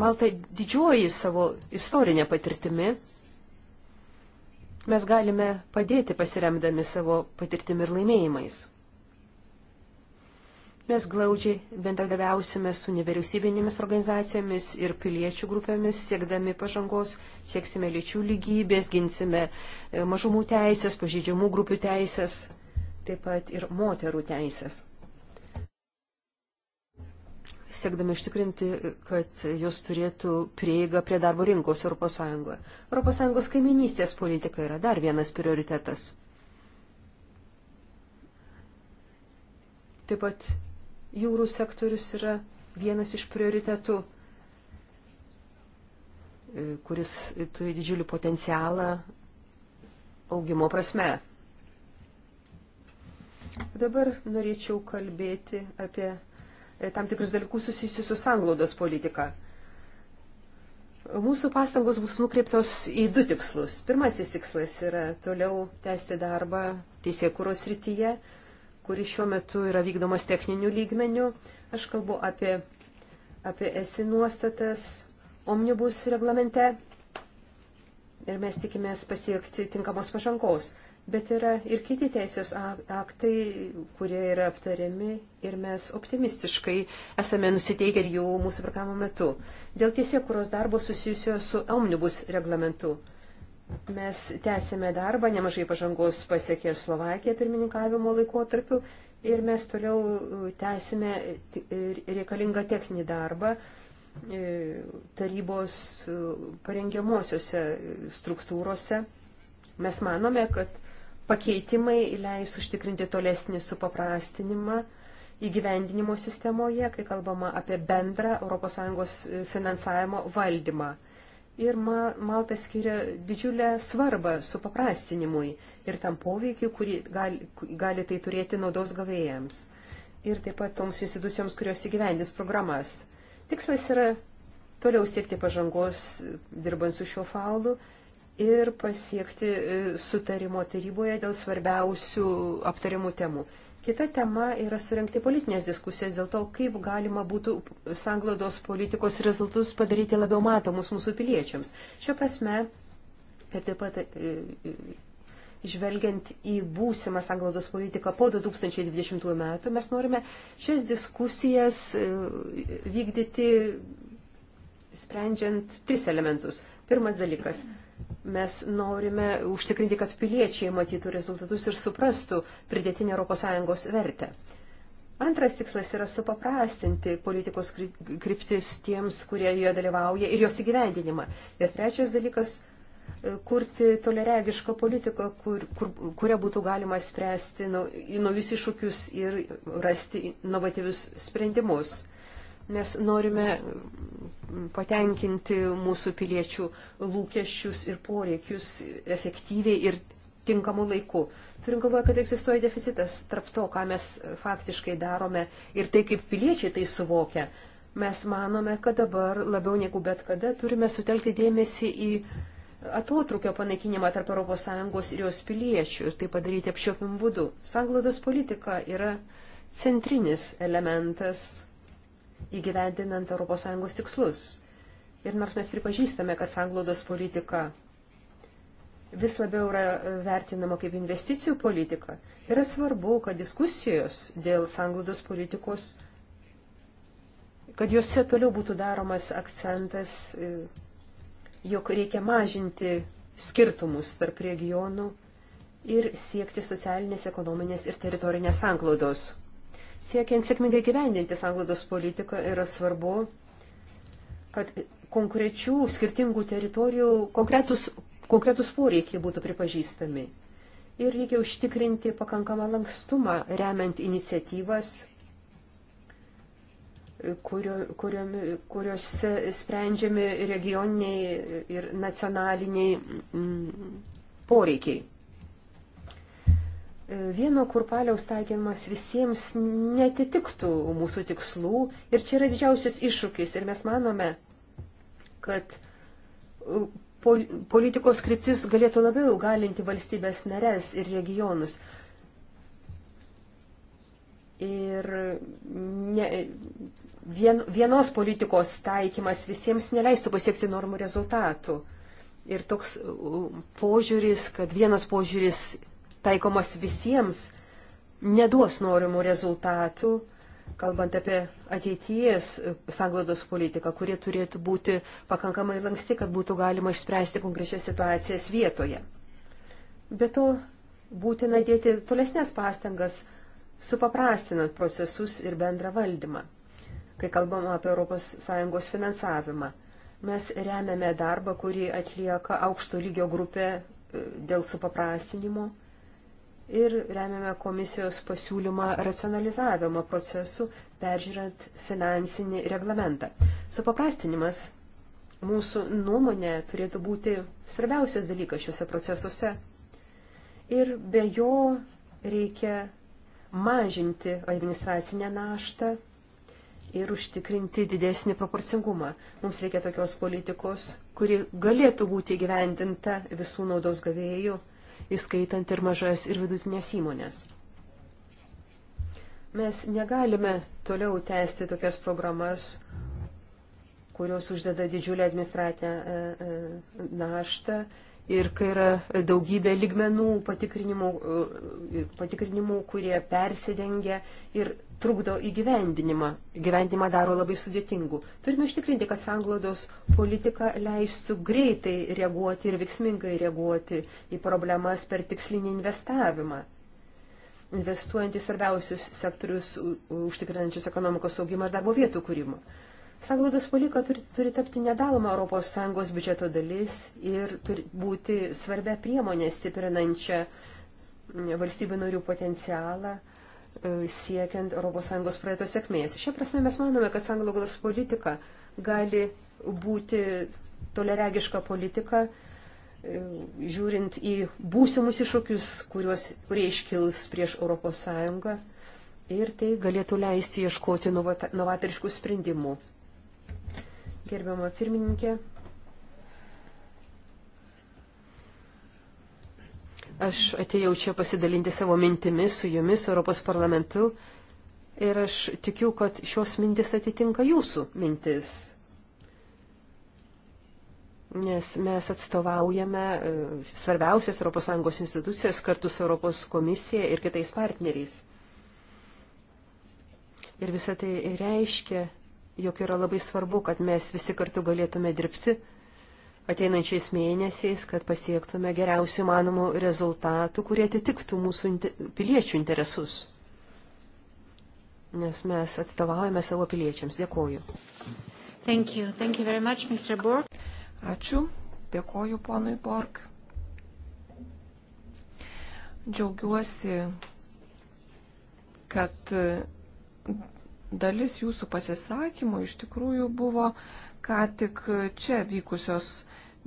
Malta didžioji savo istorinė patirtimi. Mes galime padėti pasiremdami savo patirtimi ir laimėjimais. Mes glaudžiai bendradarbiausime su nevyriausybinėmis organizacijomis ir piliečių grupėmis, siekdami pažangos, sieksime lyčių lygybės, ginsime e, mažumų teisės, pažydžiamų grupių teisės, taip pat ir moterų teisės. Siekdami ištikrinti, kad jos turėtų prieigą prie darbo rinkos ES. ES kaiminystės politika yra dar vienas prioritetas. Taip pat jūrų sektorius yra vienas iš prioritetų, e, kuris turi didžiulį potencialą augimo prasme. Dabar norėčiau kalbėti apie e, tam tikrus dalykus susijusius su sanglaudos politika. Mūsų pastangos bus nukreiptos į du tikslus. Pirmasis tikslas yra toliau tęsti darbą teisėkūros rytyje, kuris šiuo metu yra vykdomas techninių lygmenių. Aš kalbu apie, apie esi nuostatas omnibus reglamente ir mes tikimės pasiekti tinkamos pažangos. Bet yra ir kiti teisės aktai, kurie yra aptariami ir mes optimistiškai esame nusiteikę jų mūsų prakamo metu. Dėl tiesiekuros darbo susijusio su omnibus reglamentu. Mes tęsėme darbą, nemažai pažangos pasiekė Slovakija pirmininkavimo laikotarpiu ir mes toliau uh, tęsime reikalingą techninį darbą e, tarybos uh, parengiamosiose uh, struktūrose. Mes manome, kad pakeitimai leis užtikrinti tolesnį supaprastinimą įgyvendinimo sistemoje, kai kalbama apie bendrą ES e, finansavimo valdymą ir Malta skiria didžiulę svarbą supaprastinimui ir tam poveikiu, kurį gali, gali tai turėti naudos gavėjams. Ir taip pat toms institucijoms, kurios įgyvendys programas. Tikslas yra toliau siekti pažangos dirbant su šiuo faulu ir pasiekti e, sutarimo taryboje dėl svarbiausių aptariamų temų. Kita tema yra surinkti politinės diskusijas dėl to, kaip galima būtų sanglaudos politikos rezultus padaryti labiau matomus mūsų piliečiams. Šia prasme, ir taip pat e, e, žvelgiant į būsimą sanglaudos politiką po 2020 metų, mes norime šias diskusijas e, vykdyti sprendžiant tris elementus. Pirmas dalykas Mes norime užtikrinti, kad piliečiai matytų rezultatus ir suprastų pridėtinę ES vertę. Antras tikslas yra supaprastinti politikos kryptis tiems, kurie joje dalyvauja ir jos įgyvendinimą. Ir trečias dalykas e, kurti toleregišką politiką, kur, kur, kurią būtų galima spręsti nau, naujus iššūkius ir rasti inovatyvius sprendimus. Mes norime mm, patenkinti mūsų piliečių lūkesčius ir poreikius efektyviai ir tinkamu laiku. Turim galvoje, kad egzistuoja deficitas tarp to, ką mes faktiškai darome ir tai, kaip piliečiai tai suvokia. Mes manome, kad dabar labiau negu bet kada turime sutelkti dėmesį į atotrukio panaikinimą tarp ES ir jos piliečių ir tai padaryti apčiopim būdu. Sanglodos politika yra centrinis elementas įgyvendinant ES tikslus. Ir nors mes pripažįstame, kad sanglaudos politika vis labiau yra vertinama kaip investicijų politika, yra svarbu, kad diskusijos dėl sanglaudos politikos, kad juose toliau būtų daromas akcentas, jog reikia mažinti skirtumus tarp regionų ir siekti socialinės, ekonominės ir teritorinės sanglaudos. Siekiant sėkmingai gyvendinti sanglaudos politiką yra svarbu, kad konkrečių skirtingų teritorijų konkretus, konkretus poreikiai būtų pripažįstami. Ir reikia užtikrinti pakankamą lankstumą, remiant iniciatyvas, kurio, kurio, kuriuose sprendžiami regioniniai ir nacionaliniai mm, poreikiai vieno kurpaliaus taikymas visiems netitiktų mūsų tikslų ir čia yra didžiausias iššūkis ir mes manome, kad politikos kryptis galėtų labiau galinti valstybės nares ir regionus. Ir ne, vien, vienos politikos taikymas visiems neleistų pasiekti normų rezultatų. Ir toks požiūris, kad vienas požiūris taikomos visiems, neduos norimų rezultatų, kalbant apie ateities e, sanglados politiką, kurie turėtų būti pakankamai lanksti, kad būtų galima išspręsti konkrečias situacijas vietoje. Be to, būtina dėti tolesnės pastangas, supaprastinant procesus ir bendrą valdymą. Kai kalbama apie ES finansavimą, mes remiame darbą, kurį atlieka aukšto lygio grupė e, dėl supaprastinimo ir remiame komisijos pasiūlymą racionalizavimo procesų, peržiūrant finansinį reglamentą. Supaprastinimas mūsų nuomonė turėtų būti svarbiausias dalykas šiuose procesuose. Ir be jo reikia mažinti administracinę naštą ir užtikrinti didesnį proporcingumą. Mums reikia tokios politikos, kuri galėtų būti gyvendinta visų naudos gavėjų įskaitant ir mažas ir vidutinės įmonės. Mes negalime toliau tęsti tokias programas, kurios uždeda didžiulę administratinę e, e, naštą ir kai yra daugybė ligmenų patikrinimų, e, patikrinimų kurie persidengia ir trukdo įgyvendinimą. Gyvendimą daro labai sudėtingų. Turime ištikrinti, kad sanglodos politika leistų greitai reaguoti ir veiksmingai reaguoti į problemas per tikslinį investavimą. Investuojant į svarbiausius sektorius, užtikrinančius ekonomikos augimą ir darbo vietų kūrimą. Sanglaudos politika turi, turi tapti nedaloma ES biudžeto dalis ir turi būti svarbia priemonė stiprinančia mm, valstybių narių potencialą e, siekiant ES projekto sėkmės. Šia prasme mes manome, kad sanglaudos politika gali būti toleregiška politika, e, žiūrint į būsimus iššūkius, kuriuos, kurie iškils prieš ES ir tai galėtų leisti ieškoti novatoriškų sprendimų gerbiama pirmininkė. Aš atėjau čia pasidalinti savo mintimis su jumis Europos parlamentu ir aš tikiu, kad šios mintis atitinka jūsų mintis. Nes mes atstovaujame e, svarbiausias ES institucijas kartu su Europos komisija ir kitais partneriais. Ir visą tai reiškia, jog yra labai svarbu, kad mes visi kartu galėtume dirbti ateinančiais mėnesiais, kad pasiektume geriausių manomų rezultatų, kurie atitiktų mūsų piliečių interesus. Nes mes atstovaujame savo piliečiams. Dėkoju. Thank you. Thank you very much, Mr. Borg. Ačiū. Dėkoju ponui Borg. Džiaugiuosi, kad dalis jūsų pasisakymų iš tikrųjų buvo ką tik čia vykusios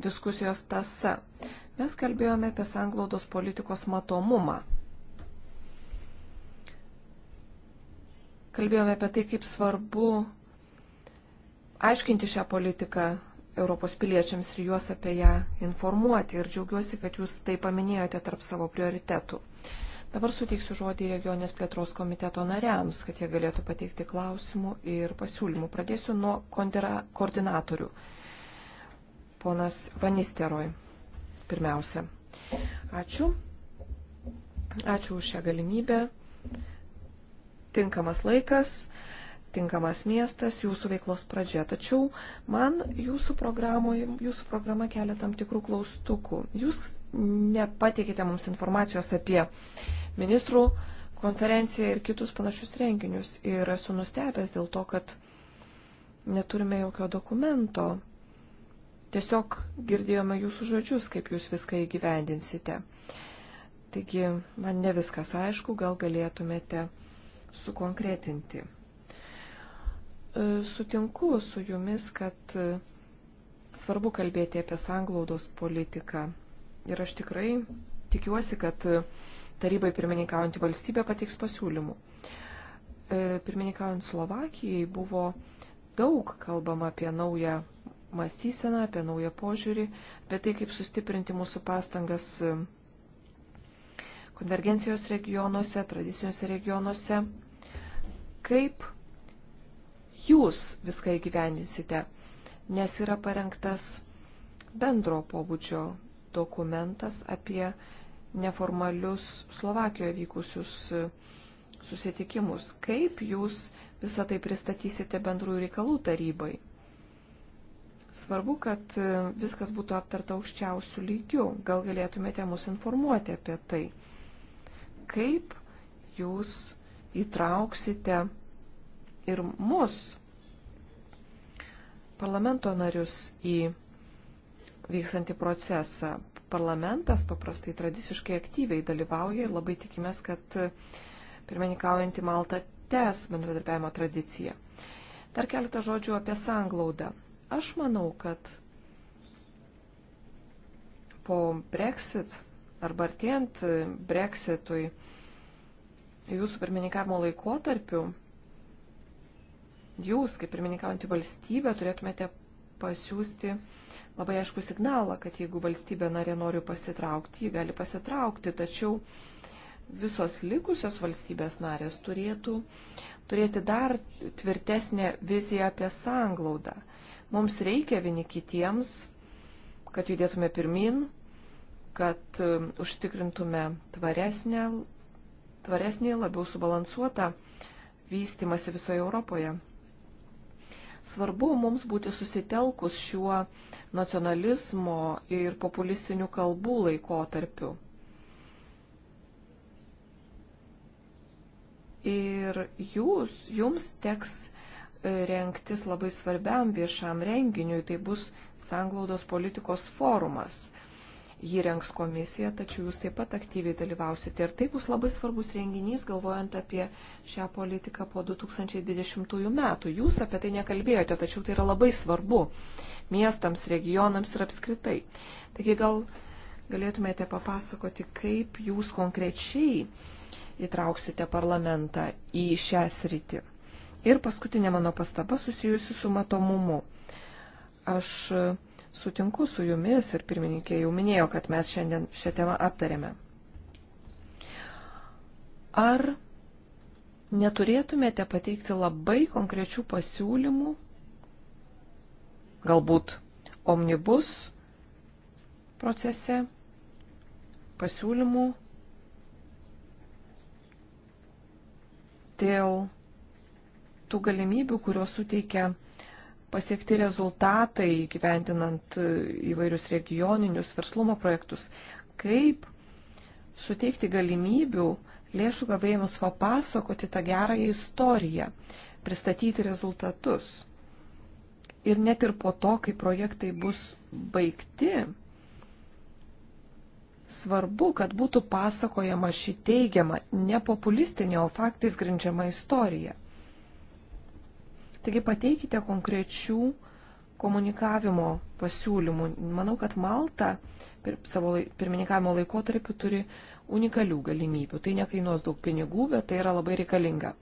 diskusijos tasa. Mes kalbėjome apie sanglaudos politikos matomumą. Kalbėjome apie tai, kaip svarbu aiškinti šią politiką Europos piliečiams ir juos apie ją informuoti. Ir džiaugiuosi, kad jūs tai paminėjote tarp savo prioritetų. Uh, Dabar suteiksiu žodį regionės plėtros komiteto nariams, kad jie galėtų pateikti klausimų ir pasiūlymų. Pradėsiu nuo koordinatorių. Ponas Vanisteroj, pirmiausia. Ačiū. Ačiū už šią galimybę. Tinkamas laikas, tinkamas miestas, jūsų veiklos pradžia. Tačiau man jūsų, jūsų programa kelia tam tikrų klaustukų. Jūs nepateikite mums informacijos apie ministrų konferenciją ir kitus panašius renginius. Ir esu nustebęs dėl to, kad neturime jokio dokumento. Tiesiog girdėjome jūsų žodžius, kaip jūs viską įgyvendinsite. Taigi, man ne viskas aišku, gal galėtumėte sukonkretinti. E, sutinku su jumis, kad e, svarbu kalbėti apie sanglaudos politiką. Ir aš tikrai tikiuosi, kad tarybai pirmininkaujantį valstybę pateiks pasiūlymų. E, pirmininkaujant Slovakijai buvo daug kalbama apie naują mąstyseną, apie naują požiūrį, apie tai, kaip sustiprinti mūsų pastangas e, konvergencijos regionuose, tradiciniuose regionuose. Kaip jūs viską įgyvendinsite, nes yra parengtas bendro pobūdžio dokumentas apie neformalius Slovakijoje vykusius e, susitikimus. Kaip jūs visą tai pristatysite bendrųjų reikalų tarybai? Svarbu, kad e, viskas būtų aptarta aukščiausių lygių. Gal galėtumėte mus informuoti apie tai? Kaip jūs įtrauksite ir mus, parlamento narius, į vykstantį procesą. Parlamentas paprastai tradiciškai aktyviai dalyvauja ir labai tikimės, kad e, pirmininkaujantį Maltą tęs bendradarbiavimo tradiciją. Dar keletą žodžių apie sanglaudą. Aš manau, kad po Brexit arba artėjant e, Brexitui jūsų pirmininkavimo laikotarpiu, jūs kaip pirmininkaujantį valstybę turėtumėte pasiūsti labai aišku signalą, kad jeigu valstybė narė nori pasitraukti, ji gali pasitraukti, tačiau visos likusios valstybės narės turėtų turėti dar tvirtesnę viziją apie sanglaudą. Mums reikia vieni kitiems, kad judėtume pirmin, kad um, užtikrintume tvaresnę, tvaresnį, labiau subalansuotą vystimasi visoje Europoje. Svarbu mums būti susitelkus šiuo nacionalizmo ir populistinių kalbų laikotarpiu. Ir jūs, jums teks e, rengtis labai svarbiam viešam renginiui, tai bus sanglaudos politikos forumas jį renks komisija, tačiau jūs taip pat aktyviai dalyvausite. Ir tai bus labai svarbus renginys, galvojant apie šią politiką po 2020 metų. Jūs apie tai nekalbėjote, tačiau tai yra labai svarbu miestams, regionams ir apskritai. Taigi gal galėtumėte papasakoti, kaip jūs konkrečiai įtrauksite parlamentą į šią sritį. Ir paskutinė mano pastaba susijusi su matomumu. Aš uh, Sutinku su jumis ir pirmininkė jau minėjo, kad mes šiandien šią temą aptarėme. Ar neturėtumėte pateikti labai konkrečių pasiūlymų, galbūt omnibus procese, pasiūlymų dėl tų galimybių, kurios suteikia pasiekti rezultatai gyventinant e, įvairius regioninius verslumo projektus, kaip suteikti galimybių lėšų gavėjams papasakoti tą gerąją istoriją, pristatyti rezultatus. Ir net ir po to, kai projektai bus baigti, svarbu, kad būtų pasakojama ši teigiama, ne populistinė, o faktais grindžiama istorija. Taigi pateikite konkrečių komunikavimo pasiūlymų. Manau, kad Malta per savo pirmininkavimo laikotarpį turi unikalių galimybių. Tai nekainuos daug pinigų, bet tai yra labai reikalinga.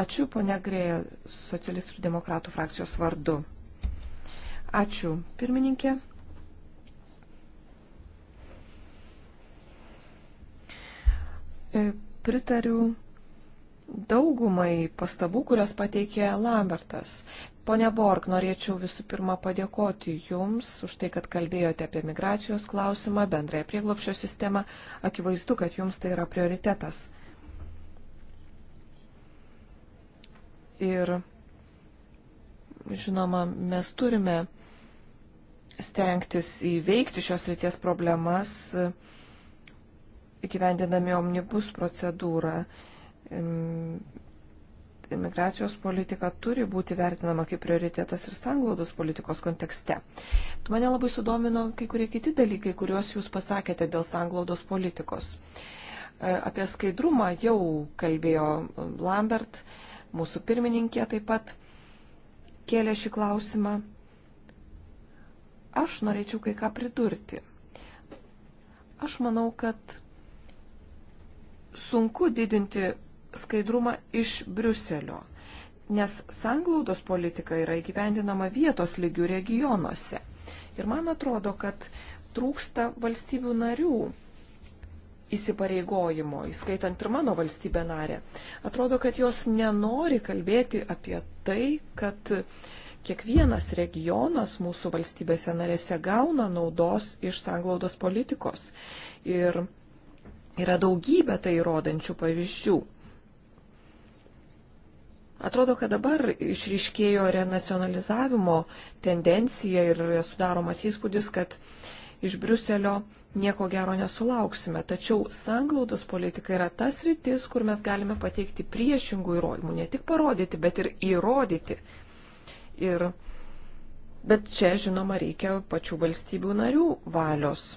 Ačiū, ponia Grėja, socialistų ir demokratų frakcijos vardu. Ačiū, pirmininkė. E, pritariu daugumai pastabų, kurias pateikė Lambertas. Pone Borg, norėčiau visų pirma padėkoti Jums už tai, kad kalbėjote apie migracijos klausimą, bendrąją prieglopščio sistemą. Akivaizdu, kad Jums tai yra prioritetas. Ir, žinoma, mes turime stengtis įveikti šios ryties problemas, įgyvendinami omnibus procedūrą migracijos politika turi būti vertinama kaip prioritetas ir sanglaudos politikos kontekste. Tu mane labai sudomino kai kurie kiti dalykai, kuriuos jūs pasakėte dėl sanglaudos politikos. E, apie skaidrumą jau kalbėjo Lambert, mūsų pirmininkė taip pat kėlė šį klausimą. Aš norėčiau kai ką pridurti. Aš manau, kad sunku didinti skaidrumą iš Briuselio, nes sanglaudos politika yra įgyvendinama vietos lygių regionuose. Ir man atrodo, kad trūksta valstybių narių įsipareigojimo, įskaitant ir mano valstybę narę. Atrodo, kad jos nenori kalbėti apie tai, kad kiekvienas regionas mūsų valstybėse narėse gauna naudos iš sanglaudos politikos. Ir yra daugybė tai įrodančių pavyzdžių. Atrodo, kad dabar išryškėjo renacionalizavimo tendencija ir sudaromas įspūdis, kad iš Briuselio nieko gero nesulauksime. Tačiau sanglaudos politika yra tas rytis, kur mes galime pateikti priešingų įrodymų, ne tik parodyti, bet ir įrodyti. Ir, bet čia, žinoma, reikia pačių valstybių narių valios.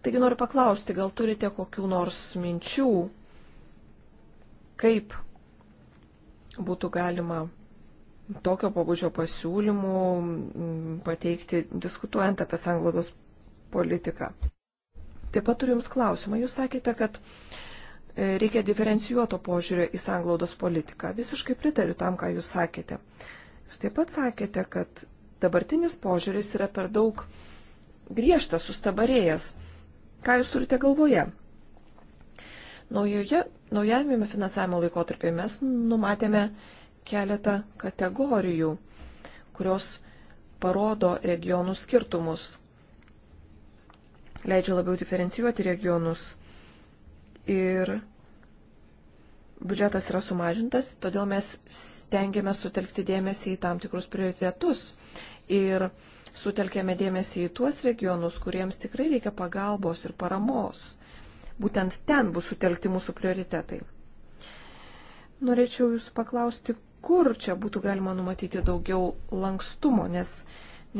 Taigi noriu paklausti, gal turite kokių nors minčių kaip būtų galima tokio pabudžio pasiūlymų mm, pateikti, diskutuojant apie sanglaudos politiką. Taip pat turiu Jums klausimą. Jūs sakėte, kad e, reikia diferencijuoto požiūrio į sanglaudos politiką. Visiškai pritariu tam, ką Jūs sakėte. Jūs taip pat sakėte, kad dabartinis požiūris yra per daug griežtas, sustabarėjęs. Ką Jūs turite galvoje? Naujoje naujajame finansavimo laikotarpėje mes numatėme keletą kategorijų, kurios parodo regionų skirtumus, leidžia labiau diferencijuoti regionus. Ir biudžetas yra sumažintas, todėl mes stengiame sutelkti dėmesį į tam tikrus prioritetus. Ir sutelkėme dėmesį į tuos regionus, kuriems tikrai reikia pagalbos ir paramos būtent ten bus sutelkti mūsų prioritetai. Norėčiau Jūsų paklausti, kur čia būtų galima numatyti daugiau lankstumo, nes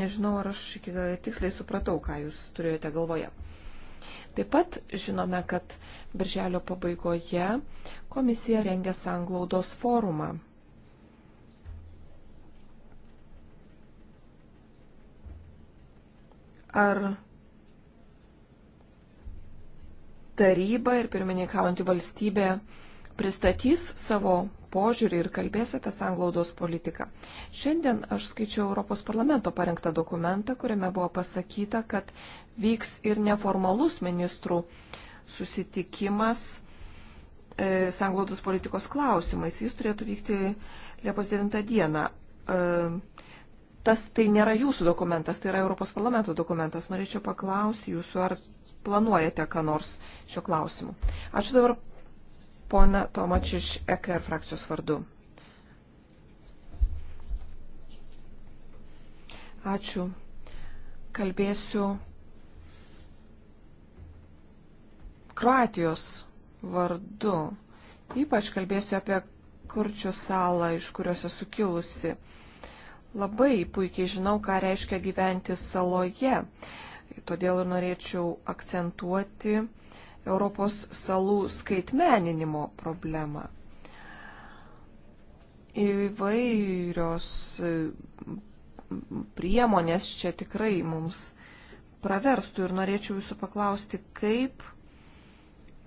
nežinau, ar aš iki tiksliai supratau, ką Jūs turėjote galvoje. Taip pat žinome, kad birželio pabaigoje komisija rengia sanglaudos forumą. Ar taryba ir pirmininkaujantį valstybę pristatys savo požiūrį ir kalbės apie sanglaudos politiką. Šiandien aš skaičiau Europos parlamento parengtą dokumentą, kuriame buvo pasakyta, kad vyks ir neformalus ministrų susitikimas e, sanglaudos politikos klausimais. Jis turėtų vykti Liepos 9 dieną. E, tas tai nėra jūsų dokumentas, tai yra Europos parlamento dokumentas. Norėčiau paklausti jūsų, ar planuojate, ką nors šiuo klausimu. Ačiū dabar pona Tomač iš EKR frakcijos vardu. Ačiū. Kalbėsiu Kroatijos vardu. Ypač kalbėsiu apie Kurčių salą, iš kurios esu kilusi. Labai puikiai žinau, ką reiškia gyventi saloje todėl ir norėčiau akcentuoti Europos salų skaitmeninimo problemą. Įvairios e, priemonės čia tikrai mums praverstų ir norėčiau jūsų paklausti, kaip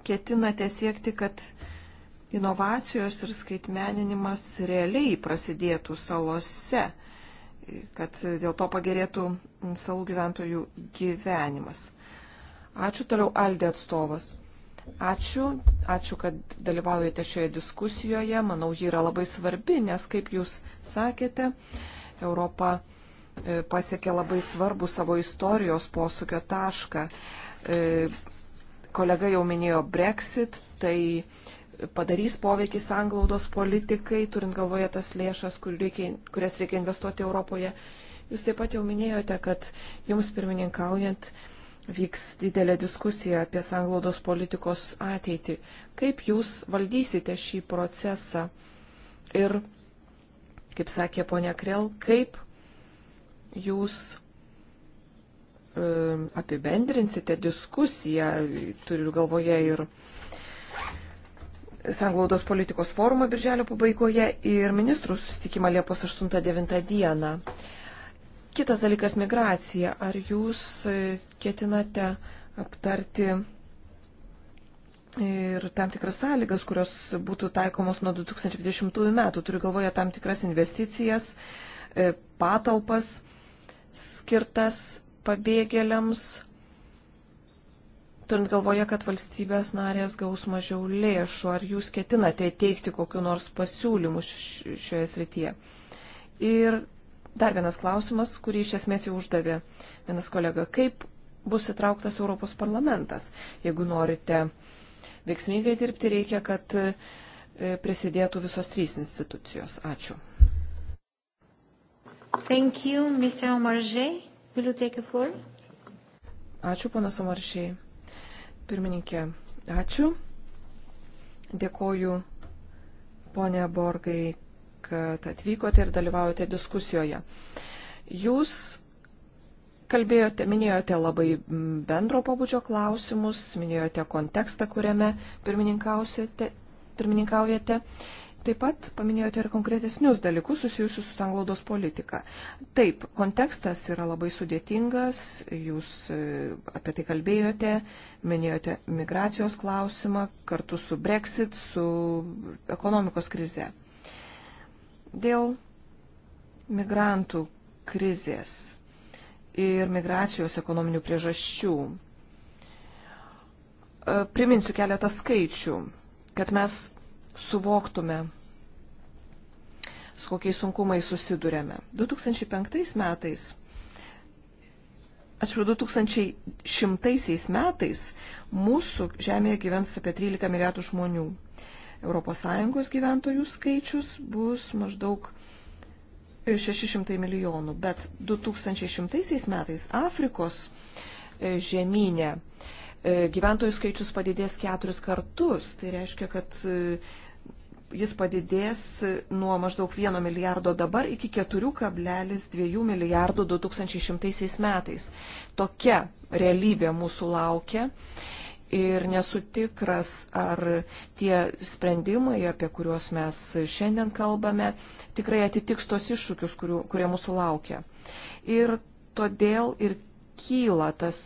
ketinate siekti, kad inovacijos ir skaitmeninimas realiai prasidėtų salose kad dėl to pagerėtų salų gyventojų gyvenimas. Ačiū toliau Aldė atstovas. Ačiū, ačiū, kad dalyvaujate šioje diskusijoje. Manau, ji yra labai svarbi, nes, kaip jūs sakėte, Europa e, pasiekė labai svarbu savo istorijos posūkio tašką. E, kolega jau minėjo Brexit, tai padarys poveikį sanglaudos politikai, turint galvoje tas lėšas, kur reikia, kurias reikia investuoti Europoje. Jūs taip pat jau minėjote, kad jums pirmininkaujant vyks didelė diskusija apie sanglaudos politikos ateitį. Kaip jūs valdysite šį procesą ir, kaip sakė ponia Krell, kaip jūs e, apibendrinsite diskusiją, turiu galvoje ir Sanglaudos politikos forumą birželio pabaigoje ir ministrų susitikimą Liepos 8-9 dieną. Kitas dalykas - migracija. Ar jūs e, ketinate aptarti ir tam tikras sąlygas, kurios būtų taikomos nuo 2020 metų? Turiu galvoje tam tikras investicijas, e, patalpas skirtas pabėgėliams turint galvoje, kad valstybės narės gaus mažiau lėšų, ar jūs ketinate teikti kokiu nors pasiūlymu šioje srityje? Ir dar vienas klausimas, kurį iš esmės jau uždavė vienas kolega. Kaip bus įtrauktas Europos parlamentas? Jeigu norite veiksmingai dirbti, reikia, kad e, prisidėtų visos trys institucijos. Ačiū. Thank you, Mr. Omarjee. Will you take the floor? Ačiū, panas Omaršiai. Pirmininkė, ačiū. Dėkoju, ponė Borgai, kad atvykote ir dalyvaujate diskusijoje. Jūs kalbėjote, minėjote labai bendro pabudžio klausimus, minėjote kontekstą, kuriame pirmininkaujate. Taip pat paminėjote ir konkretesnius dalykus susijusius su tanglaudos politika. Taip, kontekstas yra labai sudėtingas, jūs e, apie tai kalbėjote, minėjote migracijos klausimą kartu su Brexit, su ekonomikos krize. Dėl migrantų krizės ir migracijos ekonominių priežasčių. E, priminsiu keletą skaičių, kad mes suvoktume, su kokiais sunkumais susidurėme. 2005 metais, atsiprašau, 2100 metais mūsų Žemėje gyvens apie 13 milijardų žmonių. ES gyventojų skaičius bus maždaug 600 milijonų, bet 2100 metais Afrikos e, žemynė E, gyventojų skaičius padidės keturis kartus. Tai reiškia, kad e, jis padidės nuo maždaug 1 milijardo dabar iki 4,2 milijardų 2100 metais. Tokia realybė mūsų laukia. Ir nesu tikras, ar tie sprendimai, apie kuriuos mes šiandien kalbame, tikrai atitiks tos iššūkius, kurių, kurie mūsų laukia. Ir todėl ir kyla tas,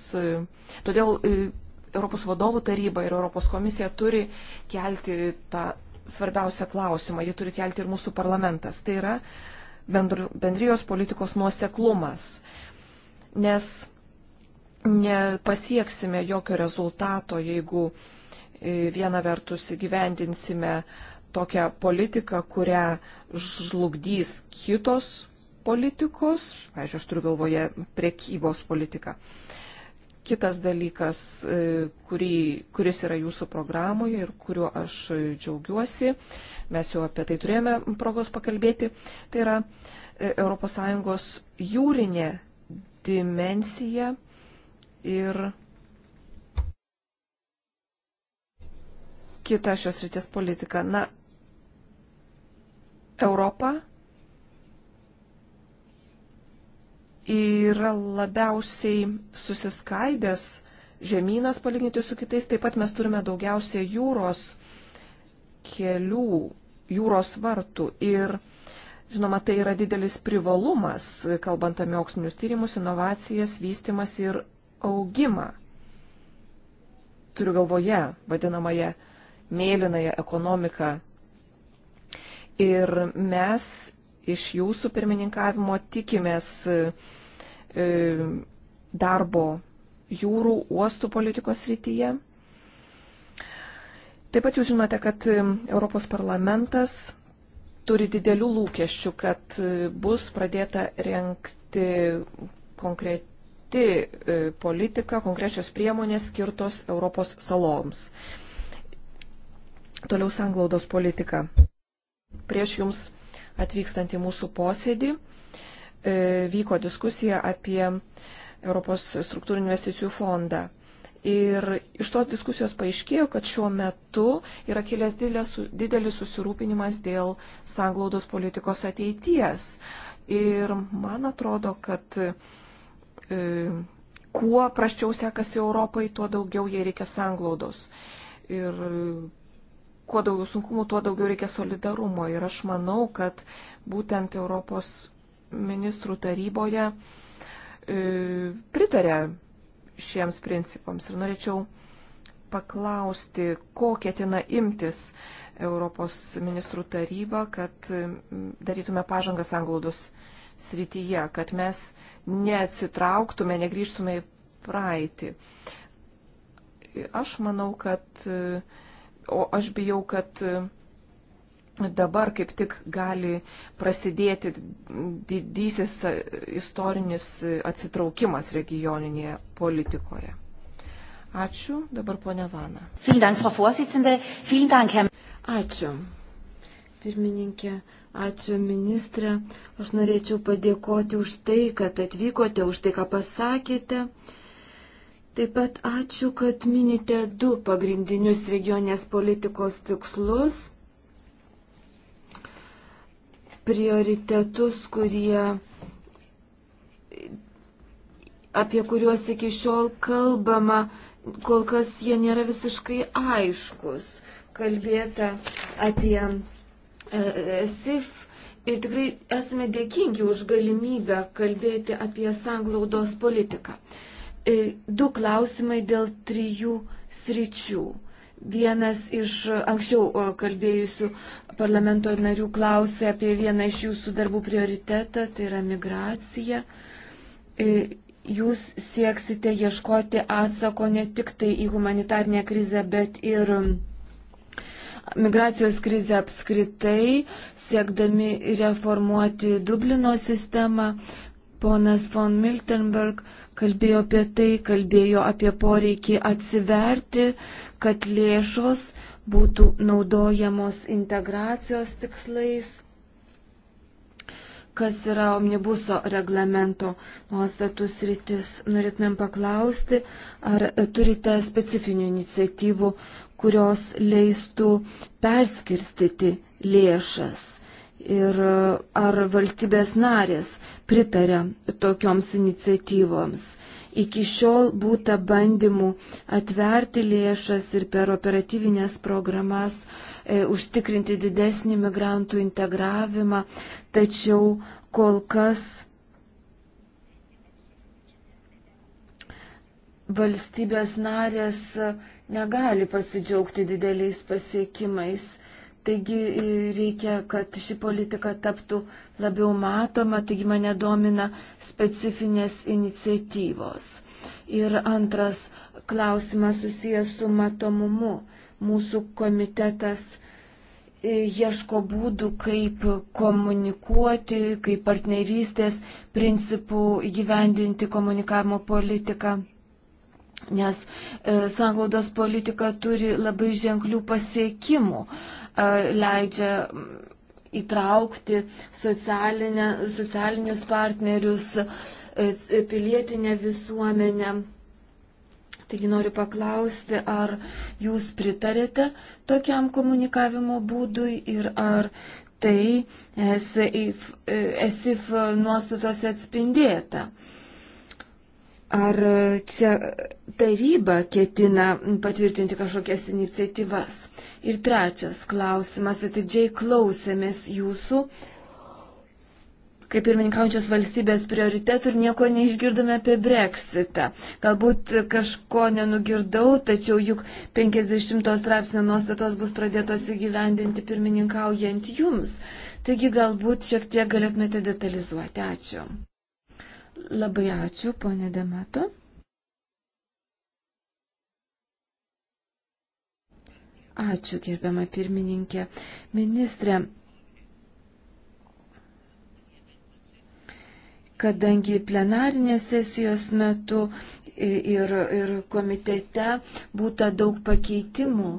todėl e, Europos vadovų taryba ir Europos komisija turi kelti tą svarbiausią klausimą, jį turi kelti ir mūsų parlamentas. Tai yra bendrijos politikos nuoseklumas. Nes nepasieksime jokio rezultato, jeigu e, viena vertus įgyvendinsime tokią politiką, kurią žlugdys kitos politikos, pavyzdžiui, aš turiu galvoje priekybos politiką. Uh, Kitas dalykas, e, kurį, kuris yra jūsų programoje ir kuriuo aš džiaugiuosi, mes jau apie tai turėjome progos pakalbėti, tai yra ES jūrinė dimensija ir kita šios ryties politika. Na, Europa yra labiausiai susiskaidęs žemynas palyginti su kitais, taip pat mes turime daugiausia jūros kelių, jūros vartų ir Žinoma, tai yra didelis privalumas, kalbant apie mokslinius tyrimus, inovacijas, vystimas ir augimą. Turiu galvoje vadinamąją mėlynąją ekonomiką. Ir mes iš jūsų pirmininkavimo tikimės e, darbo jūrų uostų politikos rytyje. Taip pat jūs žinote, kad e, Europos parlamentas turi didelių lūkesčių, kad e, bus pradėta renkti konkreti politika, konkrečios priemonės skirtos Europos saloms. Toliau sanglaudos politika. Prieš jums atvykstant į mūsų posėdį. E, vyko diskusija apie Europos struktūrinių investicijų fondą. Ir iš tos diskusijos paaiškėjo, kad šiuo metu yra kilęs didelis susirūpinimas dėl sanglaudos politikos ateities. Ir man atrodo, kad e, kuo praščiau sekasi Europai, tuo daugiau jai reikia sanglaudos. Ir kuo daugiau sunkumų, tuo daugiau reikia solidarumo. Ir aš manau, kad būtent Europos ministrų taryboje e, pritarė šiems principams. Ir norėčiau paklausti, ko ketina imtis Europos ministrų taryba, kad darytume pažangą sanglaudos srityje, kad mes neatsitrauktume, negryžtume į praeitį. Aš manau, kad uh, O aš bijau, kad e, dabar kaip tik gali prasidėti didysis e, istorinis e, atsitraukimas regioninėje politikoje. Ačiū. Dabar ponia Vana. Ačiū. Pirmininkė, ačiū ministrė. Aš norėčiau padėkoti už tai, kad atvykote, už tai, ką pasakėte. Taip pat ačiū, kad minite du pagrindinius regionės politikos tikslus, prioritetus, kurie, apie kuriuos iki šiol kalbama, kol kas jie nėra visiškai aiškus. Kalbėta apie e, e, SIF ir tikrai esame dėkingi už galimybę kalbėti apie sanglaudos politiką. E, du klausimai dėl trijų sričių. Vienas iš anksčiau e, kalbėjusių parlamento narių klausė apie vieną iš jūsų darbų prioritetą, tai yra migracija. E, jūs sieksite ieškoti atsako ne tik tai į humanitarnę krizę, bet ir migracijos krizę apskritai, siekdami reformuoti Dublino sistemą. Ponas von Miltenberg uh, kalbėjo apie tai, kalbėjo apie poreikį atsiverti, kad lėšos būtų naudojamos integracijos tikslais, kas yra omnibuso reglamento nuostatų sritis. Norėtumėm paklausti, ar turite specifinių iniciatyvų, kurios leistų perskirstyti lėšas ir e, ar valstybės narės pritarė tokioms iniciatyvoms. Iki šiol būta bandymų atverti lėšas ir per operatyvinės programas e, užtikrinti didesnį migrantų integravimą, tačiau kol kas valstybės narės negali pasidžiaugti dideliais pasiekimais Taigi e, reikia, kad ši politika taptų labiau matoma, taigi mane domina specifinės iniciatyvos. Ir antras klausimas susijęs su matomumu. Mūsų komitetas e, ieško būdų, kaip komunikuoti, kaip partnerystės principų įgyvendinti komunikavimo politiką nes e, sanglaudos politika turi labai ženklių pasiekimų leidžia įtraukti socialinę, socialinius partnerius, pilietinę visuomenę. Taigi noriu paklausti, ar jūs pritarėte tokiam komunikavimo būdui ir ar tai esif, esif nuostatos atspindėta. Uh, Ar čia taryba ketina patvirtinti kažkokias iniciatyvas? Ir trečias klausimas, atidžiai klausėmės jūsų, kaip pirmininkaujančios valstybės prioritetų ir nieko neišgirdome apie breksitą. Galbūt kažko nenugirdau, tačiau juk 50 straipsnio nuostatos bus pradėtos įgyvendinti pirmininkaujant jums. Taigi galbūt šiek tiek galėtumėte detalizuoti. Ačiū. Labai ačiū, ponė Demato. Ačiū, gerbiama pirmininkė. Ministrė, kadangi plenarinės sesijos metu ir, ir komitete būta daug pakeitimų,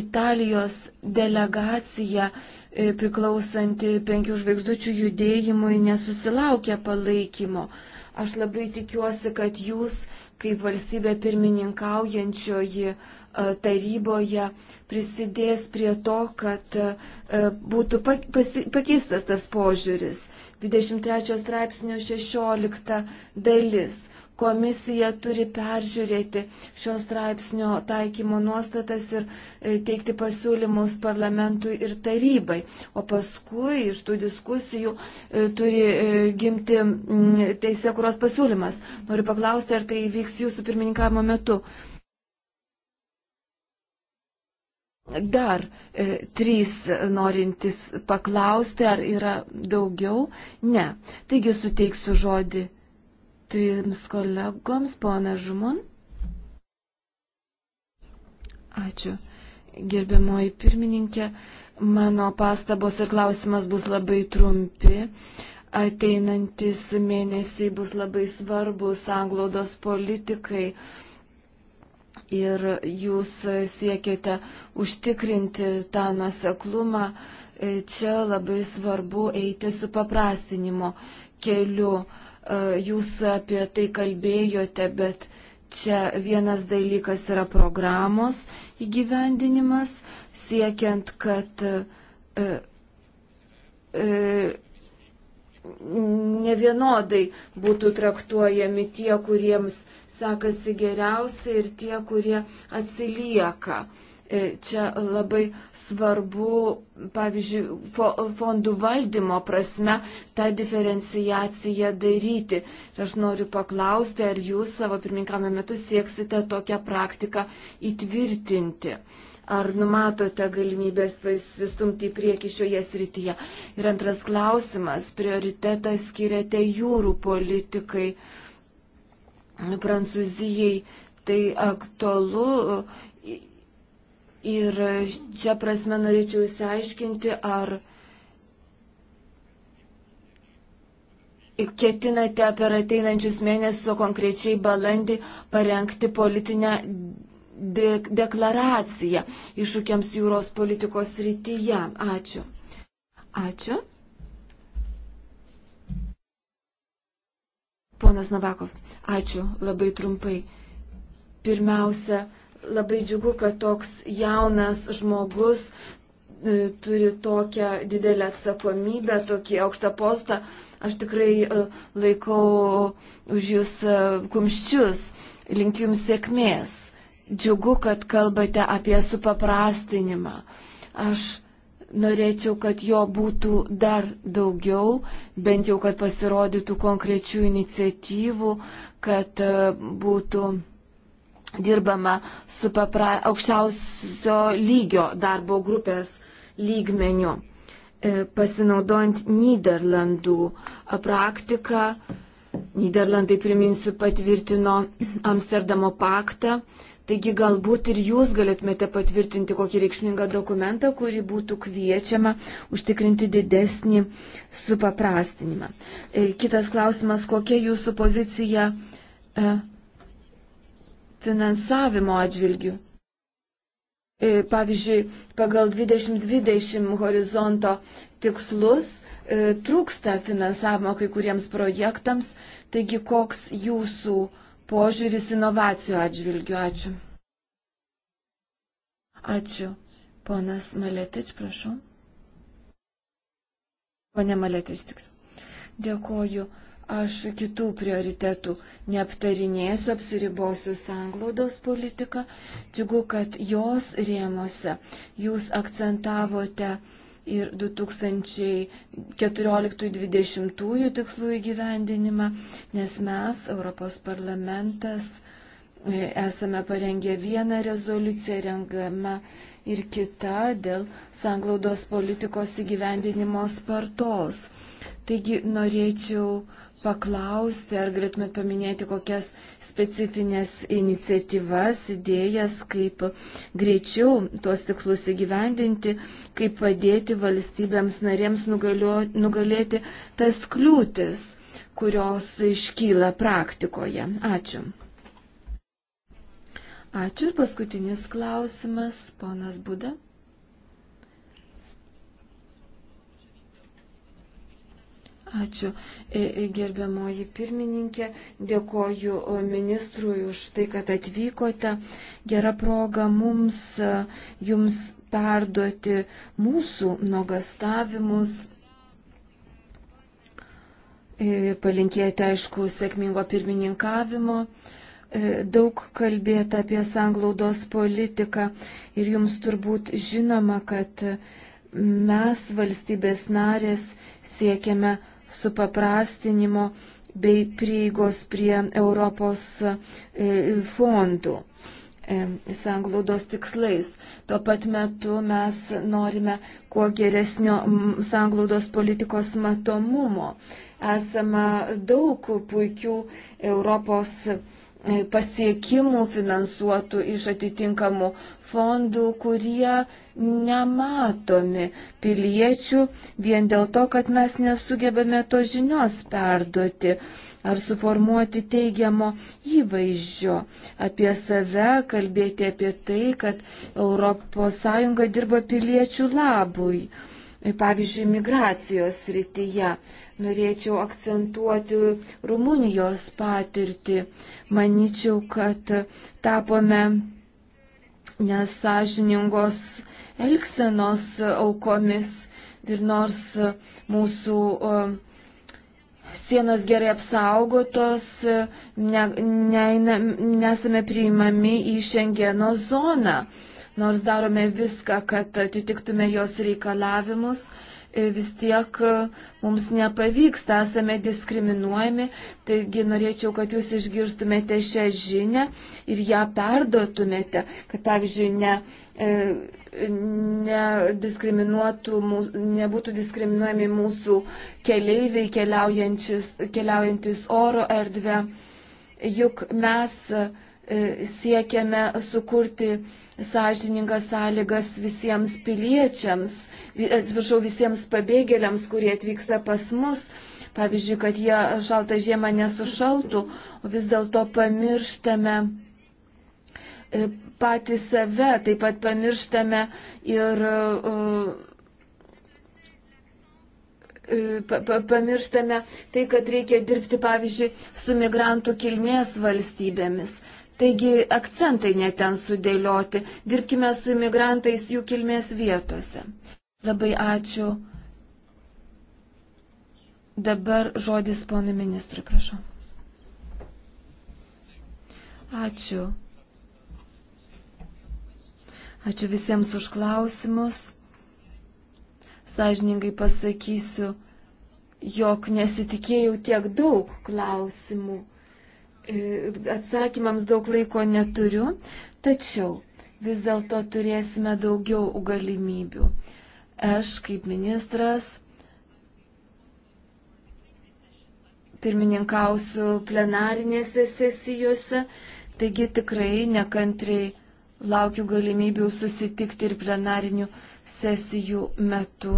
Italijos delegacija e, priklausanti penkių žvaigždučių judėjimui nesusilaukė palaikymo. Aš labai tikiuosi, kad jūs, kaip valstybė pirmininkaujančioji e, taryboje, prisidės prie to, kad e, būtų pakeistas tas požiūris. 23 straipsnio 16 dalis komisija turi peržiūrėti šios straipsnio taikymo nuostatas ir e, teikti pasiūlymus parlamentui ir tarybai. O paskui iš tų diskusijų e, turi e, gimti teisė, kurios pasiūlymas. Noriu paklausti, ar tai vyks jūsų pirmininkavimo metu. Dar e, trys norintys paklausti, ar yra daugiau. Ne. Taigi suteiksiu žodį trims kolegoms, pona Žumun. Ačiū. Gerbiamoji pirmininkė, mano pastabos ir klausimas bus labai trumpi. Ateinantis mėnesiai bus labai svarbus anglodos politikai ir jūs siekiate užtikrinti tą nuoseklumą. Čia labai svarbu eiti su paprastinimo keliu. E, jūs apie tai kalbėjote, bet čia vienas dalykas yra programos įgyvendinimas, siekiant, kad e, e, ne vienodai būtų traktuojami tie, kuriems sekasi geriausiai ir tie, kurie atsilieka. Uh, E, čia labai svarbu, pavyzdžiui, fondų valdymo prasme tą diferenciaciją daryti. Ir aš noriu paklausti, ar jūs savo pirmininkame metu sieksite tokią praktiką įtvirtinti ar numatote galimybės pasistumti į priekį šioje srityje? Ir antras klausimas, prioritetą skiriate jūrų politikai Prancūzijai. Tai aktualu Ir čia prasme norėčiau įsiaiškinti, ar ketinate per ateinančius mėnesius, konkrečiai balandį, parengti politinę de deklaraciją iššūkiams jūros politikos rytyje. Ačiū. Ačiū. Ponas Novakov, ačiū labai trumpai. Pirmiausia, labai džiugu, kad toks jaunas žmogus e, turi tokią didelę atsakomybę, tokį aukštą postą. Aš tikrai e, laikau už jūs e, kumščius, linkiu jums sėkmės. Džiugu, kad kalbate apie supaprastinimą. Aš norėčiau, kad jo būtų dar daugiau, bent jau, kad pasirodytų konkrečių iniciatyvų, kad būtų dirbama su papra, aukščiausio lygio darbo grupės lygmeniu, e, pasinaudojant Niderlandų praktiką. Niderlandai, priminsiu, patvirtino Amsterdamo paktą, taigi galbūt ir jūs galėtumėte patvirtinti kokį reikšmingą dokumentą, kurį būtų kviečiama užtikrinti didesnį supaprastinimą. E, kitas klausimas, kokia jūsų pozicija e, finansavimo atžvilgių. E, pavyzdžiui, pagal 2020 horizonto tikslus e, trūksta finansavimo kai kuriems projektams, taigi koks jūsų požiūris inovacijų atžvilgių? Ačiū. Ačiū. Ponas Maletič, prašau. Pone Maletič, tik. Dėkoju. Aš kitų prioritetų neaptarinėsiu, apsiribosiu sanglaudos politiką. Džiugu, kad jos rėmose jūs akcentavote ir 2014-2020 tikslų įgyvendinimą, nes mes, Europos parlamentas, e, esame parengę vieną rezoliuciją, rengame ir kitą dėl sanglaudos politikos įgyvendinimo spartos. Taigi norėčiau uh, paklausti, ar galėtumėt paminėti kokias specifines iniciatyvas, idėjas, kaip greičiau tuos tikslus įgyvendinti, kaip padėti valstybėms narėms nugalio, nugalėti tas kliūtis, kurios iškyla praktikoje. Ačiū. Ačiū ir paskutinis klausimas, ponas Buda. Ačiū, e, e, gerbiamoji pirmininkė. Dėkoju e, ministrui už tai, kad atvykote. Gera proga mums, jums perduoti mūsų nuogastavimus. Palinkėti, aišku, sėkmingo pirmininkavimo. Daug kalbėta apie sanglaudos politiką ir jums turbūt žinoma, kad mes valstybės narės siekiame supaprastinimo bei prieigos prie Europos e, fondų e, sanglaudos tikslais. Tuo pat metu mes norime kuo geresnio sanglaudos politikos matomumo. Esama daug puikių Europos fondų E, pasiekimų finansuotų iš atitinkamų fondų, kurie nematomi piliečių vien dėl to, kad mes nesugebame to žinios perduoti ar suformuoti teigiamo įvaizdžio apie save, kalbėti apie tai, kad ES dirba piliečių labui pavyzdžiui, migracijos srityje. Norėčiau akcentuoti Rumunijos patirtį. Manyčiau, kad tapome nesažiningos elgsenos aukomis ir nors mūsų sienos gerai apsaugotos, ne, ne, nesame priimami į Šengeno zoną nors darome viską, kad atitiktume jos reikalavimus, e, vis tiek e, mums nepavyksta, esame diskriminuojami. Taigi norėčiau, kad jūs išgirstumėte šią žinę ir ją perduotumėte, kad pavyzdžiui, ne. E, nediskriminuotų, nebūtų diskriminuojami mūsų keleiviai keliaujantis oro erdvę. Juk mes e, siekiame sukurti sąžiningas sąlygas visiems piliečiams, atsiprašau, visiems pabėgėliams, kurie atvyksta pas mus. Pavyzdžiui, kad jie šaltą žiemą nesušaltų, o vis dėlto pamirštame e, patį save, taip pat pamirštame ir uh, pamirštame tai, kad reikia dirbti, pavyzdžiui, su migrantų kilmės valstybėmis. Taigi akcentai neten sudėlioti. Dirbkime su imigrantais jų kilmės vietose. Labai ačiū. Dabar žodis ponui ministrui, prašau. Ačiū. Ačiū visiems už klausimus. Sažiningai pasakysiu, jog nesitikėjau tiek daug klausimų. E, atsakymams daug laiko neturiu, tačiau vis dėlto turėsime daugiau galimybių. Aš kaip ministras pirmininkausiu plenarinėse sesijose, taigi tikrai nekantriai laukiu galimybių susitikti ir plenarinių sesijų metu.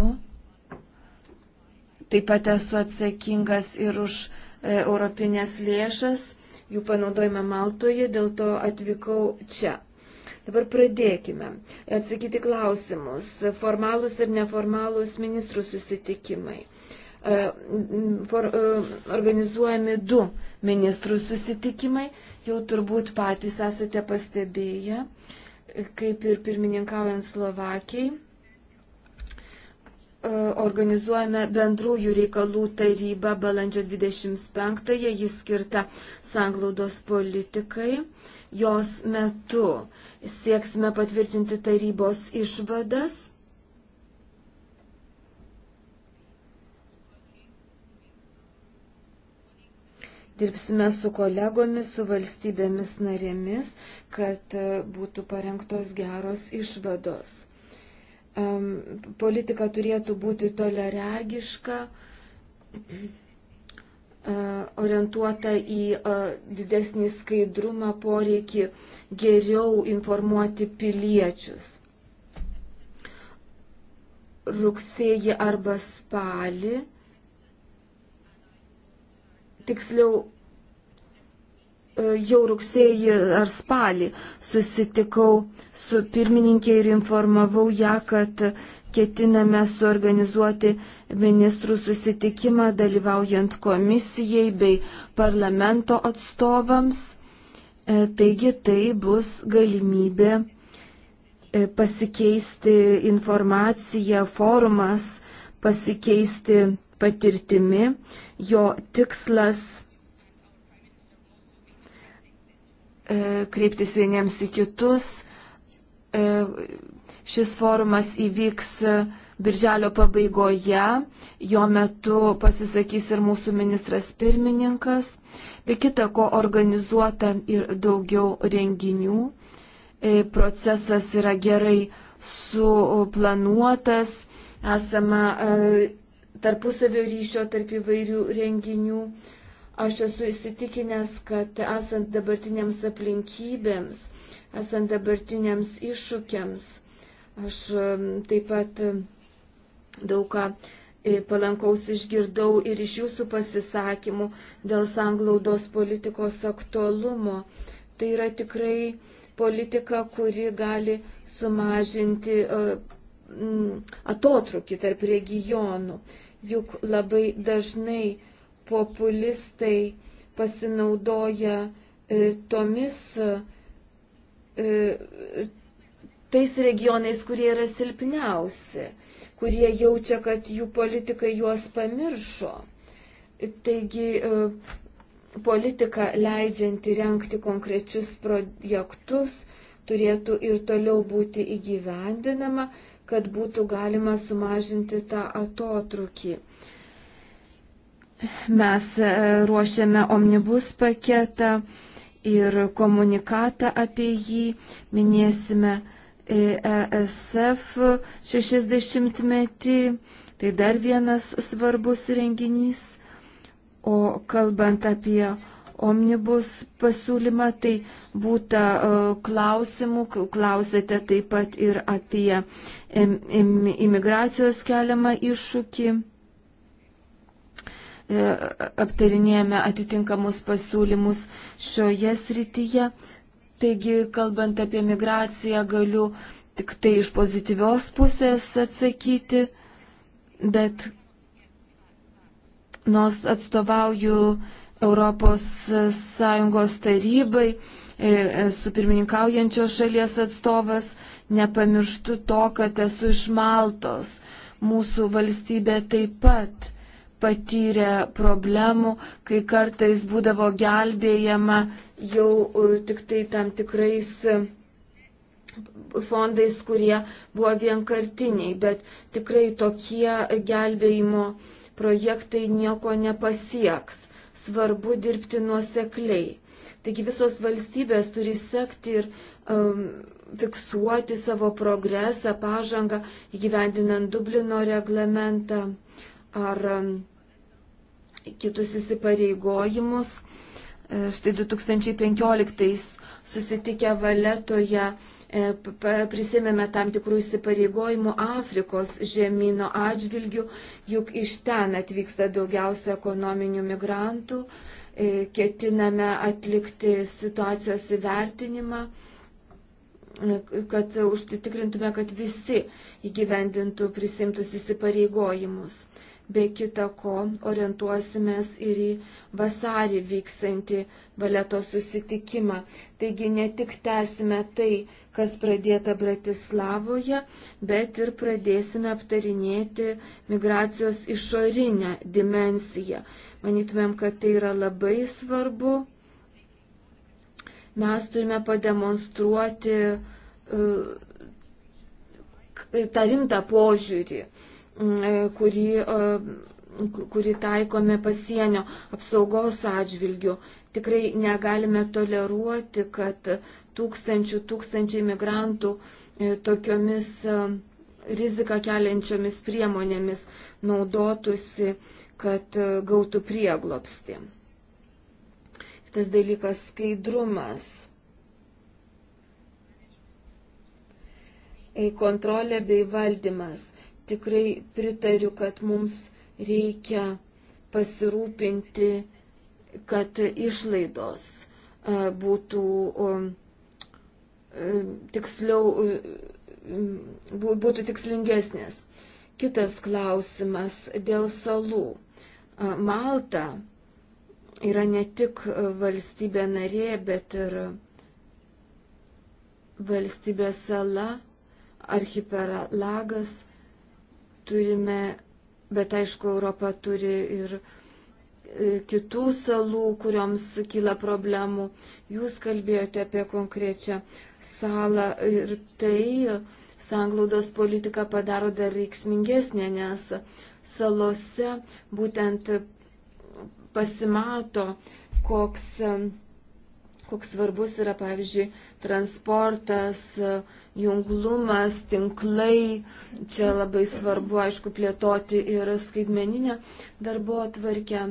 Taip pat esu atsakingas ir už e, europinės lėšas jų panaudojimą Maltoje, dėl to atvykau čia. Dabar pradėkime atsakyti klausimus. Formalus ir neformalus ministrų susitikimai. E, for, e, organizuojami du ministrų susitikimai, jau turbūt patys esate pastebėję, kaip ir pirmininkaujant Slovakijai E, organizuojame bendrųjų reikalų tarybą balandžio 25-ąją, jis skirta sanglaudos politikai. Jos metu sieksime patvirtinti tarybos išvadas. Dirbsime su kolegomis, su valstybėmis narėmis, kad būtų parengtos geros išvados politika turėtų būti toleregiška, e, orientuota į e, didesnį skaidrumą, poreikį geriau informuoti piliečius. Rugsėjį arba spalį, tiksliau jau rugsėjį ar spalį susitikau su pirmininkė ir informavau ją, kad ketiname suorganizuoti ministrų susitikimą dalyvaujant komisijai bei parlamento atstovams. E, taigi tai bus galimybė e, pasikeisti informaciją, forumas, pasikeisti patirtimi. Jo tikslas E, kreiptis vieniems į kitus. E, šis forumas įvyks birželio pabaigoje, jo metu pasisakys ir mūsų ministras pirmininkas, be kita ko organizuota ir daugiau renginių. E, procesas yra gerai suplanuotas, esama tarpusavio ryšio tarp įvairių renginių. Aš esu įsitikinęs, kad esant dabartiniams aplinkybėms, esant dabartiniams iššūkiams, aš taip pat daug ką e, palankaus išgirdau ir iš jūsų pasisakymų dėl sanglaudos politikos aktualumo. Tai yra tikrai politika, kuri gali sumažinti e, atotrukį tarp regionų. Juk labai dažnai populistai pasinaudoja e, tomis e, e, tais regionais, kurie yra silpniausi, kurie jaučia, kad jų politikai juos pamiršo. Taigi politika leidžianti renkti konkrečius projektus turėtų ir toliau būti įgyvendinama, kad būtų galima sumažinti tą atotrukį. Mes e, ruošiame omnibus paketą ir komunikatą apie jį. Minėsime ESF e 60-metį. Tai dar vienas svarbus renginys. O kalbant apie omnibus pasiūlymą, tai būta e, klausimų, klausėte taip pat ir apie imigracijos keliamą iššūkį. E, aptarinėjame atitinkamus pasiūlymus šioje srityje. Taigi, kalbant apie migraciją, galiu tik tai iš pozityvios pusės atsakyti, bet nors atstovauju ES tarybai, e, esu pirmininkaujančios šalies atstovas, nepamirštu to, kad esu iš Maltos. Mūsų valstybė taip pat patyrė problemų, kai kartais būdavo gelbėjama jau e, tik tai tam tikrais e, fondais, kurie buvo vienkartiniai, bet tikrai tokie gelbėjimo projektai nieko nepasieks. Svarbu dirbti nuosekliai. Taigi visos valstybės turi sekti ir um, fiksuoti savo progresą, pažangą, įgyvendinant Dublino reglamentą ar um, kitus įsipareigojimus. E, štai 2015 susitikę Valetoje e, prisėmėme tam tikrų įsipareigojimų Afrikos žemynų atžvilgių, juk iš ten atvyksta daugiausia ekonominių migrantų, e, ketiname atlikti situacijos įvertinimą kad užtikrintume, kad visi įgyvendintų prisimtus įsipareigojimus be kita ko orientuosimės ir į vasarį vyksantį baleto susitikimą. Taigi ne tik tęsime tai, kas pradėta Bratislavoje, bet ir pradėsime aptarinėti migracijos išorinę dimensiją. Manytumėm, kad tai yra labai svarbu. Mes turime pademonstruoti uh, tą rimtą požiūrį E, kurį, e, kurį taikome pasienio apsaugos atžvilgiu. Tikrai negalime toleruoti, kad tūkstančių, tūkstančiai migrantų e, tokiomis riziką keliančiomis priemonėmis naudotųsi, kad gautų prieglopsti. Kitas dalykas - skaidrumas. Kontrolė bei valdymas tikrai pritariu, kad mums reikia pasirūpinti, kad išlaidos būtų tiksliau, būtų tikslingesnės. Kitas klausimas dėl salų. Malta yra ne tik valstybė narė, bet ir valstybė sala, archipelagas, Turime, bet aišku, Europa turi ir e, kitų salų, kurioms kyla problemų. Jūs kalbėjote apie konkrečią salą ir tai sanglaudos politika padaro dar reiksmingesnė, nes salose būtent pasimato, koks koks svarbus yra, pavyzdžiui, transportas, junglumas, tinklai. Čia labai svarbu, aišku, plėtoti ir skaitmeninę darbo atvarkę.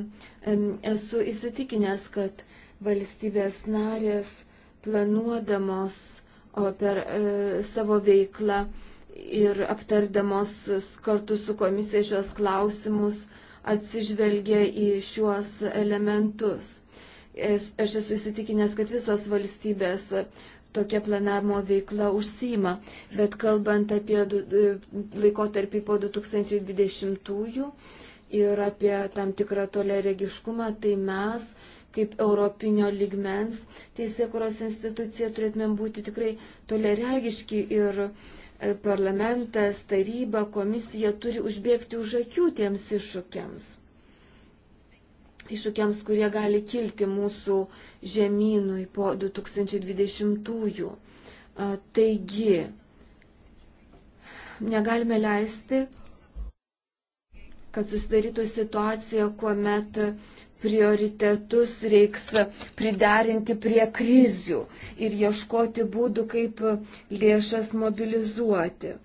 Esu įsitikinęs, kad valstybės narės planuodamos per e, savo veiklą ir aptardamos kartu su komisija šios klausimus atsižvelgia į šiuos elementus Aš esu įsitikinęs, kad visos valstybės tokia planavimo veikla užsima. Bet kalbant apie laikotarpį po 2020-ųjų ir apie tam tikrą toleregiškumą, tai mes kaip europinio ligmens teisėkuros institucija turėtumėm būti tikrai toleregiški ir e, parlamentas, taryba, komisija turi užbėgti už akių tiems iššūkiams iššūkiams, kurie gali kilti mūsų žemynui po 2020-ųjų. Taigi, negalime leisti, kad susidarytų situacija, kuomet prioritetus reiks priderinti prie krizių ir ieškoti būdų, kaip lėšas mobilizuoti.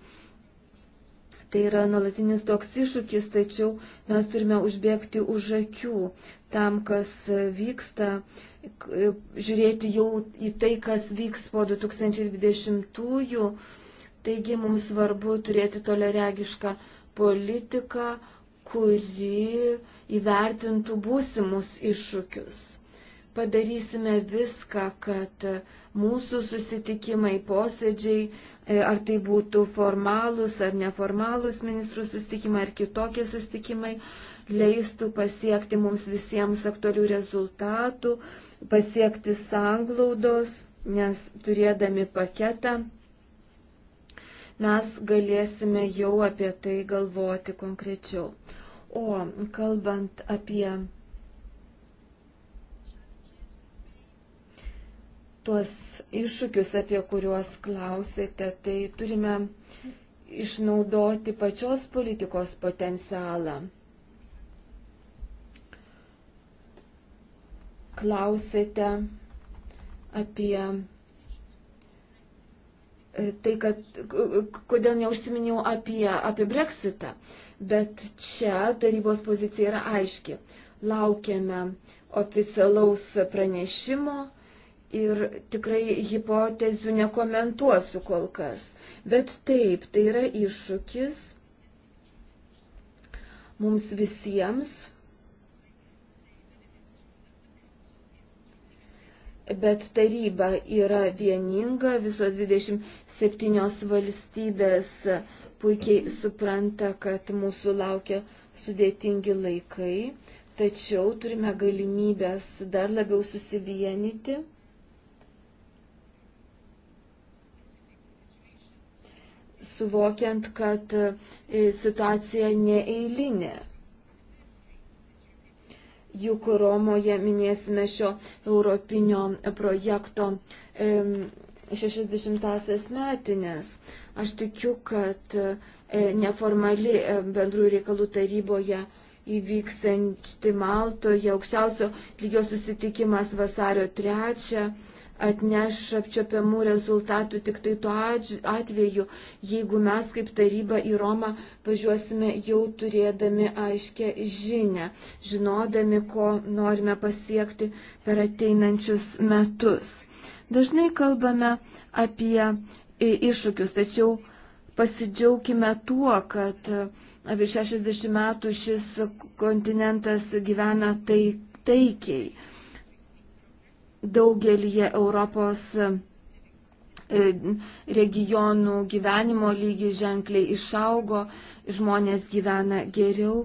Tai yra nuolatinis toks iššūkis, tačiau mes turime užbėgti už akių tam, kas vyksta, žiūrėti jau į tai, kas vyks po 2020-ųjų. Taigi mums svarbu turėti toleregišką politiką, kuri įvertintų būsimus iššūkius padarysime viską, kad mūsų susitikimai, posėdžiai, e, ar tai būtų formalūs ar neformalūs ministrų susitikimai ar kitokie susitikimai, leistų pasiekti mums visiems aktualių rezultatų, pasiekti sanglaudos, nes turėdami paketą mes galėsime jau apie tai galvoti konkrečiau. O kalbant apie tuos iššūkius, apie kuriuos klausėte, tai turime išnaudoti pačios politikos potencialą. Klausėte apie e, tai, kad kodėl neužsiminiau apie, apie breksitą, bet čia tarybos pozicija yra aiški. Laukiame oficialaus pranešimo ir tikrai hipotezių nekomentuosiu kol kas. Bet taip, tai yra iššūkis mums visiems. Bet taryba yra vieninga, visos 27 valstybės puikiai supranta, kad mūsų laukia sudėtingi laikai, tačiau turime galimybės dar labiau susivienyti suvokiant, kad e, situacija neeilinė. Juk Romoje minėsime šio europinio projekto 60-asias metinės. Aš tikiu, kad e, neformali e, bendrų reikalų taryboje įvyksanti Maltoje aukščiausio lygio susitikimas vasario 3 atneš apčiopiamų rezultatų tik tai tuo atveju, jeigu mes kaip taryba į Romą važiuosime jau turėdami aiškę žinę, žinodami, ko norime pasiekti per ateinančius metus. Dažnai kalbame apie iššūkius, tačiau pasidžiaukime tuo, kad apie 60 metų šis kontinentas gyvena tai, taikiai daugelie Europos e, regionų gyvenimo lygis ženkliai išaugo, žmonės gyvena geriau,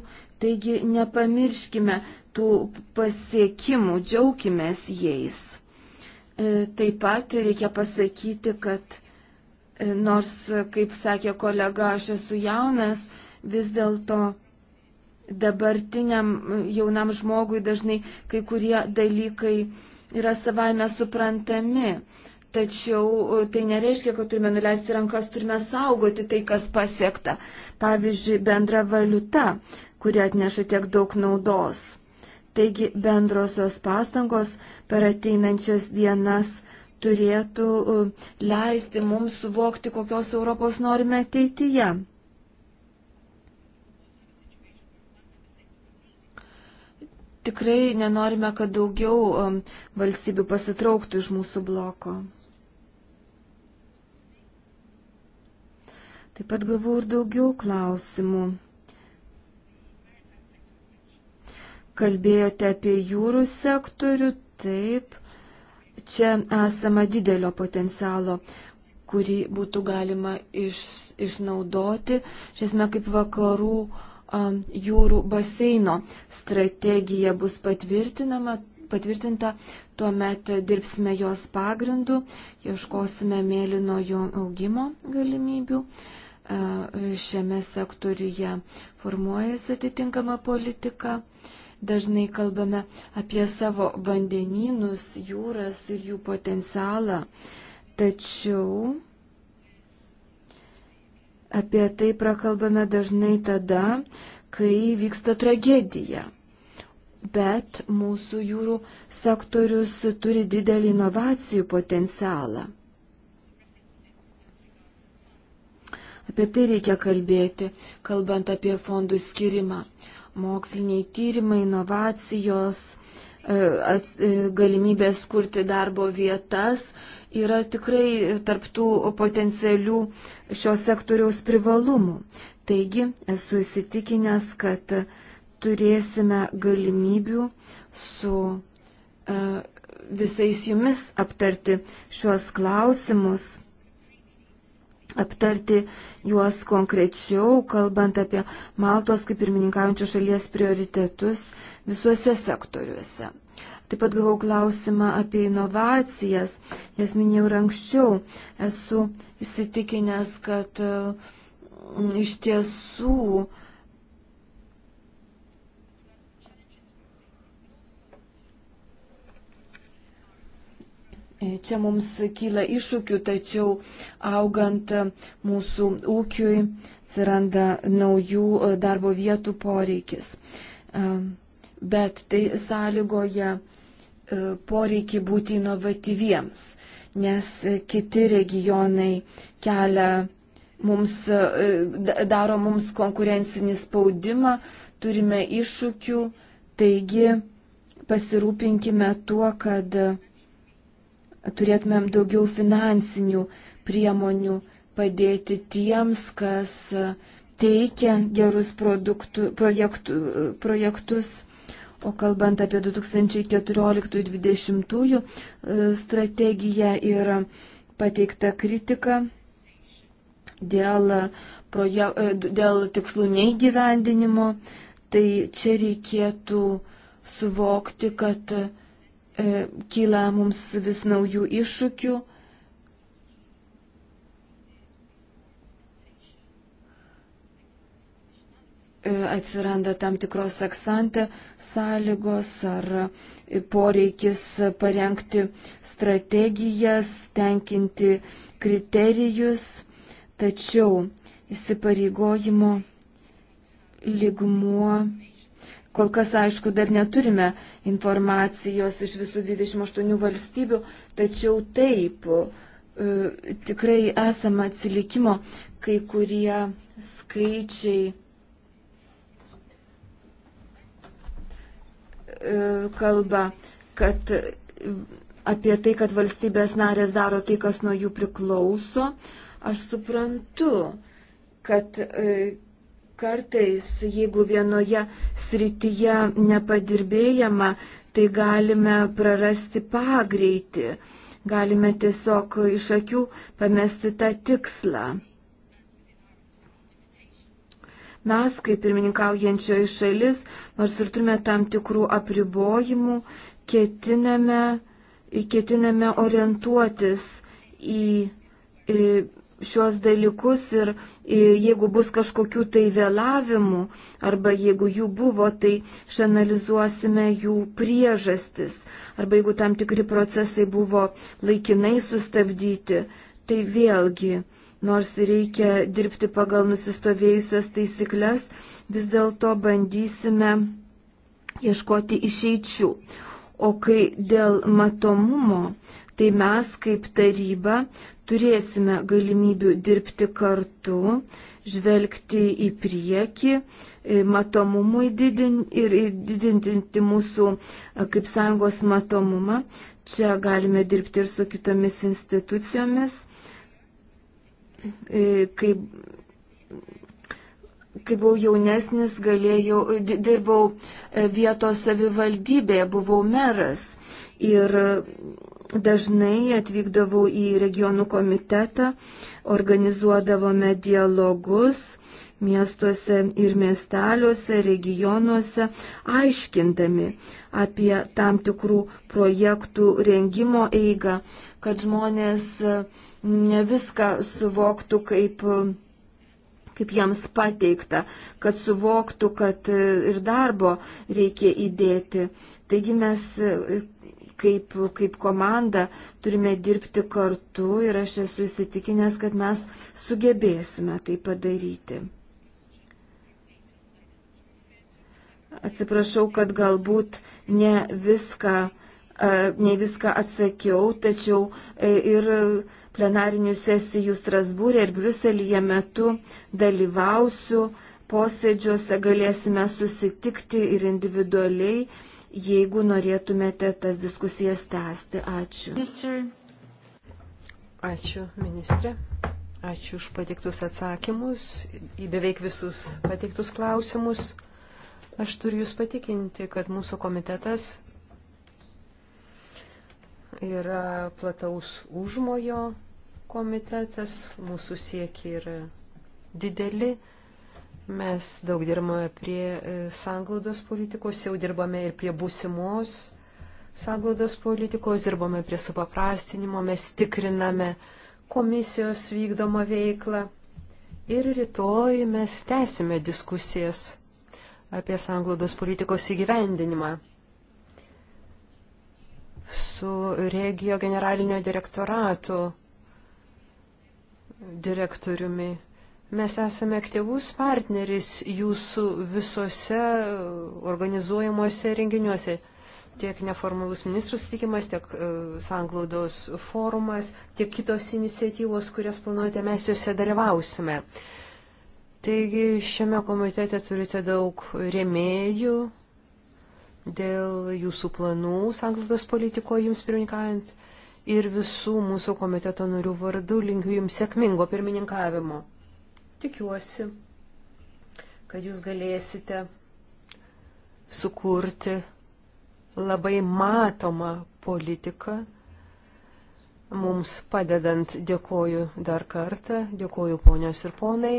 taigi nepamirškime tų pasiekimų, džiaukimės jais. E, taip pat reikia pasakyti, kad e, nors, kaip sakė kolega, aš esu jaunas, vis dėlto dabartiniam jaunam žmogui dažnai kai kurie dalykai yra savaime suprantami. Tačiau e, tai nereiškia, kad turime nuleisti rankas, turime saugoti tai, kas pasiekta. Pavyzdžiui, bendra valiuta, kuri atneša tiek daug naudos. Taigi bendrosios pastangos per ateinančias dienas turėtų e, leisti mums suvokti, kokios Europos norime ateityje. tikrai nenorime, kad daugiau um, valstybių pasitrauktų iš mūsų bloko. Taip pat gavau ir daugiau klausimų. Kalbėjote apie jūrų sektorių, taip. Čia esama didelio potencialo, kurį būtų galima iš, išnaudoti. Šiesme kaip vakarų uh, jūrų baseino strategija bus patvirtinama, patvirtinta, tuomet dirbsime jos pagrindu, ieškosime mėlynojo augimo galimybių. Šiame sektoriuje formuojasi atitinkama politika. Dažnai kalbame apie savo vandenynus, jūras ir jų potencialą. Tačiau Apie tai prakalbame dažnai tada, kai vyksta tragedija. Bet mūsų jūrų sektorius turi didelį inovacijų potencialą. Apie tai reikia kalbėti, kalbant apie fondų skirimą. Moksliniai tyrimai, inovacijos, e, e, galimybės kurti darbo vietas yra tikrai tarptų potencialių šio sektoriaus privalumų. Taigi esu įsitikinęs, kad turėsime galimybių su e, visais jumis aptarti šiuos klausimus, aptarti juos konkrečiau, kalbant apie Maltos kaip pirmininkaujančios šalies prioritetus visuose sektoriuose. Taip pat gavau klausimą apie inovacijas, jas minėjau ir anksčiau. Esu įsitikinęs, kad mm, iš tiesų Čia mums kyla iššūkių, tačiau augant mūsų ūkiui atsiranda naujų e, darbo vietų poreikis. Bet tai sąlygoja E, poreikį būti inovatyviems, nes e, kiti regionai kelia mums, e, daro mums konkurencinį spaudimą, turime iššūkių, taigi pasirūpinkime tuo, kad turėtumėm daugiau finansinių priemonių padėti tiems, kas teikia gerus produktų, projektų, projektus O kalbant apie 2014-2020 strategiją ir pateikta kritika dėl, proje, e, dėl tikslų neįgyvendinimo, tai čia reikėtų suvokti, kad e, kyla mums vis naujų iššūkių E, atsiranda tam tikros eksante sąlygos ar poreikis parengti strategijas, tenkinti kriterijus, tačiau įsipareigojimo ligmuo. Kol kas, aišku, dar neturime informacijos iš visų 28 valstybių, tačiau taip, e, tikrai esame atsilikimo, kai kurie skaičiai E, kalba, kad apie tai, kad valstybės narės daro tai, kas nuo jų priklauso, aš suprantu, kad e, kartais, jeigu vienoje srityje nepadirbėjama, tai galime prarasti pagreitį, galime tiesiog iš akių pamesti tą tikslą. Mes, kaip pirmininkaujančioji šalis, nors ir turime tam tikrų apribojimų, ketiname, ketiname orientuotis į, į šiuos dalykus ir, ir jeigu bus kažkokių tai vėlavimų arba jeigu jų buvo, tai šanalizuosime jų priežastis arba jeigu tam tikri procesai buvo laikinai sustabdyti, tai vėlgi nors reikia dirbti pagal nusistovėjusias taisyklės, vis dėlto bandysime ieškoti išeičių. O kai dėl matomumo, tai mes kaip taryba turėsime galimybių dirbti kartu, žvelgti į priekį, e, matomumui didinti ir didinti mūsų e, kaip sąjungos matomumą. Čia galime dirbti ir su kitomis institucijomis E, kai, kai buvau jaunesnis, galėjau, dirbau e, vietos savivaldybėje, buvau meras. Ir dažnai atvykdavau į regionų komitetą, organizuodavome dialogus miestuose ir miesteliuose, regionuose, aiškindami apie tam tikrų projektų rengimo eigą, kad žmonės ne viską suvoktų kaip kaip jiems pateikta, kad suvoktų, kad ir darbo reikia įdėti. Taigi mes kaip, kaip komanda turime dirbti kartu ir aš esu įsitikinęs, kad mes sugebėsime tai padaryti. Atsiprašau, kad galbūt ne viską, ne viską atsakiau, tačiau e, ir plenarinių sesijų Strasbūrė ir Bruselėje metu dalyvausiu posėdžiuose, galėsime susitikti ir individualiai, jeigu norėtumėte tas diskusijas tęsti. Ačiū. Mister. Ačiū, ministrė. Ačiū už patiktus atsakymus į beveik visus patiktus klausimus. Aš turiu Jūs patikinti, kad mūsų komitetas yra plataus užmojo komitetas, mūsų siekiai yra dideli. Mes daug dirbame prie e, sanglaudos politikos, jau dirbame ir prie būsimos sanglaudos politikos, dirbame prie supaprastinimo, mes tikriname komisijos vykdomą veiklą. Ir rytoj mes tęsime diskusijas apie sanglaudos politikos įgyvendinimą su regio generalinio direktoratu direktoriumi. Mes esame aktyvus partneris jūsų visose organizuojamuose renginiuose. Tiek neformalus ministrų sutikimas, tiek e, sanglaudos forumas, tiek kitos iniciatyvos, kurias planuojate, mes juose dalyvausime. Taigi šiame komitete turite daug rėmėjų dėl jūsų planų sanglaudos politikoje jums pirmininkaujant ir visų mūsų komiteto narių vardu linkiu Jums sėkmingo pirmininkavimo. Tikiuosi, kad Jūs galėsite sukurti labai matomą politiką, mums padedant dėkoju dar kartą, dėkoju ponios ir ponai.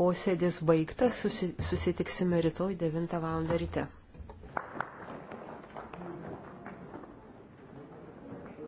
Posėdis baigtas, susitiksime rytoj 9 val. ryte.